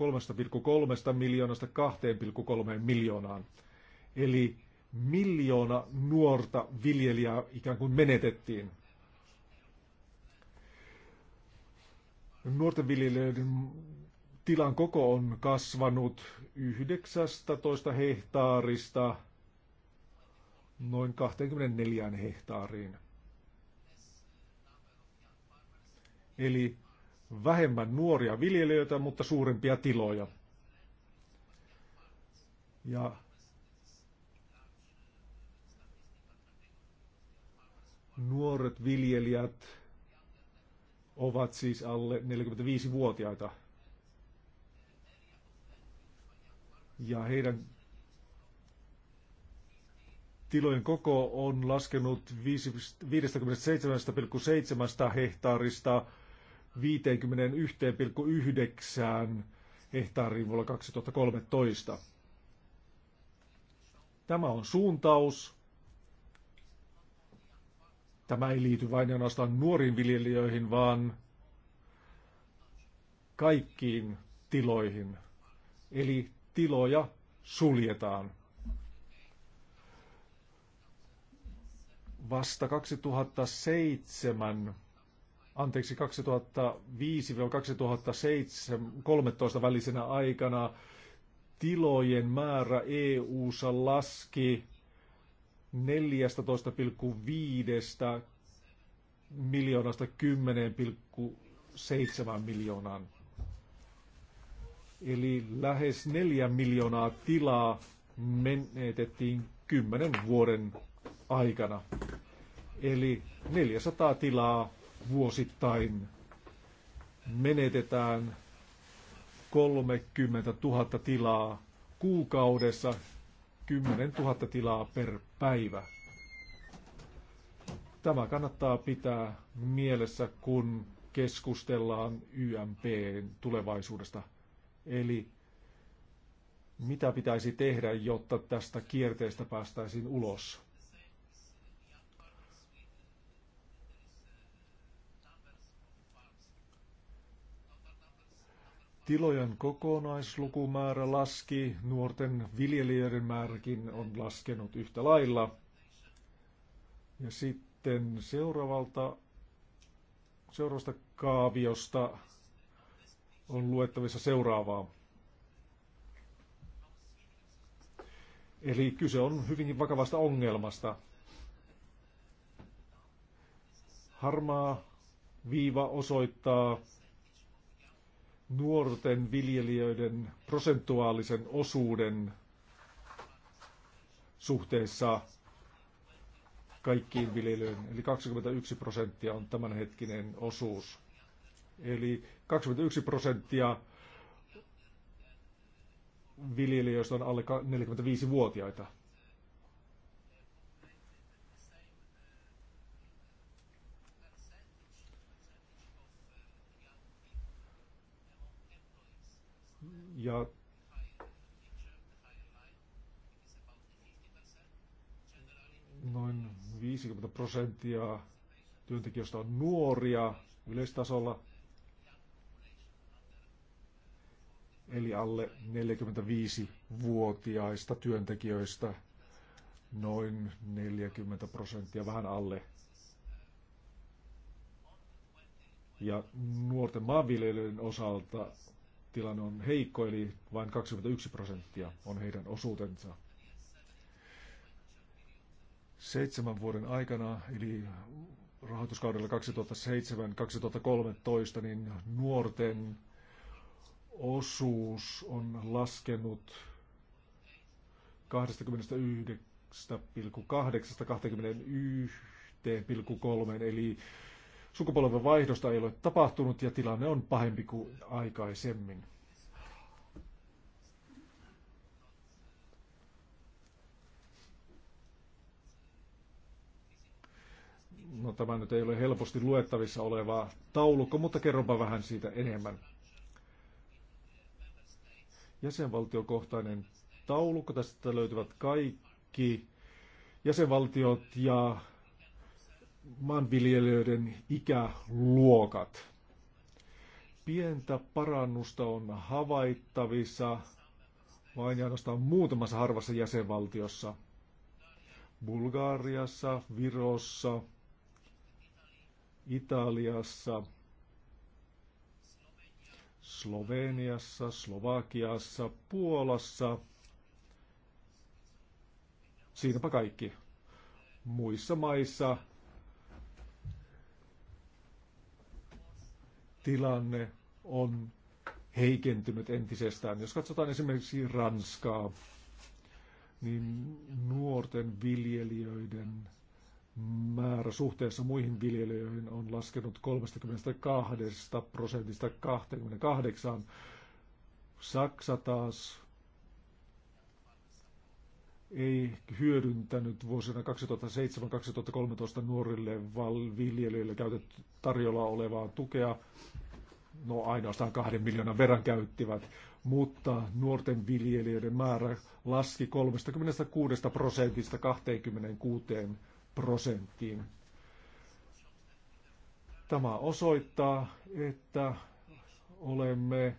miljoonasta 2,3 miljoonaan. Eli miljoona nuorta viljelijää ikään kuin menetettiin. Nuorten viljelijöiden tilan koko on kasvanut 19 hehtaarista noin 24 hehtaariin. Eli vähemmän nuoria viljelijöitä, mutta suurempia tiloja. Ja nuoret viljelijät ovat siis alle 45-vuotiaita. Ja heidän tilojen koko on laskenut 57,7 hehtaarista 51,9 hehtaariin vuonna 2013. Tämä on suuntaus, Tämä ei liity vain ainoastaan nuoriin viljelijöihin, vaan kaikkiin tiloihin. Eli tiloja suljetaan. Vasta 2007 anteeksi, 2005-2013 välisenä aikana tilojen määrä EU-ssa laski 14,5 miljoonasta 10,7 miljoonaan. Eli lähes 4 miljoonaa tilaa menetettiin 10 vuoden aikana. Eli 400 tilaa vuosittain menetetään 30 000 tilaa kuukaudessa, 10 000 tilaa per päivä. Tämä kannattaa pitää mielessä, kun keskustellaan YMPn tulevaisuudesta. Eli mitä pitäisi tehdä, jotta tästä kierteestä päästäisiin ulos? Tilojen kokonaislukumäärä laski, nuorten viljelijöiden määräkin on laskenut yhtä lailla. Ja sitten seuraavalta, seuraavasta kaaviosta on luettavissa seuraavaa. Eli kyse on hyvinkin vakavasta ongelmasta. Harmaa viiva osoittaa nuorten viljelijöiden prosentuaalisen osuuden suhteessa kaikkiin viljelijöihin. Eli 21 prosenttia on tämänhetkinen osuus. Eli 21 prosenttia viljelijöistä on alle 45-vuotiaita. Ja noin 50 prosenttia työntekijöistä on nuoria yleistasolla, eli alle 45-vuotiaista työntekijöistä noin 40 prosenttia, vähän alle. Ja nuorten maanviljelijöiden osalta tilanne on heikko, eli vain 21 prosenttia on heidän osuutensa. Seitsemän vuoden aikana, eli rahoituskaudella 2007-2013, niin nuorten osuus on laskenut 29,8-21,3, eli Sukupolven vaihdosta ei ole tapahtunut ja tilanne on pahempi kuin aikaisemmin. No tämä nyt ei ole helposti luettavissa oleva taulukko, mutta kerronpa vähän siitä enemmän. Jäsenvaltiokohtainen taulukko, tästä löytyvät kaikki jäsenvaltiot ja maanviljelijöiden ikäluokat. Pientä parannusta on havaittavissa vain ainoastaan muutamassa harvassa jäsenvaltiossa. Bulgariassa, Virossa, Italiassa, Sloveniassa, Slovakiassa, Puolassa. Siinäpä kaikki. Muissa maissa tilanne on heikentynyt entisestään. Jos katsotaan esimerkiksi Ranskaa, niin nuorten viljelijöiden määrä suhteessa muihin viljelijöihin on laskenut 32 prosentista 28. Saksa taas ei hyödyntänyt vuosina 2007-2013 nuorille viljelijöille käytetty tarjolla olevaa tukea. No ainoastaan kahden miljoonan verran käyttivät, mutta nuorten viljelijöiden määrä laski 36 prosentista 26 prosenttiin. Tämä osoittaa, että olemme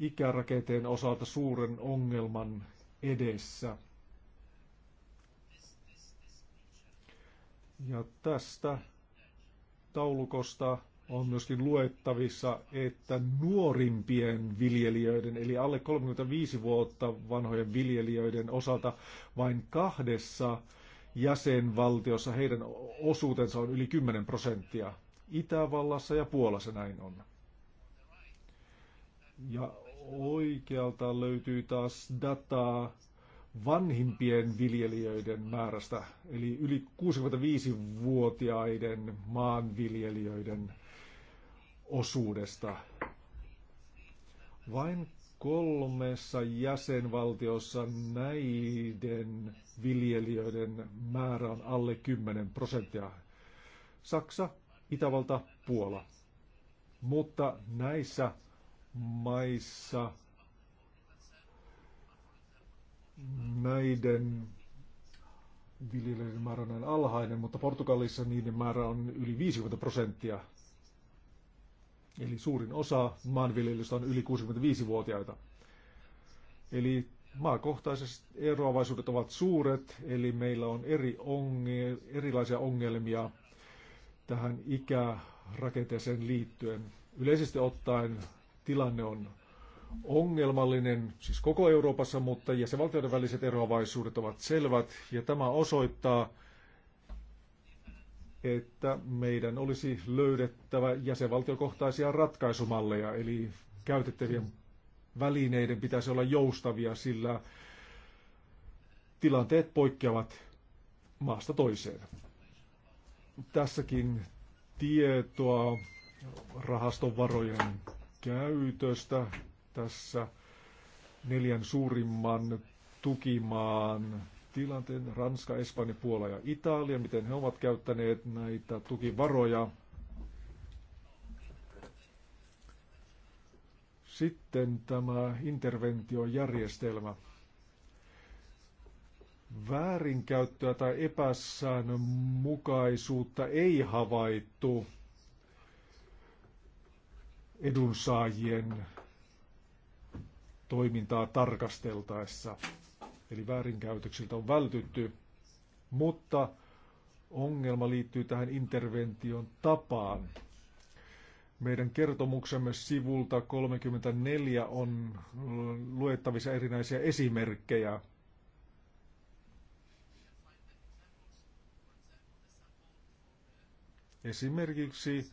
ikärakenteen osalta suuren ongelman edessä. Ja tästä taulukosta on myöskin luettavissa, että nuorimpien viljelijöiden, eli alle 35 vuotta vanhojen viljelijöiden osalta vain kahdessa jäsenvaltiossa heidän osuutensa on yli 10 prosenttia. Itävallassa ja Puolassa näin on. Ja oikealta löytyy taas dataa vanhimpien viljelijöiden määrästä, eli yli 65-vuotiaiden maanviljelijöiden osuudesta. Vain kolmessa jäsenvaltiossa näiden viljelijöiden määrä on alle 10 prosenttia. Saksa, Itävalta, Puola. Mutta näissä maissa näiden viljelijöiden määrä on näin alhainen, mutta Portugalissa niiden määrä on yli 50 prosenttia. Eli suurin osa maanviljelystä on yli 65-vuotiaita. Eli maakohtaiset eroavaisuudet ovat suuret, eli meillä on eri onge- erilaisia ongelmia tähän ikärakenteeseen liittyen. Yleisesti ottaen tilanne on ongelmallinen, siis koko Euroopassa, mutta jäsenvaltioiden väliset eroavaisuudet ovat selvät, ja tämä osoittaa, että meidän olisi löydettävä jäsenvaltiokohtaisia ratkaisumalleja, eli käytettävien välineiden pitäisi olla joustavia, sillä tilanteet poikkeavat maasta toiseen. Tässäkin tietoa rahaston varojen käytöstä tässä neljän suurimman tukimaan tilanteen, Ranska, Espanja, Puola ja Italia, miten he ovat käyttäneet näitä tukivaroja. Sitten tämä interventiojärjestelmä. Väärinkäyttöä tai epäsäännönmukaisuutta ei havaittu edunsaajien toimintaa tarkasteltaessa. Eli väärinkäytöksiltä on vältytty, mutta ongelma liittyy tähän intervention tapaan. Meidän kertomuksemme sivulta 34 on luettavissa erinäisiä esimerkkejä. Esimerkiksi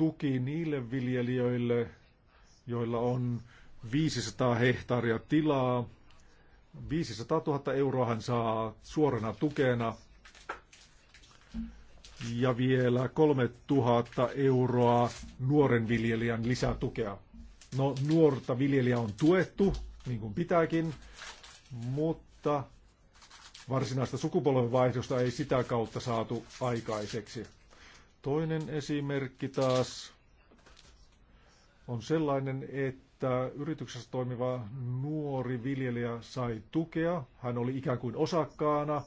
tuki niille viljelijöille, joilla on 500 hehtaaria tilaa. 500 000 euroa hän saa suorana tukena ja vielä 3000 euroa nuoren viljelijän lisätukea. No, nuorta viljelijää on tuettu, niin kuin pitääkin, mutta varsinaista sukupolvenvaihdosta ei sitä kautta saatu aikaiseksi. Toinen esimerkki taas on sellainen, että yrityksessä toimiva nuori viljelijä sai tukea. Hän oli ikään kuin osakkaana.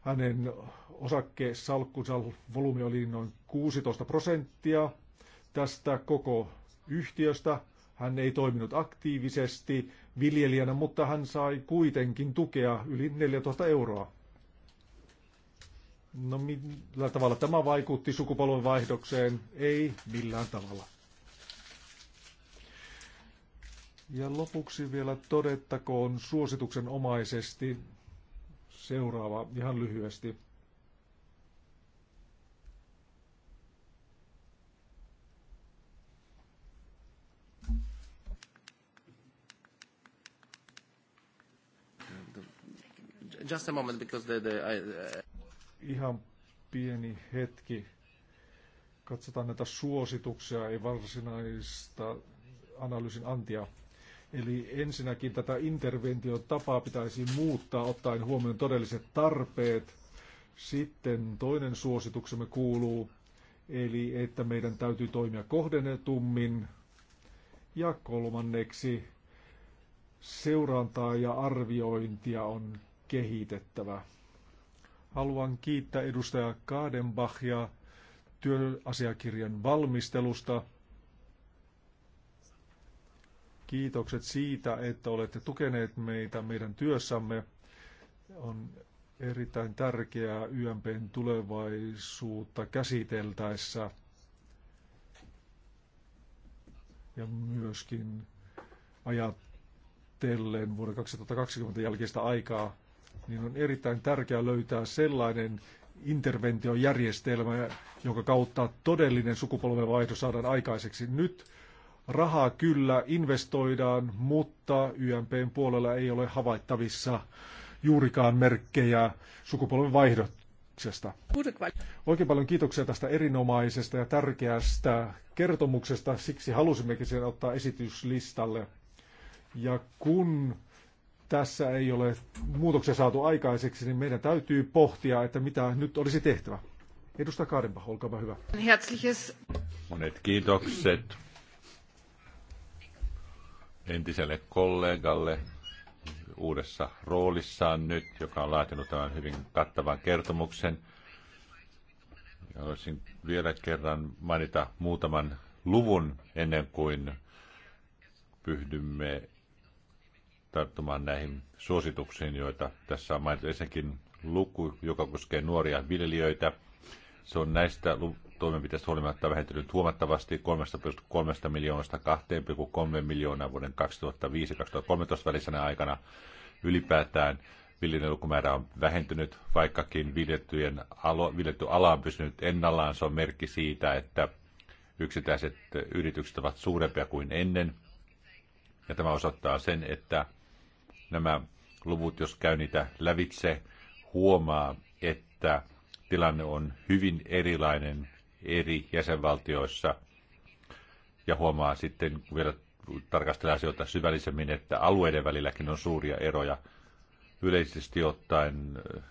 Hänen osakkeessalkkunsa volyymi oli noin 16 prosenttia tästä koko yhtiöstä. Hän ei toiminut aktiivisesti viljelijänä, mutta hän sai kuitenkin tukea yli 14 euroa. No millä tavalla tämä vaikutti sukupolven vaihdokseen? Ei millään tavalla. Ja lopuksi vielä todettakoon suosituksen omaisesti seuraava ihan lyhyesti. Just a moment because the, the I, uh ihan pieni hetki. Katsotaan näitä suosituksia, ei varsinaista analyysin antia. Eli ensinnäkin tätä intervention tapaa pitäisi muuttaa ottaen huomioon todelliset tarpeet. Sitten toinen suosituksemme kuuluu, eli että meidän täytyy toimia kohdennetummin. Ja kolmanneksi seurantaa ja arviointia on kehitettävä. Haluan kiittää edustaja Kaadenbachia työasiakirjan valmistelusta. Kiitokset siitä, että olette tukeneet meitä meidän työssämme. On erittäin tärkeää YMPn tulevaisuutta käsiteltäessä ja myöskin ajatellen vuoden 2020 jälkeistä aikaa niin on erittäin tärkeää löytää sellainen interventiojärjestelmä, jonka kautta todellinen sukupolvenvaihto saadaan aikaiseksi. Nyt rahaa kyllä investoidaan, mutta YMPn puolella ei ole havaittavissa juurikaan merkkejä sukupolvenvaihdoksesta. Oikein paljon kiitoksia tästä erinomaisesta ja tärkeästä kertomuksesta, siksi halusimmekin sen ottaa esityslistalle. Ja kun tässä ei ole muutoksia saatu aikaiseksi, niin meidän täytyy pohtia, että mitä nyt olisi tehtävä. Edustaja Kaarenba, olkaapa hyvä. Herzliches. Monet kiitokset entiselle kollegalle uudessa roolissaan nyt, joka on laatinut tämän hyvin kattavan kertomuksen. Haluaisin vielä kerran mainita muutaman luvun ennen kuin pyhdymme tarttumaan näihin suosituksiin, joita tässä on mainittu. Ensinnäkin luku, joka koskee nuoria viljelijöitä. Se on näistä toimenpiteistä huolimatta vähentynyt huomattavasti 3,3 miljoonasta 2,3 miljoonaa vuoden 2005-2013 välisenä aikana. Ylipäätään viljelijän lukumäärä on vähentynyt, vaikkakin viljettyjen alo, viljetty ala on pysynyt ennallaan. Se on merkki siitä, että yksittäiset yritykset ovat suurempia kuin ennen. Ja tämä osoittaa sen, että nämä luvut, jos käy niitä lävitse, huomaa, että tilanne on hyvin erilainen eri jäsenvaltioissa. Ja huomaa sitten, kun vielä tarkastellaan asioita syvällisemmin, että alueiden välilläkin on suuria eroja. Yleisesti ottaen äh,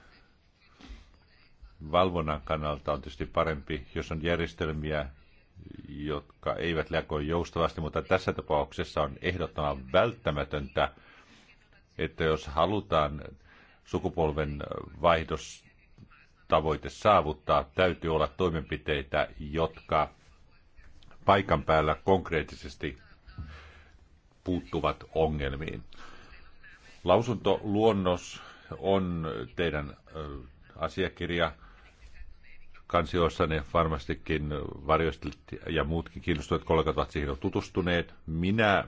valvonnan kannalta on tietysti parempi, jos on järjestelmiä, jotka eivät reagoi joustavasti, mutta tässä tapauksessa on ehdottoman välttämätöntä että jos halutaan sukupolven vaihdostavoite saavuttaa, täytyy olla toimenpiteitä, jotka paikan päällä konkreettisesti puuttuvat ongelmiin. Lausuntoluonnos on teidän asiakirja kansioissanne varmastikin varjostelit ja muutkin kiinnostuneet kollegat ovat siihen tutustuneet. Minä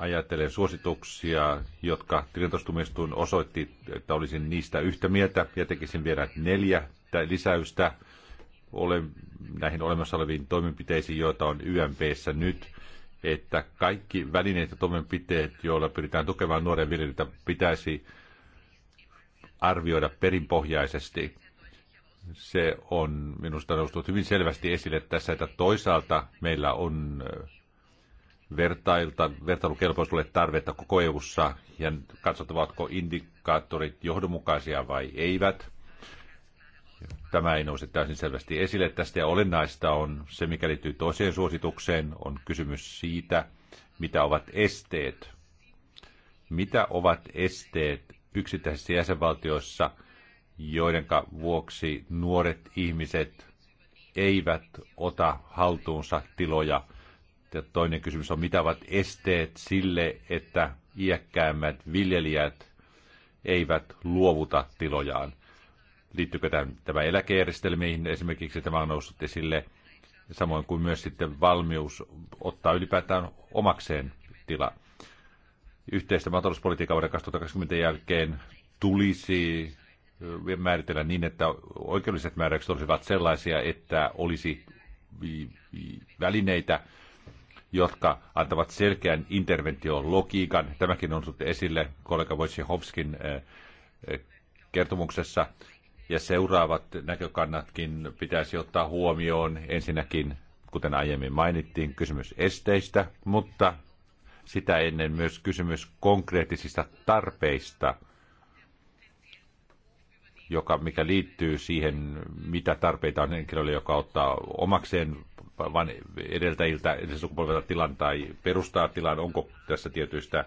ajatellen suosituksia, jotka tilintostumistuin osoitti, että olisin niistä yhtä mieltä ja tekisin vielä neljä lisäystä ole, näihin olemassa oleviin toimenpiteisiin, joita on YMPssä nyt, että kaikki välineet ja toimenpiteet, joilla pyritään tukemaan nuoren viljelijöitä, pitäisi arvioida perinpohjaisesti. Se on minusta noussut hyvin selvästi esille tässä, että toisaalta meillä on vertailta, vertailukelpoisuudelle tarvetta koko EU:ssa ja katsottavatko indikaattorit johdonmukaisia vai eivät. Tämä ei nouse täysin selvästi esille tästä ja olennaista on se, mikä liittyy toiseen suositukseen, on kysymys siitä, mitä ovat esteet. Mitä ovat esteet yksittäisissä jäsenvaltioissa, joidenka vuoksi nuoret ihmiset eivät ota haltuunsa tiloja – ja toinen kysymys on, mitä ovat esteet sille, että iäkkäämmät viljelijät eivät luovuta tilojaan. Liittyykö tämän, tämä eläkejärjestelmiin esimerkiksi, tämä on noussut esille, samoin kuin myös sitten valmius ottaa ylipäätään omakseen tila. Yhteistä maatalouspolitiikan vuoden 2020 jälkeen tulisi määritellä niin, että oikeudelliset määräykset olisivat sellaisia, että olisi välineitä, jotka antavat selkeän interventiologiikan. Tämäkin on tullut esille kollega Wojciechowskin äh, äh, kertomuksessa. Ja seuraavat näkökannatkin pitäisi ottaa huomioon. Ensinnäkin, kuten aiemmin mainittiin, kysymys esteistä, mutta sitä ennen myös kysymys konkreettisista tarpeista – joka, mikä liittyy siihen, mitä tarpeita on henkilölle, joka ottaa omakseen vain edeltäjiltä, edellisen sukupolvelta tilan tai perustaa tilan, onko tässä tietyistä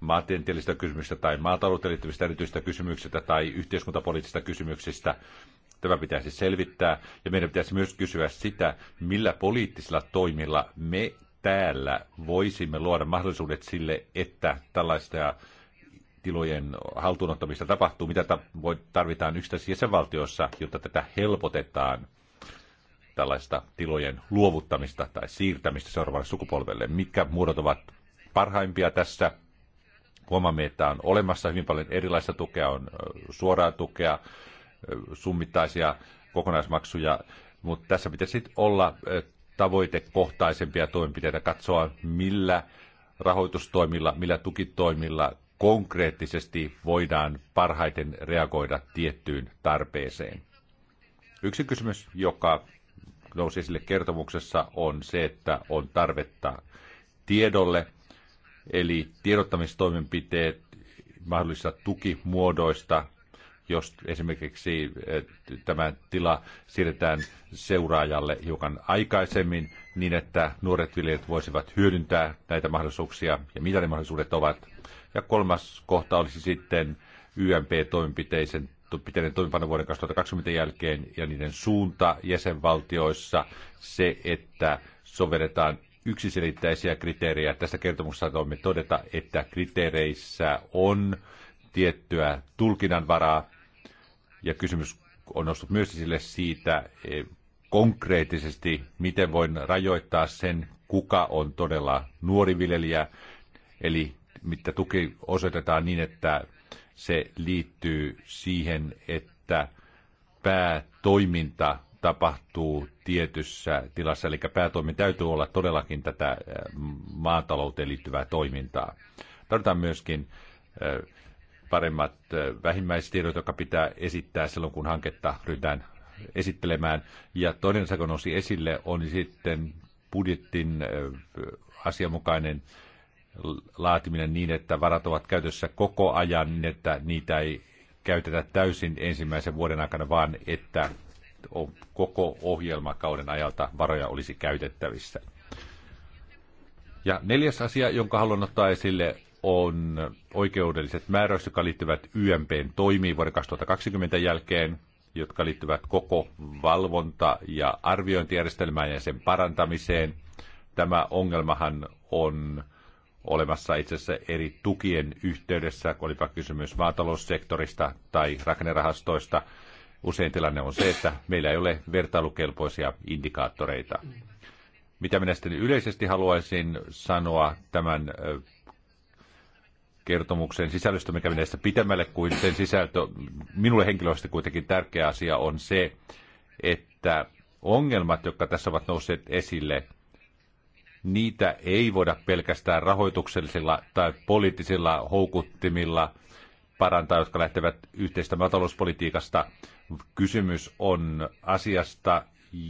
maantieteellisistä kysymyksistä tai maatalouteen liittyvistä erityistä kysymyksistä tai yhteiskuntapoliittisista kysymyksistä. Tämä pitäisi selvittää ja meidän pitäisi myös kysyä sitä, millä poliittisilla toimilla me täällä voisimme luoda mahdollisuudet sille, että tällaista tilojen haltuunottamista tapahtuu, mitä voi, tarvitaan yksittäisissä jäsenvaltioissa, jotta tätä helpotetaan tällaista tilojen luovuttamista tai siirtämistä seuraavalle sukupolvelle. Mitkä muodot ovat parhaimpia tässä? Huomaamme, että on olemassa hyvin paljon erilaista tukea, on suoraa tukea, summittaisia kokonaismaksuja, mutta tässä pitäisi olla tavoitekohtaisempia toimenpiteitä, katsoa millä rahoitustoimilla, millä tukitoimilla konkreettisesti voidaan parhaiten reagoida tiettyyn tarpeeseen. Yksi kysymys, joka nousi esille kertomuksessa, on se, että on tarvetta tiedolle, eli tiedottamistoimenpiteet mahdollisista tukimuodoista, jos esimerkiksi eh, tämä tila siirretään seuraajalle hiukan aikaisemmin, niin että nuoret viljelijät voisivat hyödyntää näitä mahdollisuuksia ja mitä ne mahdollisuudet ovat, ja kolmas kohta olisi sitten YMP-toimenpiteisen piteiden toimipano vuoden 2020 jälkeen ja niiden suunta jäsenvaltioissa se, että sovelletaan yksiselittäisiä kriteerejä. Tässä kertomuksessa voimme todeta, että kriteereissä on tiettyä tulkinnanvaraa ja kysymys on noussut myös esille siitä e, konkreettisesti, miten voin rajoittaa sen, kuka on todella nuori viljelijä, eli mitä tuki osoitetaan niin, että se liittyy siihen, että päätoiminta tapahtuu tietyssä tilassa, eli päätoimin täytyy olla todellakin tätä maatalouteen liittyvää toimintaa. Tarvitaan myöskin paremmat vähimmäistiedot, jotka pitää esittää silloin, kun hanketta ryhdytään esittelemään. Ja toinen, joka nousi esille, on sitten budjetin asianmukainen äh, laatiminen niin, että varat ovat käytössä koko ajan, niin että niitä ei käytetä täysin ensimmäisen vuoden aikana, vaan että koko ohjelmakauden ajalta varoja olisi käytettävissä. Ja neljäs asia, jonka haluan ottaa esille, on oikeudelliset määräykset, jotka liittyvät YMPn toimiin vuoden 2020 jälkeen, jotka liittyvät koko valvonta- ja arviointijärjestelmään ja sen parantamiseen. Tämä ongelmahan on olemassa itse asiassa eri tukien yhteydessä, olipa kysymys maataloussektorista tai rakennerahastoista. Usein tilanne on se, että meillä ei ole vertailukelpoisia indikaattoreita. Mitä minä sitten yleisesti haluaisin sanoa tämän kertomuksen sisällöstä, mikä menee sitä pitemmälle kuin sen sisältö. Minulle henkilöstä kuitenkin tärkeä asia on se, että ongelmat, jotka tässä ovat nousseet esille – niitä ei voida pelkästään rahoituksellisilla tai poliittisilla houkuttimilla parantaa, jotka lähtevät yhteistä maatalouspolitiikasta. Kysymys on asiasta,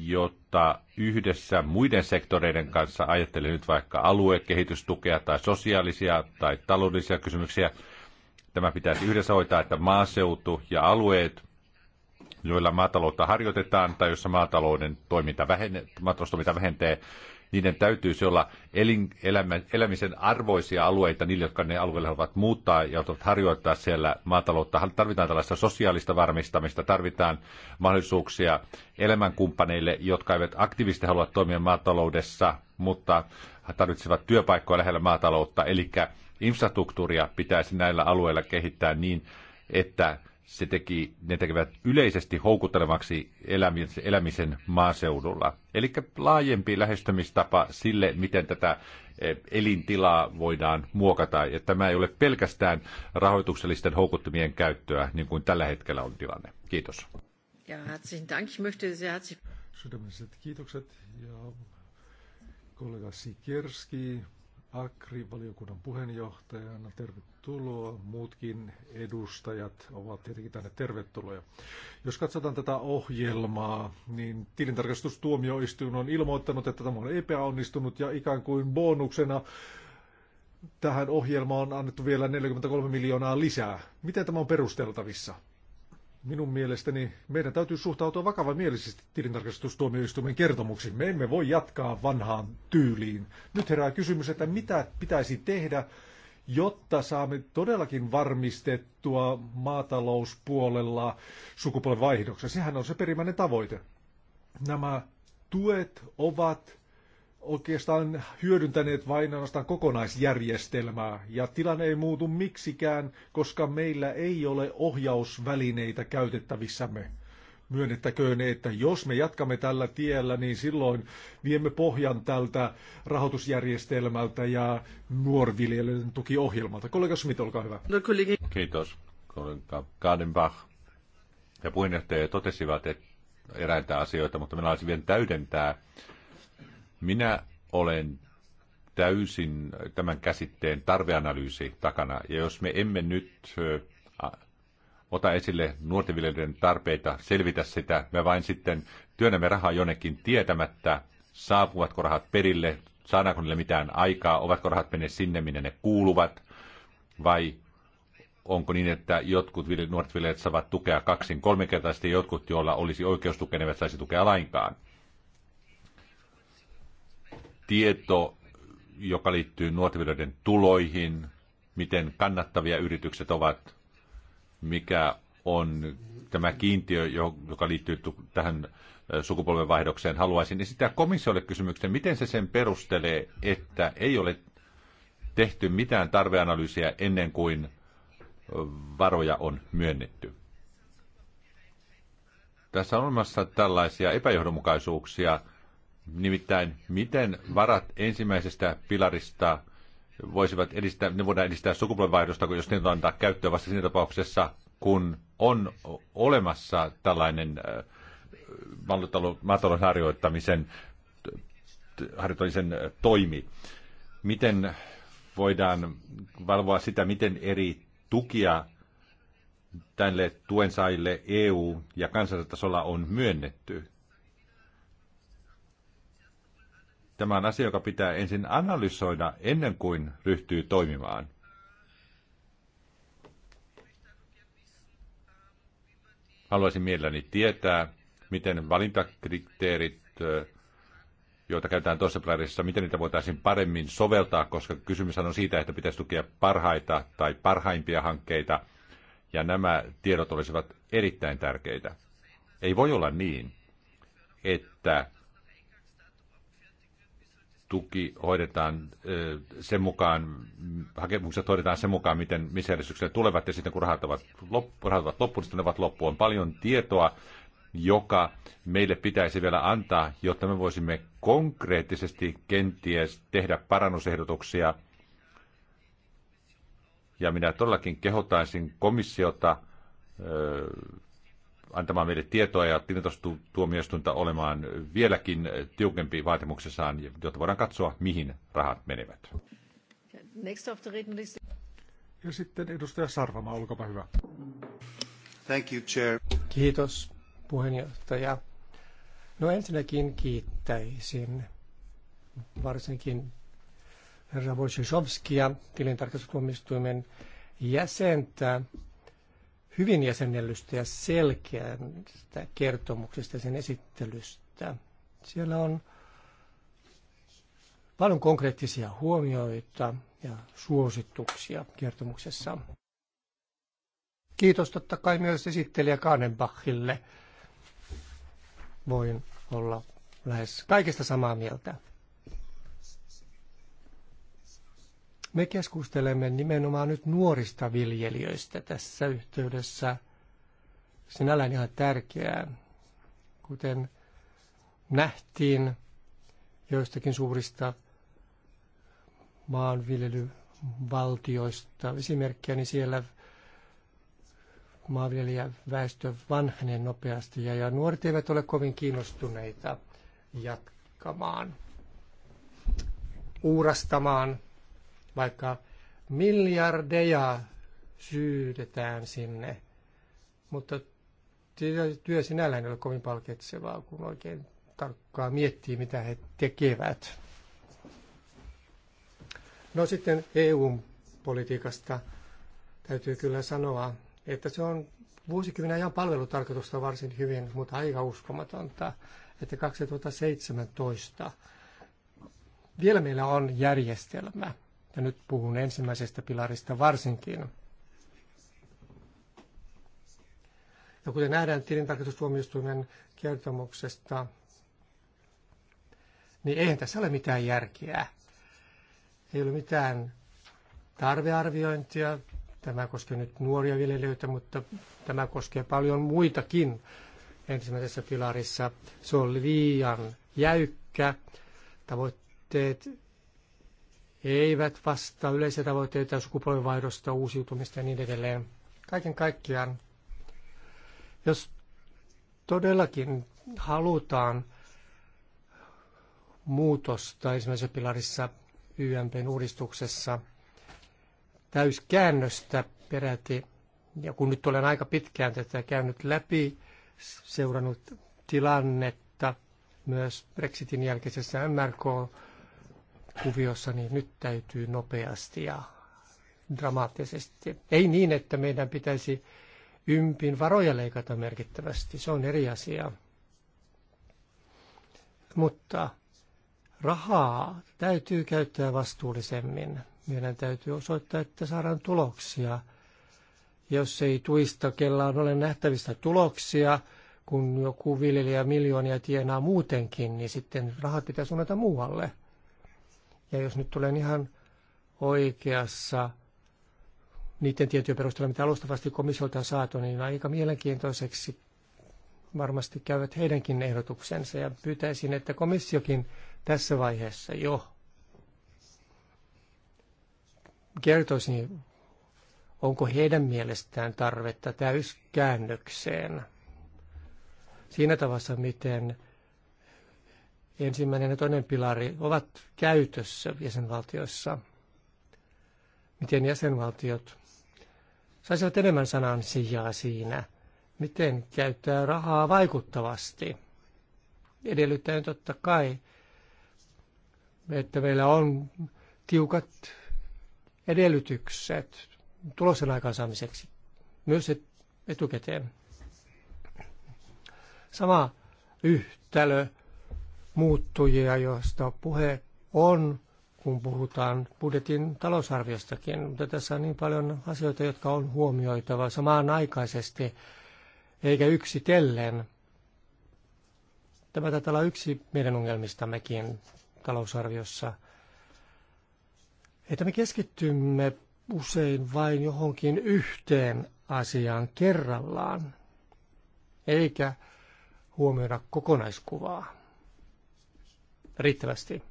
jota yhdessä muiden sektoreiden kanssa ajattelee nyt vaikka aluekehitystukea tai sosiaalisia tai taloudellisia kysymyksiä. Tämä pitäisi yhdessä hoitaa, että maaseutu ja alueet, joilla maataloutta harjoitetaan tai jossa maatalouden toiminta, vähene, maataloustoiminta vähentää, niiden täytyisi olla elin, elämä, elämisen arvoisia alueita niille, jotka ne alueelle haluavat muuttaa ja haluavat harjoittaa siellä maataloutta. Tarvitaan tällaista sosiaalista varmistamista, tarvitaan mahdollisuuksia elämänkumppaneille, jotka eivät aktiivisesti halua toimia maataloudessa, mutta tarvitsevat työpaikkoja lähellä maataloutta. Eli infrastruktuuria pitäisi näillä alueilla kehittää niin, että se teki, ne tekevät yleisesti houkuttelevaksi elämisen maaseudulla. Eli laajempi lähestymistapa sille, miten tätä e, elintilaa voidaan muokata. Ja tämä ei ole pelkästään rahoituksellisten houkuttimien käyttöä, niin kuin tällä hetkellä on tilanne. Kiitos. Ja herzlichen Dank. Ich möchte sehr herzlich... Sydämiset kiitokset ja kollega Sikerski Akri-valiokunnan puheenjohtajana. Tervetuloa. Muutkin edustajat ovat tietenkin tänne tervetuloja. Jos katsotaan tätä ohjelmaa, niin tilintarkastustuomioistuin on ilmoittanut, että tämä on epäonnistunut ja ikään kuin bonuksena tähän ohjelmaan on annettu vielä 43 miljoonaa lisää. Miten tämä on perusteltavissa? Minun mielestäni meidän täytyy suhtautua vakavamielisesti tilintarkastustuomioistuimen kertomuksiin. Me emme voi jatkaa vanhaan tyyliin. Nyt herää kysymys, että mitä pitäisi tehdä, jotta saamme todellakin varmistettua maatalouspuolella sukupolvenvaihdoksen. Sehän on se perimmäinen tavoite. Nämä tuet ovat oikeastaan hyödyntäneet vain ainoastaan kokonaisjärjestelmää, ja tilanne ei muutu miksikään, koska meillä ei ole ohjausvälineitä käytettävissämme. Myönnettäköön, että jos me jatkamme tällä tiellä, niin silloin viemme pohjan tältä rahoitusjärjestelmältä ja nuorviljelijöiden tukiohjelmalta. Kollega Schmidt, olkaa hyvä. Kiitos, kollega Kadenbach. Ja puheenjohtaja totesivat, että eräitä asioita, mutta minä olisin vielä täydentää minä olen täysin tämän käsitteen tarveanalyysi takana. Ja jos me emme nyt ota esille nuorten viljelijöiden tarpeita, selvitä sitä, me vain sitten työnnämme rahaa jonnekin tietämättä, saapuvatko rahat perille, saadaanko niille mitään aikaa, ovatko rahat menneet sinne, minne ne kuuluvat, vai onko niin, että jotkut nuoret viljelijät saavat tukea kaksin kolminkertaisesti, jotkut, joilla olisi oikeus tukea, eivät saisi tukea lainkaan tieto, joka liittyy nuotiviljelijöiden tuloihin, miten kannattavia yritykset ovat, mikä on tämä kiintiö, joka liittyy tähän sukupolvenvaihdokseen, haluaisin esittää komissiolle kysymyksen, miten se sen perustelee, että ei ole tehty mitään tarveanalyysiä ennen kuin varoja on myönnetty. Tässä on olemassa tällaisia epäjohdonmukaisuuksia Nimittäin, miten varat ensimmäisestä pilarista voisivat edistää, ne voidaan edistää sukupolvenvaihdosta, kun jos ne antaa käyttöön vasta siinä tapauksessa, kun on olemassa tällainen äh, maatalouden harjoittamisen harjoittamisen äh, toimi. Miten voidaan valvoa sitä, miten eri tukia tälle tuen saajille EU- ja kansallisella tasolla on myönnetty? Tämä on asia, joka pitää ensin analysoida ennen kuin ryhtyy toimimaan. Haluaisin mielelläni tietää, miten valintakriteerit, joita käytetään toisessa miten niitä voitaisiin paremmin soveltaa, koska kysymys on siitä, että pitäisi tukea parhaita tai parhaimpia hankkeita, ja nämä tiedot olisivat erittäin tärkeitä. Ei voi olla niin, että tuki hoidetaan sen mukaan, hakemukset hoidetaan sen mukaan, miten missä järjestyksellä tulevat, ja sitten kun rahat ovat, loppu, rahat ovat loppuun, niin ne ovat loppuun. On paljon tietoa, joka meille pitäisi vielä antaa, jotta me voisimme konkreettisesti kenties tehdä parannusehdotuksia. Ja minä todellakin kehotaisin komissiota antamaan meille tietoa ja tilintostuomioistuinta olemaan vieläkin tiukempi vaatimuksessaan, jotta voidaan katsoa, mihin rahat menevät. Ja sitten edustaja Sarvama, olkapa hyvä. Thank you, chair. Kiitos, puheenjohtaja. No ensinnäkin kiittäisin varsinkin herra Wojciechowskia, tilintarkastustuomioistuimen jäsentä, hyvin jäsennellystä ja selkeästä kertomuksesta ja sen esittelystä. Siellä on paljon konkreettisia huomioita ja suosituksia kertomuksessa. Kiitos totta kai myös esittelijä Kahnenbachille. Voin olla lähes kaikesta samaa mieltä. Me keskustelemme nimenomaan nyt nuorista viljelijöistä tässä yhteydessä. Sinällään ihan tärkeää, kuten nähtiin joistakin suurista maanviljelyvaltioista esimerkkiä, niin siellä maanviljelijäväestö vanhenee nopeasti ja, ja nuoret eivät ole kovin kiinnostuneita jatkamaan, uurastamaan – vaikka miljardeja syydetään sinne. Mutta työ sinällään ei ole kovin palkitsevaa, kun oikein tarkkaa miettii, mitä he tekevät. No sitten EU-politiikasta täytyy kyllä sanoa, että se on vuosikymmenen ajan palvelutarkoitusta varsin hyvin, mutta aika uskomatonta, että 2017 vielä meillä on järjestelmä, ja nyt puhun ensimmäisestä pilarista varsinkin. Ja kuten nähdään tilintarkastustuomioistuimen kertomuksesta, niin eihän tässä ole mitään järkeä. Ei ole mitään tarvearviointia. Tämä koskee nyt nuoria viljelijöitä, mutta tämä koskee paljon muitakin ensimmäisessä pilarissa. Se on liian jäykkä. Tavoitteet eivät vastaa yleisiä tavoitteita sukupolvenvaihdosta, uusiutumista ja niin edelleen. Kaiken kaikkiaan, jos todellakin halutaan muutosta ensimmäisessä pilarissa YMPn uudistuksessa, täyskäännöstä peräti, ja kun nyt olen aika pitkään tätä käynyt läpi, seurannut tilannetta myös Brexitin jälkeisessä MRK kuviossa, niin nyt täytyy nopeasti ja dramaattisesti. Ei niin, että meidän pitäisi ympin varoja leikata merkittävästi, se on eri asia. Mutta rahaa täytyy käyttää vastuullisemmin. Meidän täytyy osoittaa, että saadaan tuloksia. Jos ei tuista kellaan ole nähtävistä tuloksia, kun joku viljelijä miljoonia tienaa muutenkin, niin sitten rahat pitää suunnata muualle. Ja jos nyt tulen ihan oikeassa niiden tietojen perusteella, mitä alustavasti komissiolta on saatu, niin aika mielenkiintoiseksi varmasti käyvät heidänkin ehdotuksensa. Ja pyytäisin, että komissiokin tässä vaiheessa jo kertoisi, onko heidän mielestään tarvetta täyskäännökseen siinä tavassa, miten ensimmäinen ja toinen pilari ovat käytössä jäsenvaltioissa. Miten jäsenvaltiot saisivat enemmän sanan sijaa siinä, miten käyttää rahaa vaikuttavasti. Edellyttäen totta kai, että meillä on tiukat edellytykset tulosten aikaansaamiseksi myös etukäteen. Sama yhtälö muuttujia, joista puhe on, kun puhutaan budjetin talousarviostakin. Mutta tässä on niin paljon asioita, jotka on huomioitava samanaikaisesti, eikä yksitellen. Tämä taitaa olla yksi meidän ongelmistammekin talousarviossa, että me keskittymme usein vain johonkin yhteen asiaan kerrallaan, eikä huomioida kokonaiskuvaa riittävästi.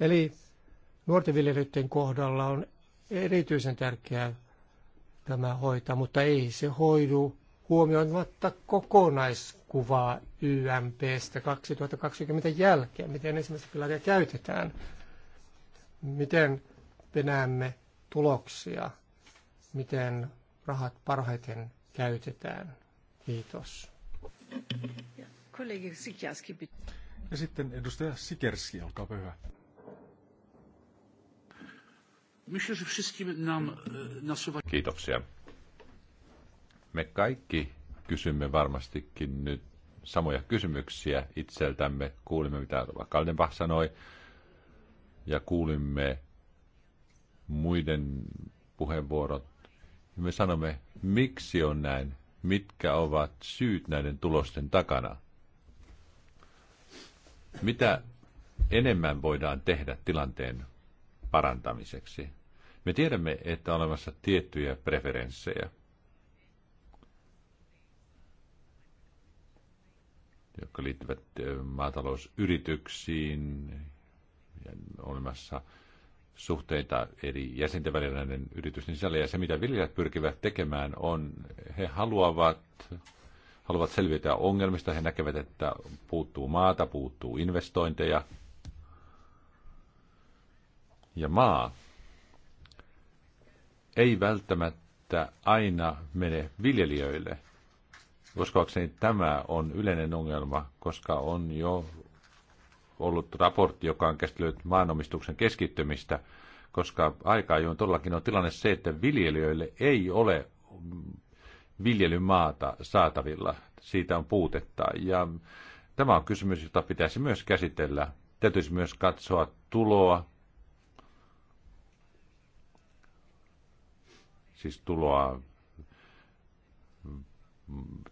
Eli nuorten viljelijöiden kohdalla on erityisen tärkeää tämä hoitaa, mutta ei se hoidu huomioimatta kokonaiskuvaa YMPstä 2020 jälkeen, miten ensimmäistä pilaria käytetään, miten me näemme tuloksia, miten rahat parhaiten käytetään. Kiitos. Kollegi Sikiaski. Ja sitten edustaja Sikerski, olkaa hyvä. E, Kiitoksia. Me kaikki kysymme varmastikin nyt samoja kysymyksiä itseltämme. Kuulimme, mitä Kaldenbach sanoi, ja kuulimme muiden puheenvuorot. Me sanomme, miksi on näin, mitkä ovat syyt näiden tulosten takana. Mitä enemmän voidaan tehdä tilanteen parantamiseksi? Me tiedämme, että on olemassa tiettyjä preferenssejä. jotka liittyvät maatalousyrityksiin, ja olemassa suhteita eri jäsenten välillä näiden yritysten sisällä. Ja se, mitä viljelijät pyrkivät tekemään, on, he haluavat haluavat selviytyä ongelmista. He näkevät, että puuttuu maata, puuttuu investointeja. Ja maa ei välttämättä aina mene viljelijöille. Uskoakseni tämä on yleinen ongelma, koska on jo ollut raportti, joka on käsitellyt maanomistuksen keskittymistä, koska aika ajoin todellakin on tilanne se, että viljelijöille ei ole viljelymaata saatavilla. Siitä on puutetta. Ja tämä on kysymys, jota pitäisi myös käsitellä. Täytyisi myös katsoa tuloa, siis tuloa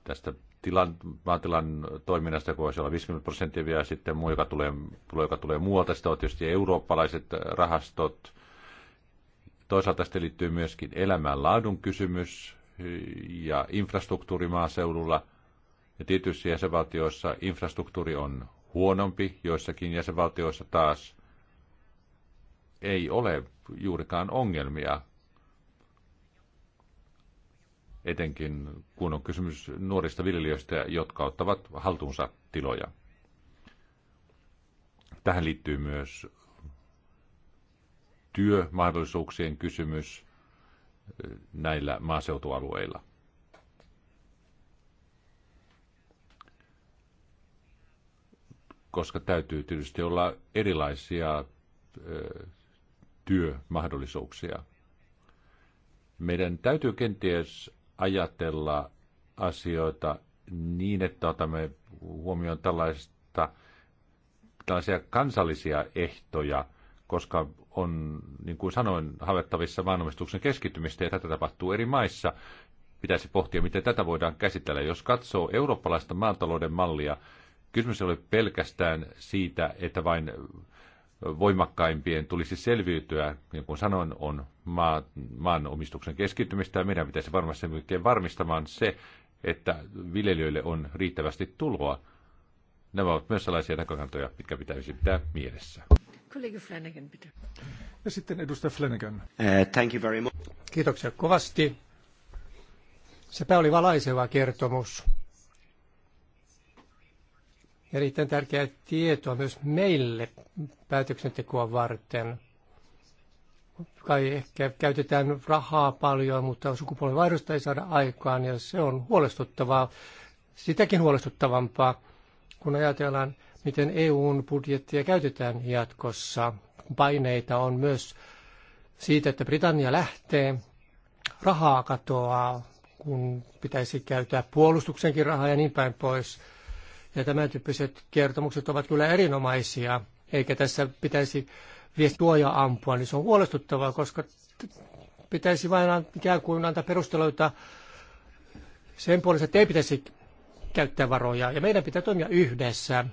tästä tilan, maatilan toiminnasta, kun voisi olla 50 prosenttia vielä sitten muu, joka tulee, joka tulee muualta. Sitä on tietysti eurooppalaiset rahastot. Toisaalta tästä liittyy myöskin elämänlaadun kysymys, ja infrastruktuuri maaseudulla. Ja tietyissä jäsenvaltioissa infrastruktuuri on huonompi, joissakin jäsenvaltioissa taas ei ole juurikaan ongelmia, etenkin kun on kysymys nuorista viljelijöistä, jotka ottavat haltuunsa tiloja. Tähän liittyy myös työmahdollisuuksien kysymys näillä maaseutualueilla. Koska täytyy tietysti olla erilaisia työmahdollisuuksia. Meidän täytyy kenties ajatella asioita niin, että otamme huomioon tällaista, tällaisia kansallisia ehtoja, koska on, niin kuin sanoin, havaittavissa maanomistuksen keskittymistä, ja tätä tapahtuu eri maissa. Pitäisi pohtia, miten tätä voidaan käsitellä. Jos katsoo eurooppalaista maatalouden mallia, kysymys ei ole pelkästään siitä, että vain voimakkaimpien tulisi selviytyä. Niin kuin sanoin, on maa, maanomistuksen keskittymistä, ja meidän pitäisi varmasti varmistamaan se, että viljelijöille on riittävästi tuloa. Nämä ovat myös sellaisia näkökantoja, mitkä pitäisi pitää mielessä. Kollega Flanagan, bitte. Ja sitten edustaja Flanagan. Uh, thank you very much. Kiitoksia kovasti. Sepä oli valaiseva kertomus. Erittäin tärkeää tietoa myös meille päätöksentekoa varten. Kai ehkä käytetään rahaa paljon, mutta sukupolvenvaihdosta ei saada aikaan ja se on huolestuttavaa, sitäkin huolestuttavampaa, kun ajatellaan miten EUn budjettia käytetään jatkossa. Paineita on myös siitä, että Britannia lähtee, rahaa katoaa, kun pitäisi käyttää puolustuksenkin rahaa ja niin päin pois. Ja tämän tyyppiset kertomukset ovat kyllä erinomaisia, eikä tässä pitäisi tuoja ampua, niin se on huolestuttavaa, koska pitäisi vain ikään kuin antaa perusteluita sen puolesta, että ei pitäisi käyttää varoja. Ja meidän pitää toimia yhdessä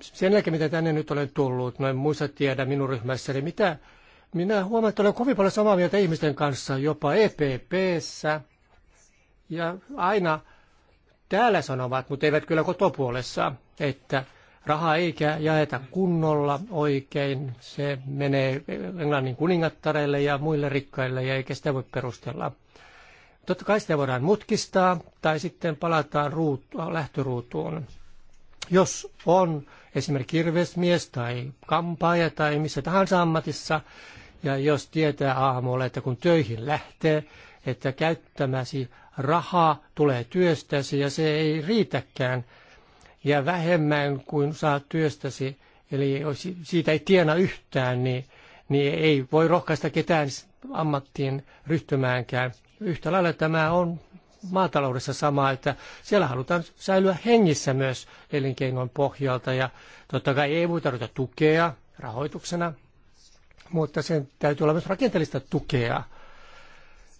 sen jälkeen, mitä tänne nyt olen tullut, noin muista tiedä minun ryhmässäni, mitä minä huomaan, että olen kovin paljon samaa mieltä ihmisten kanssa, jopa EPPssä. Ja aina täällä sanovat, mutta eivät kyllä kotopuolessa, että raha ei jaeta kunnolla oikein. Se menee Englannin kuningattareille ja muille rikkaille ja eikä sitä voi perustella. Totta kai sitä voidaan mutkistaa tai sitten palataan ruutu, lähtöruutuun. Jos on esimerkiksi kirvesmies tai kampaaja tai missä tahansa ammatissa, ja jos tietää aamulla, että kun töihin lähtee, että käyttämäsi rahaa tulee työstäsi ja se ei riitäkään ja vähemmän kuin saa työstäsi, eli siitä ei tiena yhtään, niin, niin ei voi rohkaista ketään ammattiin ryhtymäänkään. Yhtä lailla tämä on maataloudessa sama, että siellä halutaan säilyä hengissä myös elinkeinon pohjalta ja totta kai e ei voi tarvita tukea rahoituksena, mutta sen täytyy olla myös rakenteellista tukea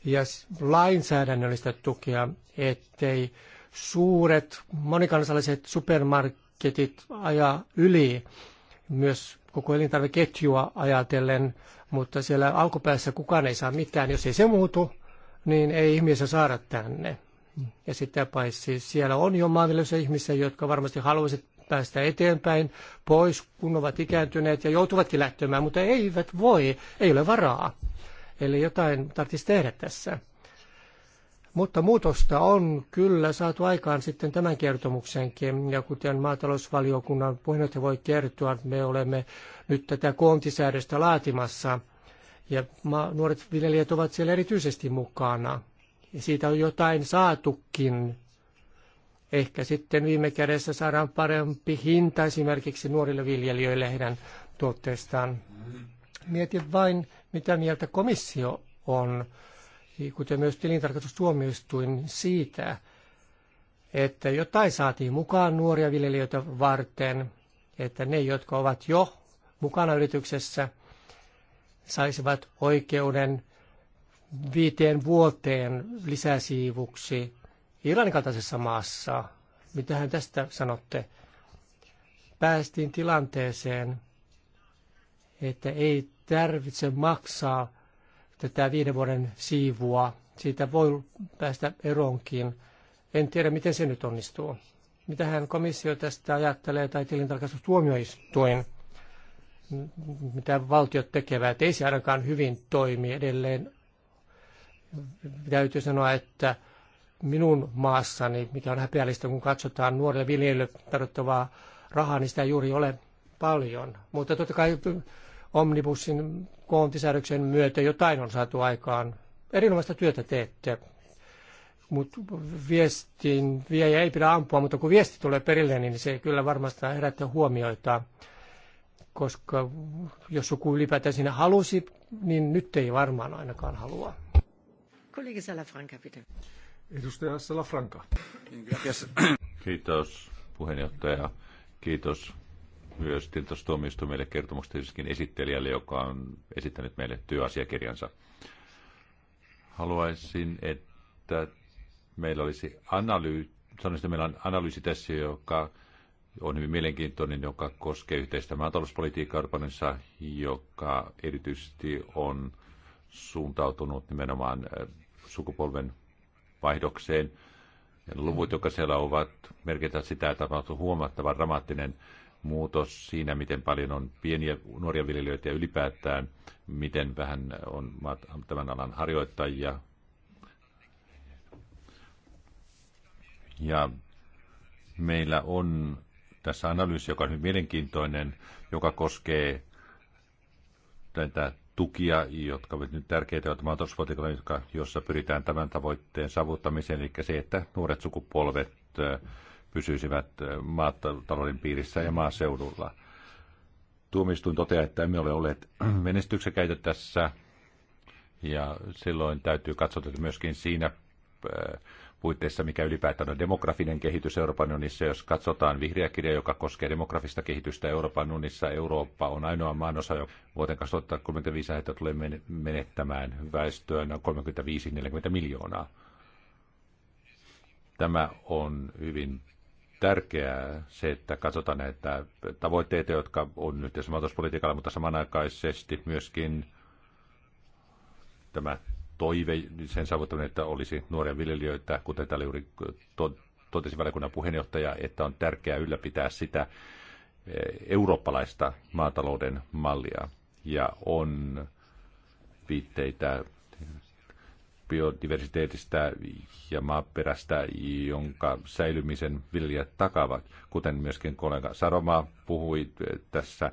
ja lainsäädännöllistä tukea, ettei suuret monikansalliset supermarketit aja yli myös koko elintarvikeketjua ajatellen, mutta siellä alkupäässä kukaan ei saa mitään, jos ei se muutu, niin ei ihmisiä saada tänne. Ja sitä paitsi siellä on jo maanviljelyssä ihmisiä, jotka varmasti haluaisivat päästä eteenpäin pois, kun ovat ikääntyneet ja joutuvatkin lähtemään, mutta eivät voi, ei ole varaa. Eli jotain tarvitsisi tehdä tässä. Mutta muutosta on kyllä saatu aikaan sitten tämän kertomuksenkin. Ja kuten maatalousvaliokunnan puheenjohtaja voi kertoa, me olemme nyt tätä koontisäädöstä laatimassa – ja nuoret viljelijät ovat siellä erityisesti mukana. Ja siitä on jotain saatukin. Ehkä sitten viime kädessä saadaan parempi hinta esimerkiksi nuorille viljelijöille heidän tuotteestaan. Mietin vain, mitä mieltä komissio on, kuten myös tilintarkastustuomioistuin siitä, että jotain saatiin mukaan nuoria viljelijöitä varten, että ne, jotka ovat jo mukana yrityksessä – saisivat oikeuden viiteen vuoteen lisäsiivuksi Iranin kaltaisessa maassa. Mitähän tästä sanotte? Päästiin tilanteeseen, että ei tarvitse maksaa tätä viiden vuoden siivua. Siitä voi päästä eroonkin. En tiedä, miten se nyt onnistuu. Mitähän komissio tästä ajattelee tai tilintarkastustuomioistuin? mitä valtiot tekevät, ei se ainakaan hyvin toimi edelleen. Täytyy sanoa, että minun maassani, mikä on häpeällistä, kun katsotaan nuorille viljelijöille tarjottavaa rahaa, niin sitä ei juuri ole paljon. Mutta totta kai omnibussin koontisäädöksen myötä jotain on saatu aikaan. Erinomaista työtä teette. Mutta viestin viejä ei pidä ampua, mutta kun viesti tulee perille, niin se kyllä varmasti herättää huomioita koska jos joku ylipäätään sinne halusi, niin nyt ei varmaan ainakaan halua. Kollega Salafranca, pitää. Edustaja Salafranca. Kiitos puheenjohtaja. Kiitos myös tilintastuomioistuimelle kertomuksesta tietysti siis esittelijälle, joka on esittänyt meille työasiakirjansa. Haluaisin, että meillä olisi analyysi, sanoisin, että meillä on analyysi tässä, joka on hyvin mielenkiintoinen, joka koskee yhteistä maatalouspolitiikkaa Orbanissa, joka erityisesti on suuntautunut nimenomaan äh, sukupolven vaihdokseen. Luvut, jotka siellä ovat, merkitään sitä, että on huomattava dramaattinen muutos siinä, miten paljon on pieniä nuoria viljelijöitä ja ylipäätään, miten vähän on tämän alan harjoittajia. Ja meillä on tässä analyysi, joka on hyvin mielenkiintoinen, joka koskee näitä tukia, jotka ovat nyt tärkeitä, ovat maatalouspolitiikalla, jotka, jossa pyritään tämän tavoitteen saavuttamiseen, eli se, että nuoret sukupolvet äh, pysyisivät äh, maatalouden piirissä ja maaseudulla. Tuomistuin toteaa, että emme ole olleet menestyksekäitä tässä, ja silloin täytyy katsoa, että myöskin siinä äh, puitteissa, mikä ylipäätään on demografinen kehitys Euroopan unionissa. Jos katsotaan vihreä kirja, joka koskee demografista kehitystä Euroopan unionissa, Eurooppa on ainoa maanosa, jo vuoteen 2035 että tulee menettämään väestöä noin 35-40 miljoonaa. Tämä on hyvin tärkeää se, että katsotaan näitä tavoitteita, jotka on nyt maatalouspolitiikalla, mutta samanaikaisesti myöskin tämä toive, sen saavuttaminen, että olisi nuoria viljelijöitä, kuten täällä juuri totesi valiokunnan puheenjohtaja, että on tärkeää ylläpitää sitä eh, eurooppalaista maatalouden mallia. Ja on viitteitä biodiversiteetistä ja maaperästä, jonka säilymisen viljelijät takavat, kuten myöskin kollega Saroma puhui eh, tässä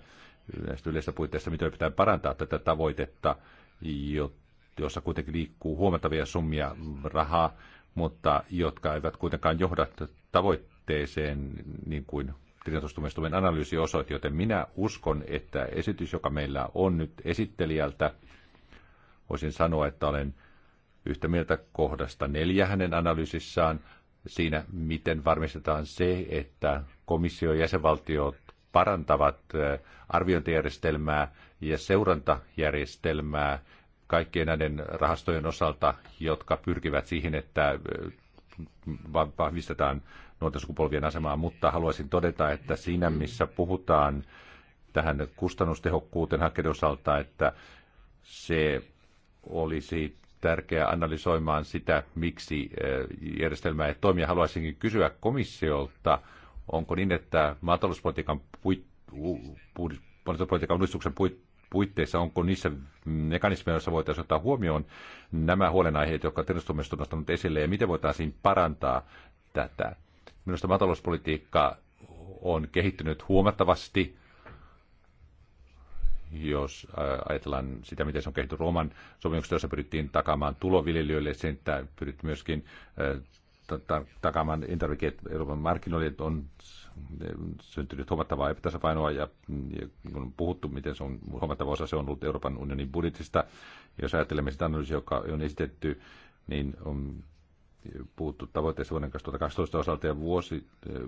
näistä yleisistä puitteista, miten pitää parantaa tätä tavoitetta, jotta jossa kuitenkin liikkuu huomattavia summia rahaa, mutta jotka eivät kuitenkaan johda tavoitteeseen niin kuin tilintustumistuminen analyysi osoitti, joten minä uskon, että esitys, joka meillä on nyt esittelijältä, voisin sanoa, että olen yhtä mieltä kohdasta neljä hänen analyysissaan siinä, miten varmistetaan se, että komissio ja jäsenvaltiot parantavat arviointijärjestelmää ja seurantajärjestelmää kaikkien näiden rahastojen osalta, jotka pyrkivät siihen, että äh, vahvistetaan nuorten sukupolvien asemaa, mutta haluaisin todeta, että siinä missä puhutaan tähän kustannustehokkuuteen hankkeiden osalta, että se olisi tärkeää analysoimaan sitä, miksi äh, järjestelmä ei toimi. Haluaisinkin kysyä komissiolta, onko niin, että maatalouspolitiikan puit, uudistuksen puit, puitteissa, onko niissä mekanismeja, joissa voitaisiin ottaa huomioon nämä huolenaiheet, jotka terveysministeri on nostanut esille, ja miten voitaisiin parantaa tätä. Minusta maatalouspolitiikka on kehittynyt huomattavasti, jos ajatellaan sitä, miten se on kehittynyt Rooman sopimuksessa, jossa pyrittiin takaamaan tuloviljelijöille, sen, että pyrittiin myöskin takaamaan intervikeet Euroopan markkinoille, on syntynyt huomattavaa epätasapainoa ja, ja kun on puhuttu, miten se on huomattava osa, se on ollut Euroopan unionin budjetista. Jos ajattelemme sitä analyysiä, joka on esitetty, niin on puhuttu tavoitteessa vuoden 2012 osalta ja vuosi eh,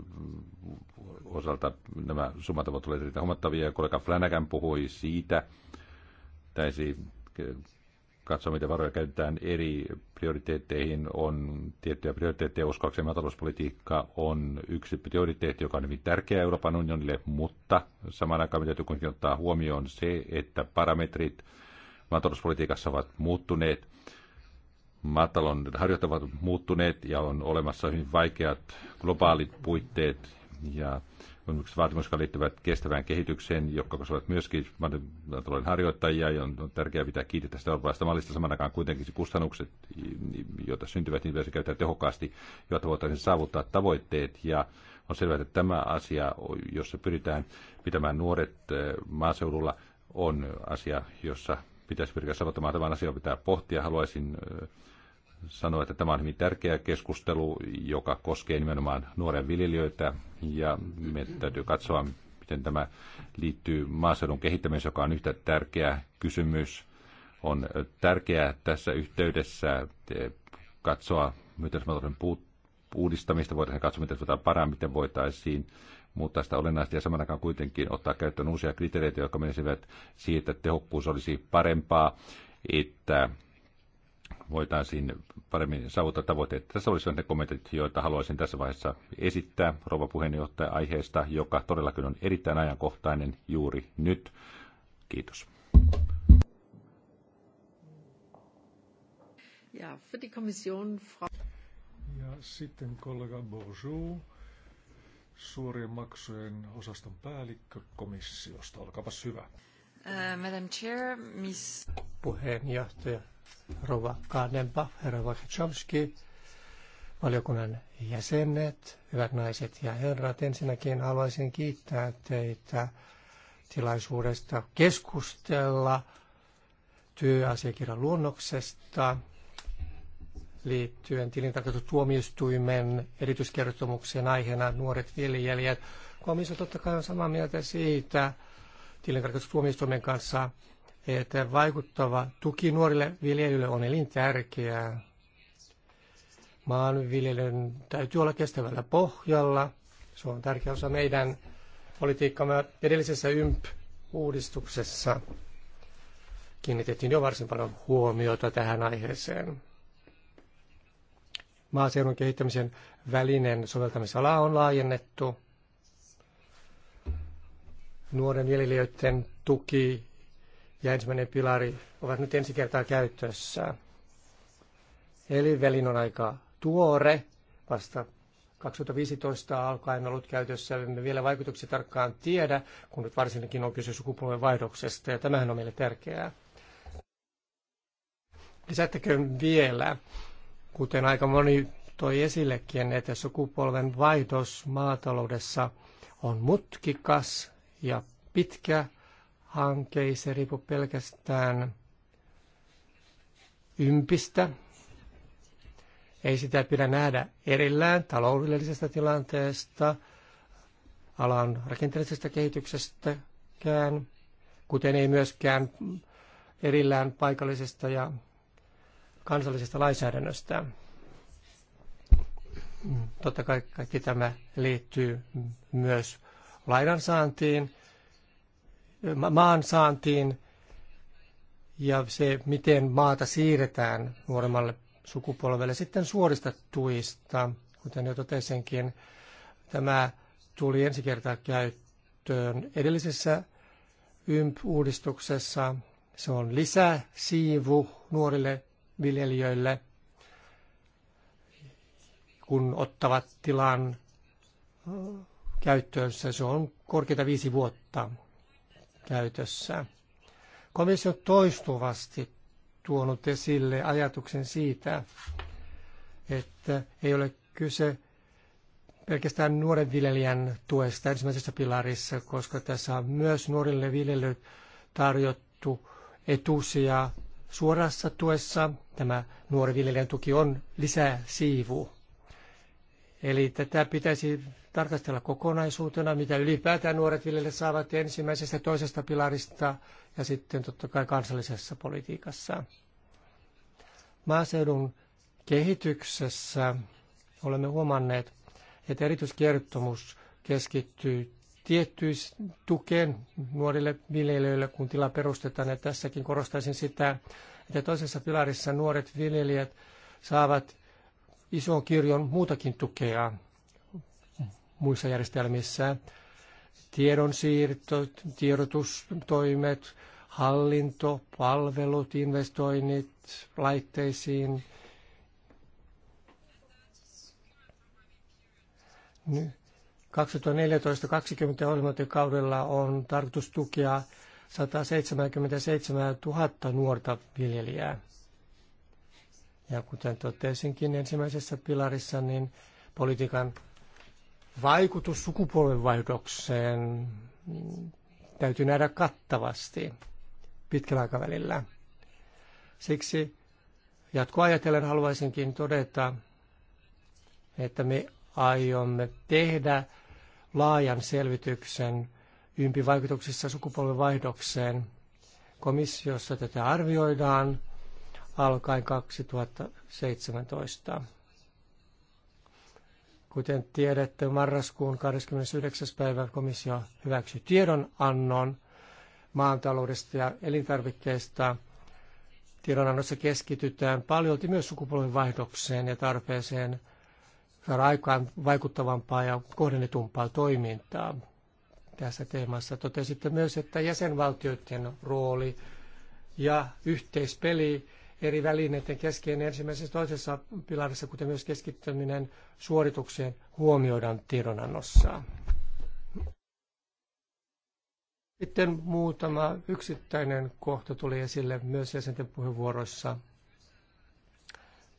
osalta nämä summat ovat olleet erittäin huomattavia. Kollega Flanagan puhui siitä, taisi katsoa, miten varoja käytetään eri prioriteetteihin. On tiettyjä prioriteetteja, uskoakseni maatalouspolitiikka on yksi prioriteetti, joka on hyvin tärkeä Euroopan unionille, mutta samaan aikaan täytyy kuitenkin ottaa huomioon se, että parametrit maatalouspolitiikassa ovat muuttuneet. Maatalon harjoittavat ovat muuttuneet ja on olemassa hyvin vaikeat globaalit puitteet ja on jotka liittyvät kestävään kehitykseen, jotka koskevat myöskin maatalouden harjoittajia, ja on tärkeää pitää kiinni tästä vapaasta mallista. aikaan kuitenkin kustannukset, joita syntyvät, niin pitäisi käyttää tehokkaasti, jotta voitaisiin saavuttaa tavoitteet. Ja on selvää, että tämä asia, jossa pyritään pitämään nuoret eh, maaseudulla, on asia, jossa pitäisi pyrkiä saavuttamaan. Tämän asian pitää pohtia. Haluaisin eh, sanoa, että tämä on hyvin tärkeä keskustelu, joka koskee nimenomaan nuoren viljelijöitä ja me täytyy katsoa, miten tämä liittyy maaseudun kehittämiseen, joka on yhtä tärkeä kysymys. On tärkeää tässä yhteydessä katsoa, miten puut uudistamista, voitaisiin katsoa, miten voidaan parantaa, miten voitaisiin muuttaa sitä olennaista ja saman aikaan kuitenkin ottaa käyttöön uusia kriteereitä, jotka menisivät siitä, että tehokkuus olisi parempaa, että voitaisiin paremmin saavuttaa tavoitteet. Tässä olisi ne kommentit, joita haluaisin tässä vaiheessa esittää rouva puheenjohtaja aiheesta, joka todellakin on erittäin ajankohtainen juuri nyt. Kiitos. Ja, für die Kommission, Frau... ja sitten kollega Bourgeois, suorien maksujen osaston päällikkö komissiosta. Olkaapas hyvä. Uh, Madam Chair, Miss... Puheenjohtaja, Rova Kadenbach, herra Wachowski, valiokunnan jäsenet, hyvät naiset ja herrat. Ensinnäkin haluaisin kiittää teitä tilaisuudesta keskustella työasiakirjan luonnoksesta liittyen tilintarkastustuomioistuimen erityiskertomuksen aiheena nuoret viljelijät. Komissio totta kai on samaa mieltä siitä tilintarkastustuomioistuimen kanssa, että vaikuttava tuki nuorille viljelijöille on elintärkeää. Maanviljelijöiden täytyy olla kestävällä pohjalla. Se on tärkeä osa meidän politiikkamme edellisessä YMP-uudistuksessa. Kiinnitettiin jo varsin paljon huomiota tähän aiheeseen. Maaseudun kehittämisen välinen soveltamisala on laajennettu. Nuoren viljelijöiden tuki ja ensimmäinen pilari ovat nyt ensi kertaa käytössä. Eli velin on aika tuore, vasta 2015 alkaen ollut käytössä. Emme vielä vaikutuksia tarkkaan tiedä, kun nyt varsinkin on kyse sukupolven vaihdoksesta, ja tämähän on meille tärkeää. Lisättäköön vielä, kuten aika moni toi esillekin, että sukupolven vaihdos maataloudessa on mutkikas ja pitkä hanke ei se riipu pelkästään ympistä. Ei sitä pidä nähdä erillään taloudellisesta tilanteesta, alan rakenteellisesta kehityksestäkään, kuten ei myöskään erillään paikallisesta ja kansallisesta lainsäädännöstä. Totta kai kaikki tämä liittyy myös lainansaantiin, maan saantiin ja se, miten maata siirretään nuoremmalle sukupolvelle. Sitten suorista tuista, kuten jo totesinkin, tämä tuli ensi kertaa käyttöön edellisessä YMP-uudistuksessa. Se on lisäsiivu nuorille viljelijöille, kun ottavat tilan käyttöönsä. Se on korkeita viisi vuotta käytössä. Komissio toistuvasti tuonut esille ajatuksen siitä, että ei ole kyse pelkästään nuoren viljelijän tuesta ensimmäisessä pilarissa, koska tässä on myös nuorille viljelijöille tarjottu etusia suorassa tuessa. Tämä nuori viljelijän tuki on lisää siivu. Eli tätä pitäisi tarkastella kokonaisuutena, mitä ylipäätään nuoret viljelijät saavat ensimmäisestä ja toisesta pilarista ja sitten totta kai kansallisessa politiikassa. Maaseudun kehityksessä olemme huomanneet, että erityiskertomus keskittyy tiettyyn tukeen nuorille viljelijöille, kun tila perustetaan. Ja tässäkin korostaisin sitä, että toisessa pilarissa nuoret viljelijät saavat iso kirjon muutakin tukea muissa järjestelmissä. Tiedonsiirto, tiedotustoimet, hallinto, palvelut, investoinnit laitteisiin. Nyt 2014-2020 ohjelmointikaudella on tarkoitus tukea 177 000 nuorta viljelijää. Ja kuten totesinkin ensimmäisessä pilarissa, niin politiikan vaikutus sukupolvenvaihdokseen täytyy nähdä kattavasti pitkällä aikavälillä. Siksi ajatellen haluaisinkin todeta, että me aiomme tehdä laajan selvityksen ympivaikutuksissa sukupolvenvaihdokseen. Komissiossa tätä arvioidaan alkaen 2017. Kuten tiedätte, marraskuun 29. päivä komissio hyväksyi tiedonannon maantaloudesta ja elintarvikkeista. Tiedonannossa keskitytään paljolti myös sukupolvenvaihdokseen ja tarpeeseen saada aikaan vaikuttavampaa ja kohdennetumpaa toimintaa tässä teemassa. Totesitte myös, että jäsenvaltioiden rooli ja yhteispeli eri välineiden keskeinen ensimmäisessä toisessa pilarissa, kuten myös keskittyminen suoritukseen huomioidaan tiedonannossa. Sitten muutama yksittäinen kohta tuli esille myös jäsenten puheenvuoroissa.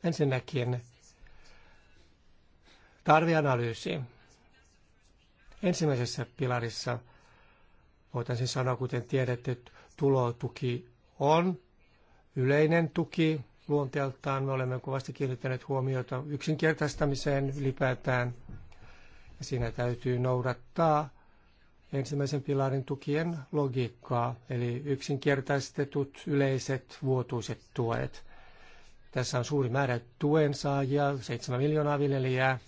Ensinnäkin tarveanalyysi. Ensimmäisessä pilarissa voitaisiin sanoa, kuten tiedätte, tulotuki on yleinen tuki luonteeltaan. Me olemme kovasti kiinnittäneet huomiota yksinkertaistamiseen ylipäätään. Ja siinä täytyy noudattaa ensimmäisen pilarin tukien logiikkaa, eli yksinkertaistetut yleiset vuotuiset tuet. Tässä on suuri määrä tuen saajia, 7 miljoonaa viljelijää.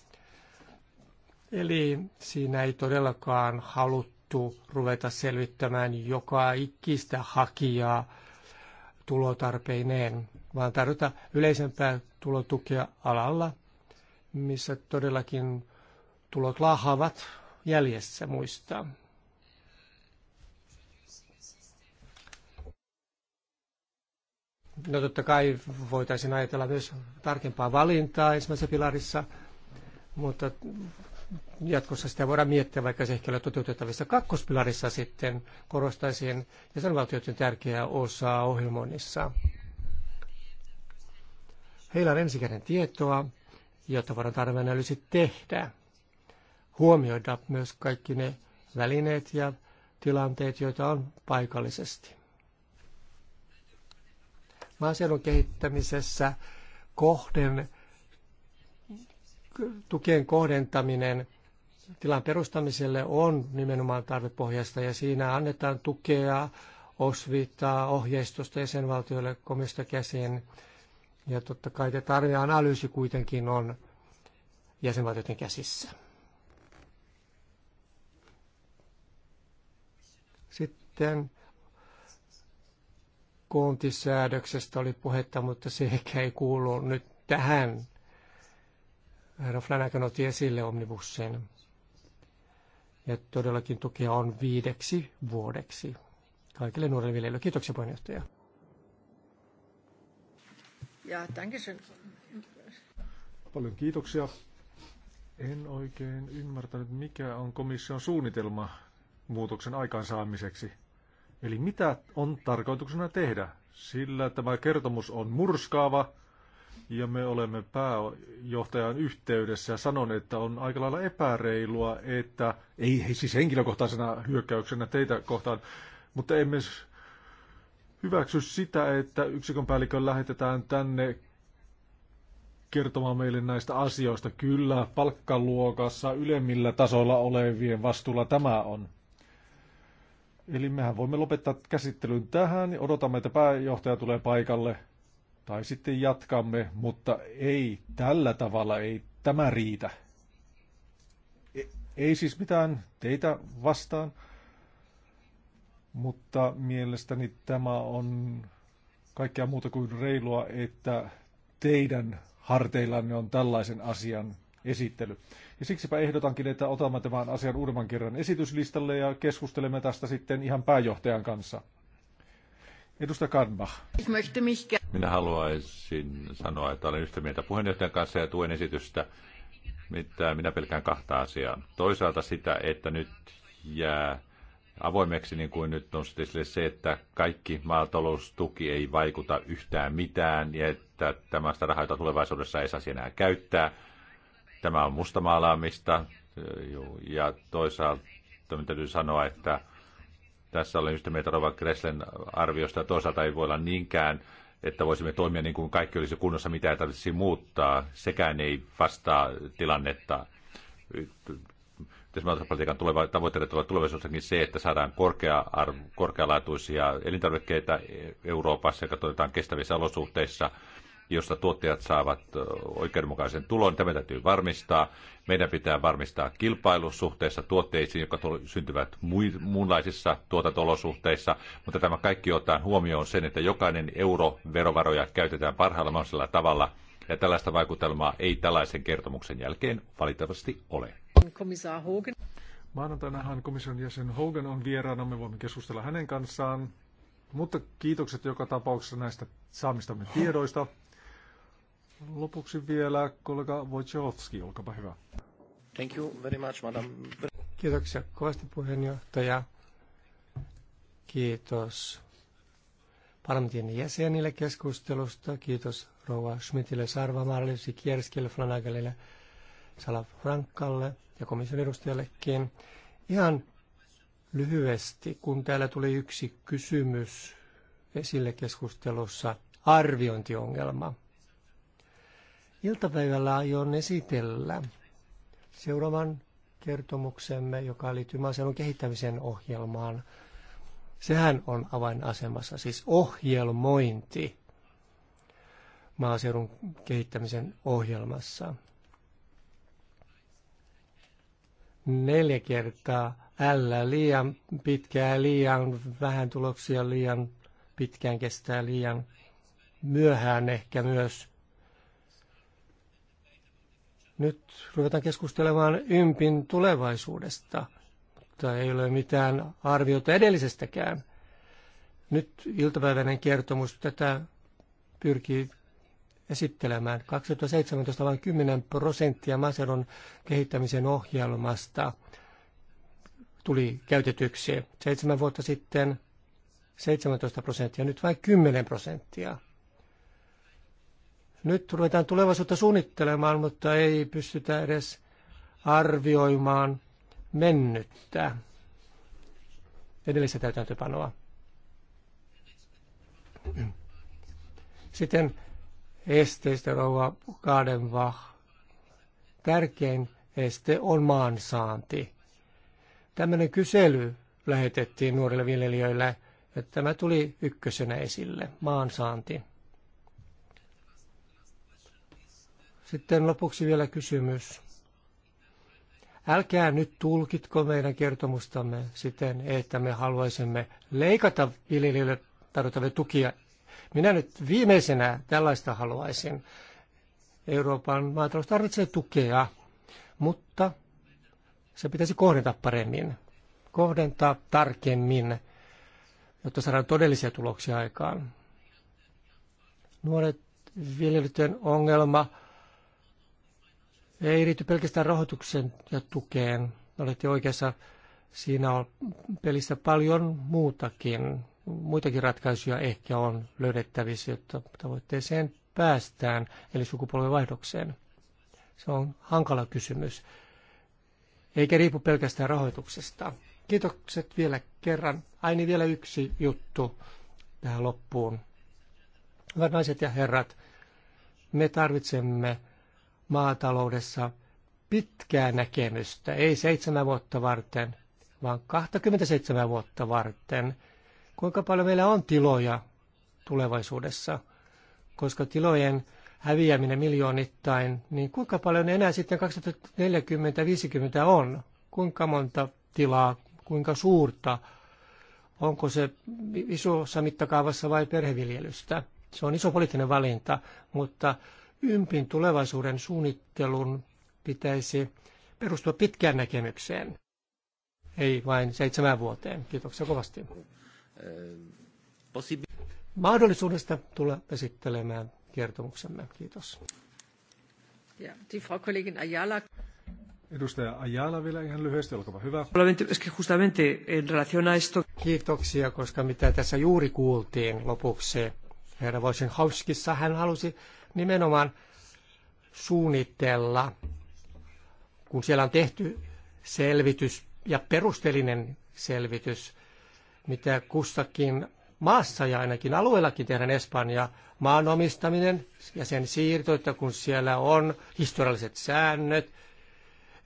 Eli siinä ei todellakaan haluttu ruveta selvittämään joka ikistä hakijaa, tulotarpeineen, vaan tarjota yleisempää tulotukea alalla, missä todellakin tulot lahavat jäljessä muista. No totta kai voitaisiin ajatella myös tarkempaa valintaa ensimmäisessä pilarissa, mutta jatkossa sitä voidaan miettiä, vaikka se ehkä ole toteutettavissa. Kakkospilarissa sitten korostaisin jäsenvaltioiden tärkeää osaa ohjelmoinnissa. Heillä on ensikäden tietoa, jotta voidaan tarveanalyysi tehdä. Huomioida myös kaikki ne välineet ja tilanteet, joita on paikallisesti. Maaseudun kehittämisessä kohden tukien kohdentaminen tilan perustamiselle on nimenomaan tarvepohjaista ja siinä annetaan tukea, osviittaa, ohjeistusta jäsenvaltioille komista käsin. Ja totta kai te tarveanalyysi kuitenkin on jäsenvaltioiden käsissä. Sitten koontisäädöksestä oli puhetta, mutta se ehkä ei kuulu nyt tähän herra Flanagan otti esille omnibussen. Ja todellakin tukea on viideksi vuodeksi kaikille nuorille viljelijöille. Kiitoksia puheenjohtaja. Ja, dankeschön. Paljon kiitoksia. En oikein ymmärtänyt, mikä on komission suunnitelma muutoksen aikaansaamiseksi. Eli mitä on tarkoituksena tehdä? Sillä tämä kertomus on murskaava, ja me olemme pääjohtajan yhteydessä ja sanon, että on aika lailla epäreilua, että ei, ei siis henkilökohtaisena hyökkäyksenä teitä kohtaan, mutta emme hyväksy sitä, että yksikön päällikön lähetetään tänne kertomaan meille näistä asioista. Kyllä, palkkaluokassa ylemmillä tasoilla olevien vastuulla tämä on. Eli mehän voimme lopettaa käsittelyn tähän. Odotamme, että pääjohtaja tulee paikalle tai sitten jatkamme, mutta ei tällä tavalla, ei tämä riitä. E, ei siis mitään teitä vastaan, mutta mielestäni tämä on kaikkea muuta kuin reilua, että teidän harteillanne on tällaisen asian esittely. Ja siksipä ehdotankin, että otamme tämän asian uudemman kerran esityslistalle ja keskustelemme tästä sitten ihan pääjohtajan kanssa. Edustaja Kadbach. Minä haluaisin sanoa, että olen yhtä mieltä puheenjohtajan kanssa ja tuen esitystä, mitä minä pelkään kahta asiaa. Toisaalta sitä, että nyt jää avoimeksi, niin kuin nyt on esille, se, että kaikki maataloustuki ei vaikuta yhtään mitään ja että tämä sitä rahaa, jota tulevaisuudessa ei saisi enää käyttää. Tämä on mustamaalaamista ja toisaalta täytyy sanoa, että tässä olen yhtä mieltä Rova Kreslen arviosta. Toisaalta ei voi olla niinkään, että voisimme toimia niin kuin kaikki olisi kunnossa, mitä ei tarvitsisi muuttaa. Sekään ei vastaa tilannetta Tässä tuleva, tavoitteena tulee tulevaisuudessakin se, että saadaan korkea arvo, korkealaatuisia elintarvikkeita Euroopassa, jotka tuotetaan kestävissä olosuhteissa josta tuottajat saavat oikeudenmukaisen tulon. Tämä täytyy varmistaa. Meidän pitää varmistaa kilpailu suhteessa tuotteisiin, jotka syntyvät muunlaisissa tuotantolosuhteissa, mutta tämä kaikki ottaa huomioon sen, että jokainen euro verovaroja käytetään parhaalla mahdollisella tavalla, ja tällaista vaikutelmaa ei tällaisen kertomuksen jälkeen valitettavasti ole. Maanantainahan komission jäsen Hogan on vieraana, me voimme keskustella hänen kanssaan. Mutta kiitokset joka tapauksessa näistä saamistamme tiedoista. Lopuksi vielä kollega Wojciechowski, olkaapa hyvä. Thank you very much, madam. Kiitoksia kovasti puheenjohtaja. Kiitos parlamentin jäsenille keskustelusta. Kiitos rouva Schmidtille, Sarva kierskille, Sikierskille, Flanagelille, Salafrankalle ja komission edustajallekin. Ihan lyhyesti, kun täällä tuli yksi kysymys esille keskustelussa, arviointiongelma. Iltapäivällä aion esitellä seuraavan kertomuksemme, joka liittyy maaseudun kehittämisen ohjelmaan. Sehän on avainasemassa, siis ohjelmointi maaseudun kehittämisen ohjelmassa. Neljä kertaa älä liian pitkää, liian vähän tuloksia, liian pitkään kestää, liian myöhään ehkä myös. Nyt ruvetaan keskustelemaan ympin tulevaisuudesta, mutta ei ole mitään arviota edellisestäkään. Nyt iltapäiväinen kertomus tätä pyrkii esittelemään. 2017 vain 10 prosenttia Maseron kehittämisen ohjelmasta tuli käytetyksi. Seitsemän vuotta sitten 17 prosenttia, nyt vain 10 prosenttia. Nyt ruvetaan tulevaisuutta suunnittelemaan, mutta ei pystytä edes arvioimaan mennyttä edellistä täytäntöpanoa. Sitten esteistä rouva Kadenvah. Tärkein este on maansaanti. Tämmöinen kysely lähetettiin nuorille viljelijöille, että tämä tuli ykkösenä esille, maansaanti. Sitten lopuksi vielä kysymys. Älkää nyt tulkitko meidän kertomustamme siten, että me haluaisimme leikata viljelijöille tarjottavia tukia. Minä nyt viimeisenä tällaista haluaisin. Euroopan maatalous tarvitsee tukea, mutta se pitäisi kohdentaa paremmin, kohdentaa tarkemmin, jotta saadaan todellisia tuloksia aikaan. Nuoret viljelijöiden ongelma ei riitty pelkästään rahoituksen ja tukeen. Olette oikeassa, siinä on pelissä paljon muutakin. Muitakin ratkaisuja ehkä on löydettävissä, jotta tavoitteeseen päästään, eli sukupolvenvaihdokseen. Se on hankala kysymys, eikä riipu pelkästään rahoituksesta. Kiitokset vielä kerran. Aini niin, vielä yksi juttu tähän loppuun. Hyvät naiset ja herrat, me tarvitsemme maataloudessa pitkää näkemystä, ei seitsemän vuotta varten, vaan 27 vuotta varten. Kuinka paljon meillä on tiloja tulevaisuudessa? Koska tilojen häviäminen miljoonittain, niin kuinka paljon enää sitten 2040-50 on? Kuinka monta tilaa, kuinka suurta? Onko se isossa mittakaavassa vai perheviljelystä? Se on iso poliittinen valinta, mutta ympin tulevaisuuden suunnittelun pitäisi perustua pitkään näkemykseen, ei vain seitsemän vuoteen. Kiitoksia kovasti. Mahdollisuudesta tulla esittelemään kertomuksemme. Kiitos. Ja, Kollegin Ayala. Edustaja Ajala vielä ihan lyhyesti, olkaa hyvä. Kiitoksia, koska mitä tässä juuri kuultiin lopuksi, herra Wojciechowskissa, hän halusi nimenomaan suunnitella, kun siellä on tehty selvitys ja perusteellinen selvitys, mitä kustakin maassa ja ainakin alueellakin tehdään Espanja, maan omistaminen ja sen siirto, että kun siellä on historialliset säännöt,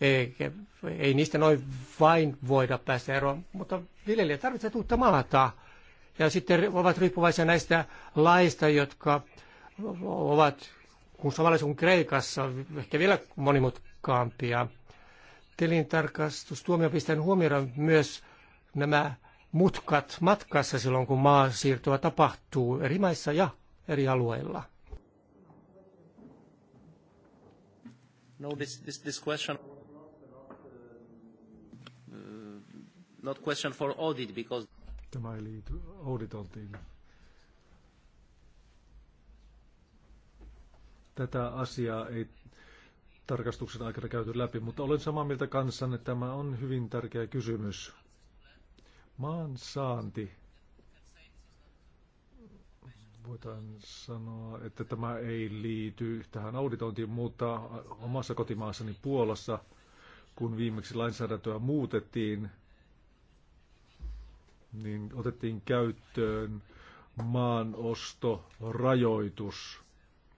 ei, ei niistä noin vain voida päästä eroon, mutta viljelijä tarvitsee uutta maata ja sitten ovat riippuvaisia näistä laista, jotka ovat kun samanlaisia kuin Kreikassa, ehkä vielä monimutkaampia. pistää huomioida myös nämä mutkat matkassa silloin, kun maasiirtoa tapahtuu eri maissa ja eri alueilla. No, this, this, this question, uh, not question for audit, because... Tämä ei liity auditointiin. Tätä asiaa ei tarkastuksen aikana käyty läpi, mutta olen samaa mieltä kanssanne, että tämä on hyvin tärkeä kysymys. Maan saanti. Voidaan sanoa, että tämä ei liity tähän auditointiin, mutta omassa kotimaassani Puolassa, kun viimeksi lainsäädäntöä muutettiin, niin otettiin käyttöön maanostorajoitus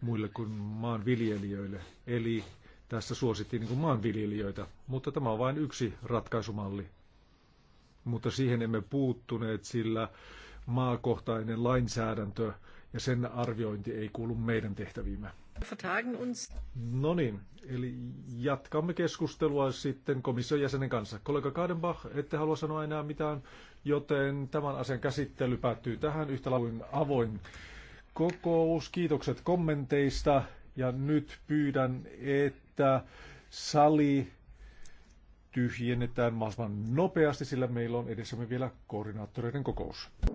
muille kuin maanviljelijöille. Eli tässä suosittiin niin kuin maanviljelijöitä, mutta tämä on vain yksi ratkaisumalli. Mutta siihen emme puuttuneet, sillä maakohtainen lainsäädäntö ja sen arviointi ei kuulu meidän tehtäviimme. No niin, eli jatkamme keskustelua sitten komission jäsenen kanssa. Kollega Kadenbach, ette halua sanoa enää mitään, joten tämän asian käsittely päättyy tähän yhtä lailla avoin kokous. Kiitokset kommenteista ja nyt pyydän, että sali tyhjennetään mahdollisimman nopeasti, sillä meillä on edessämme vielä koordinaattoreiden kokous.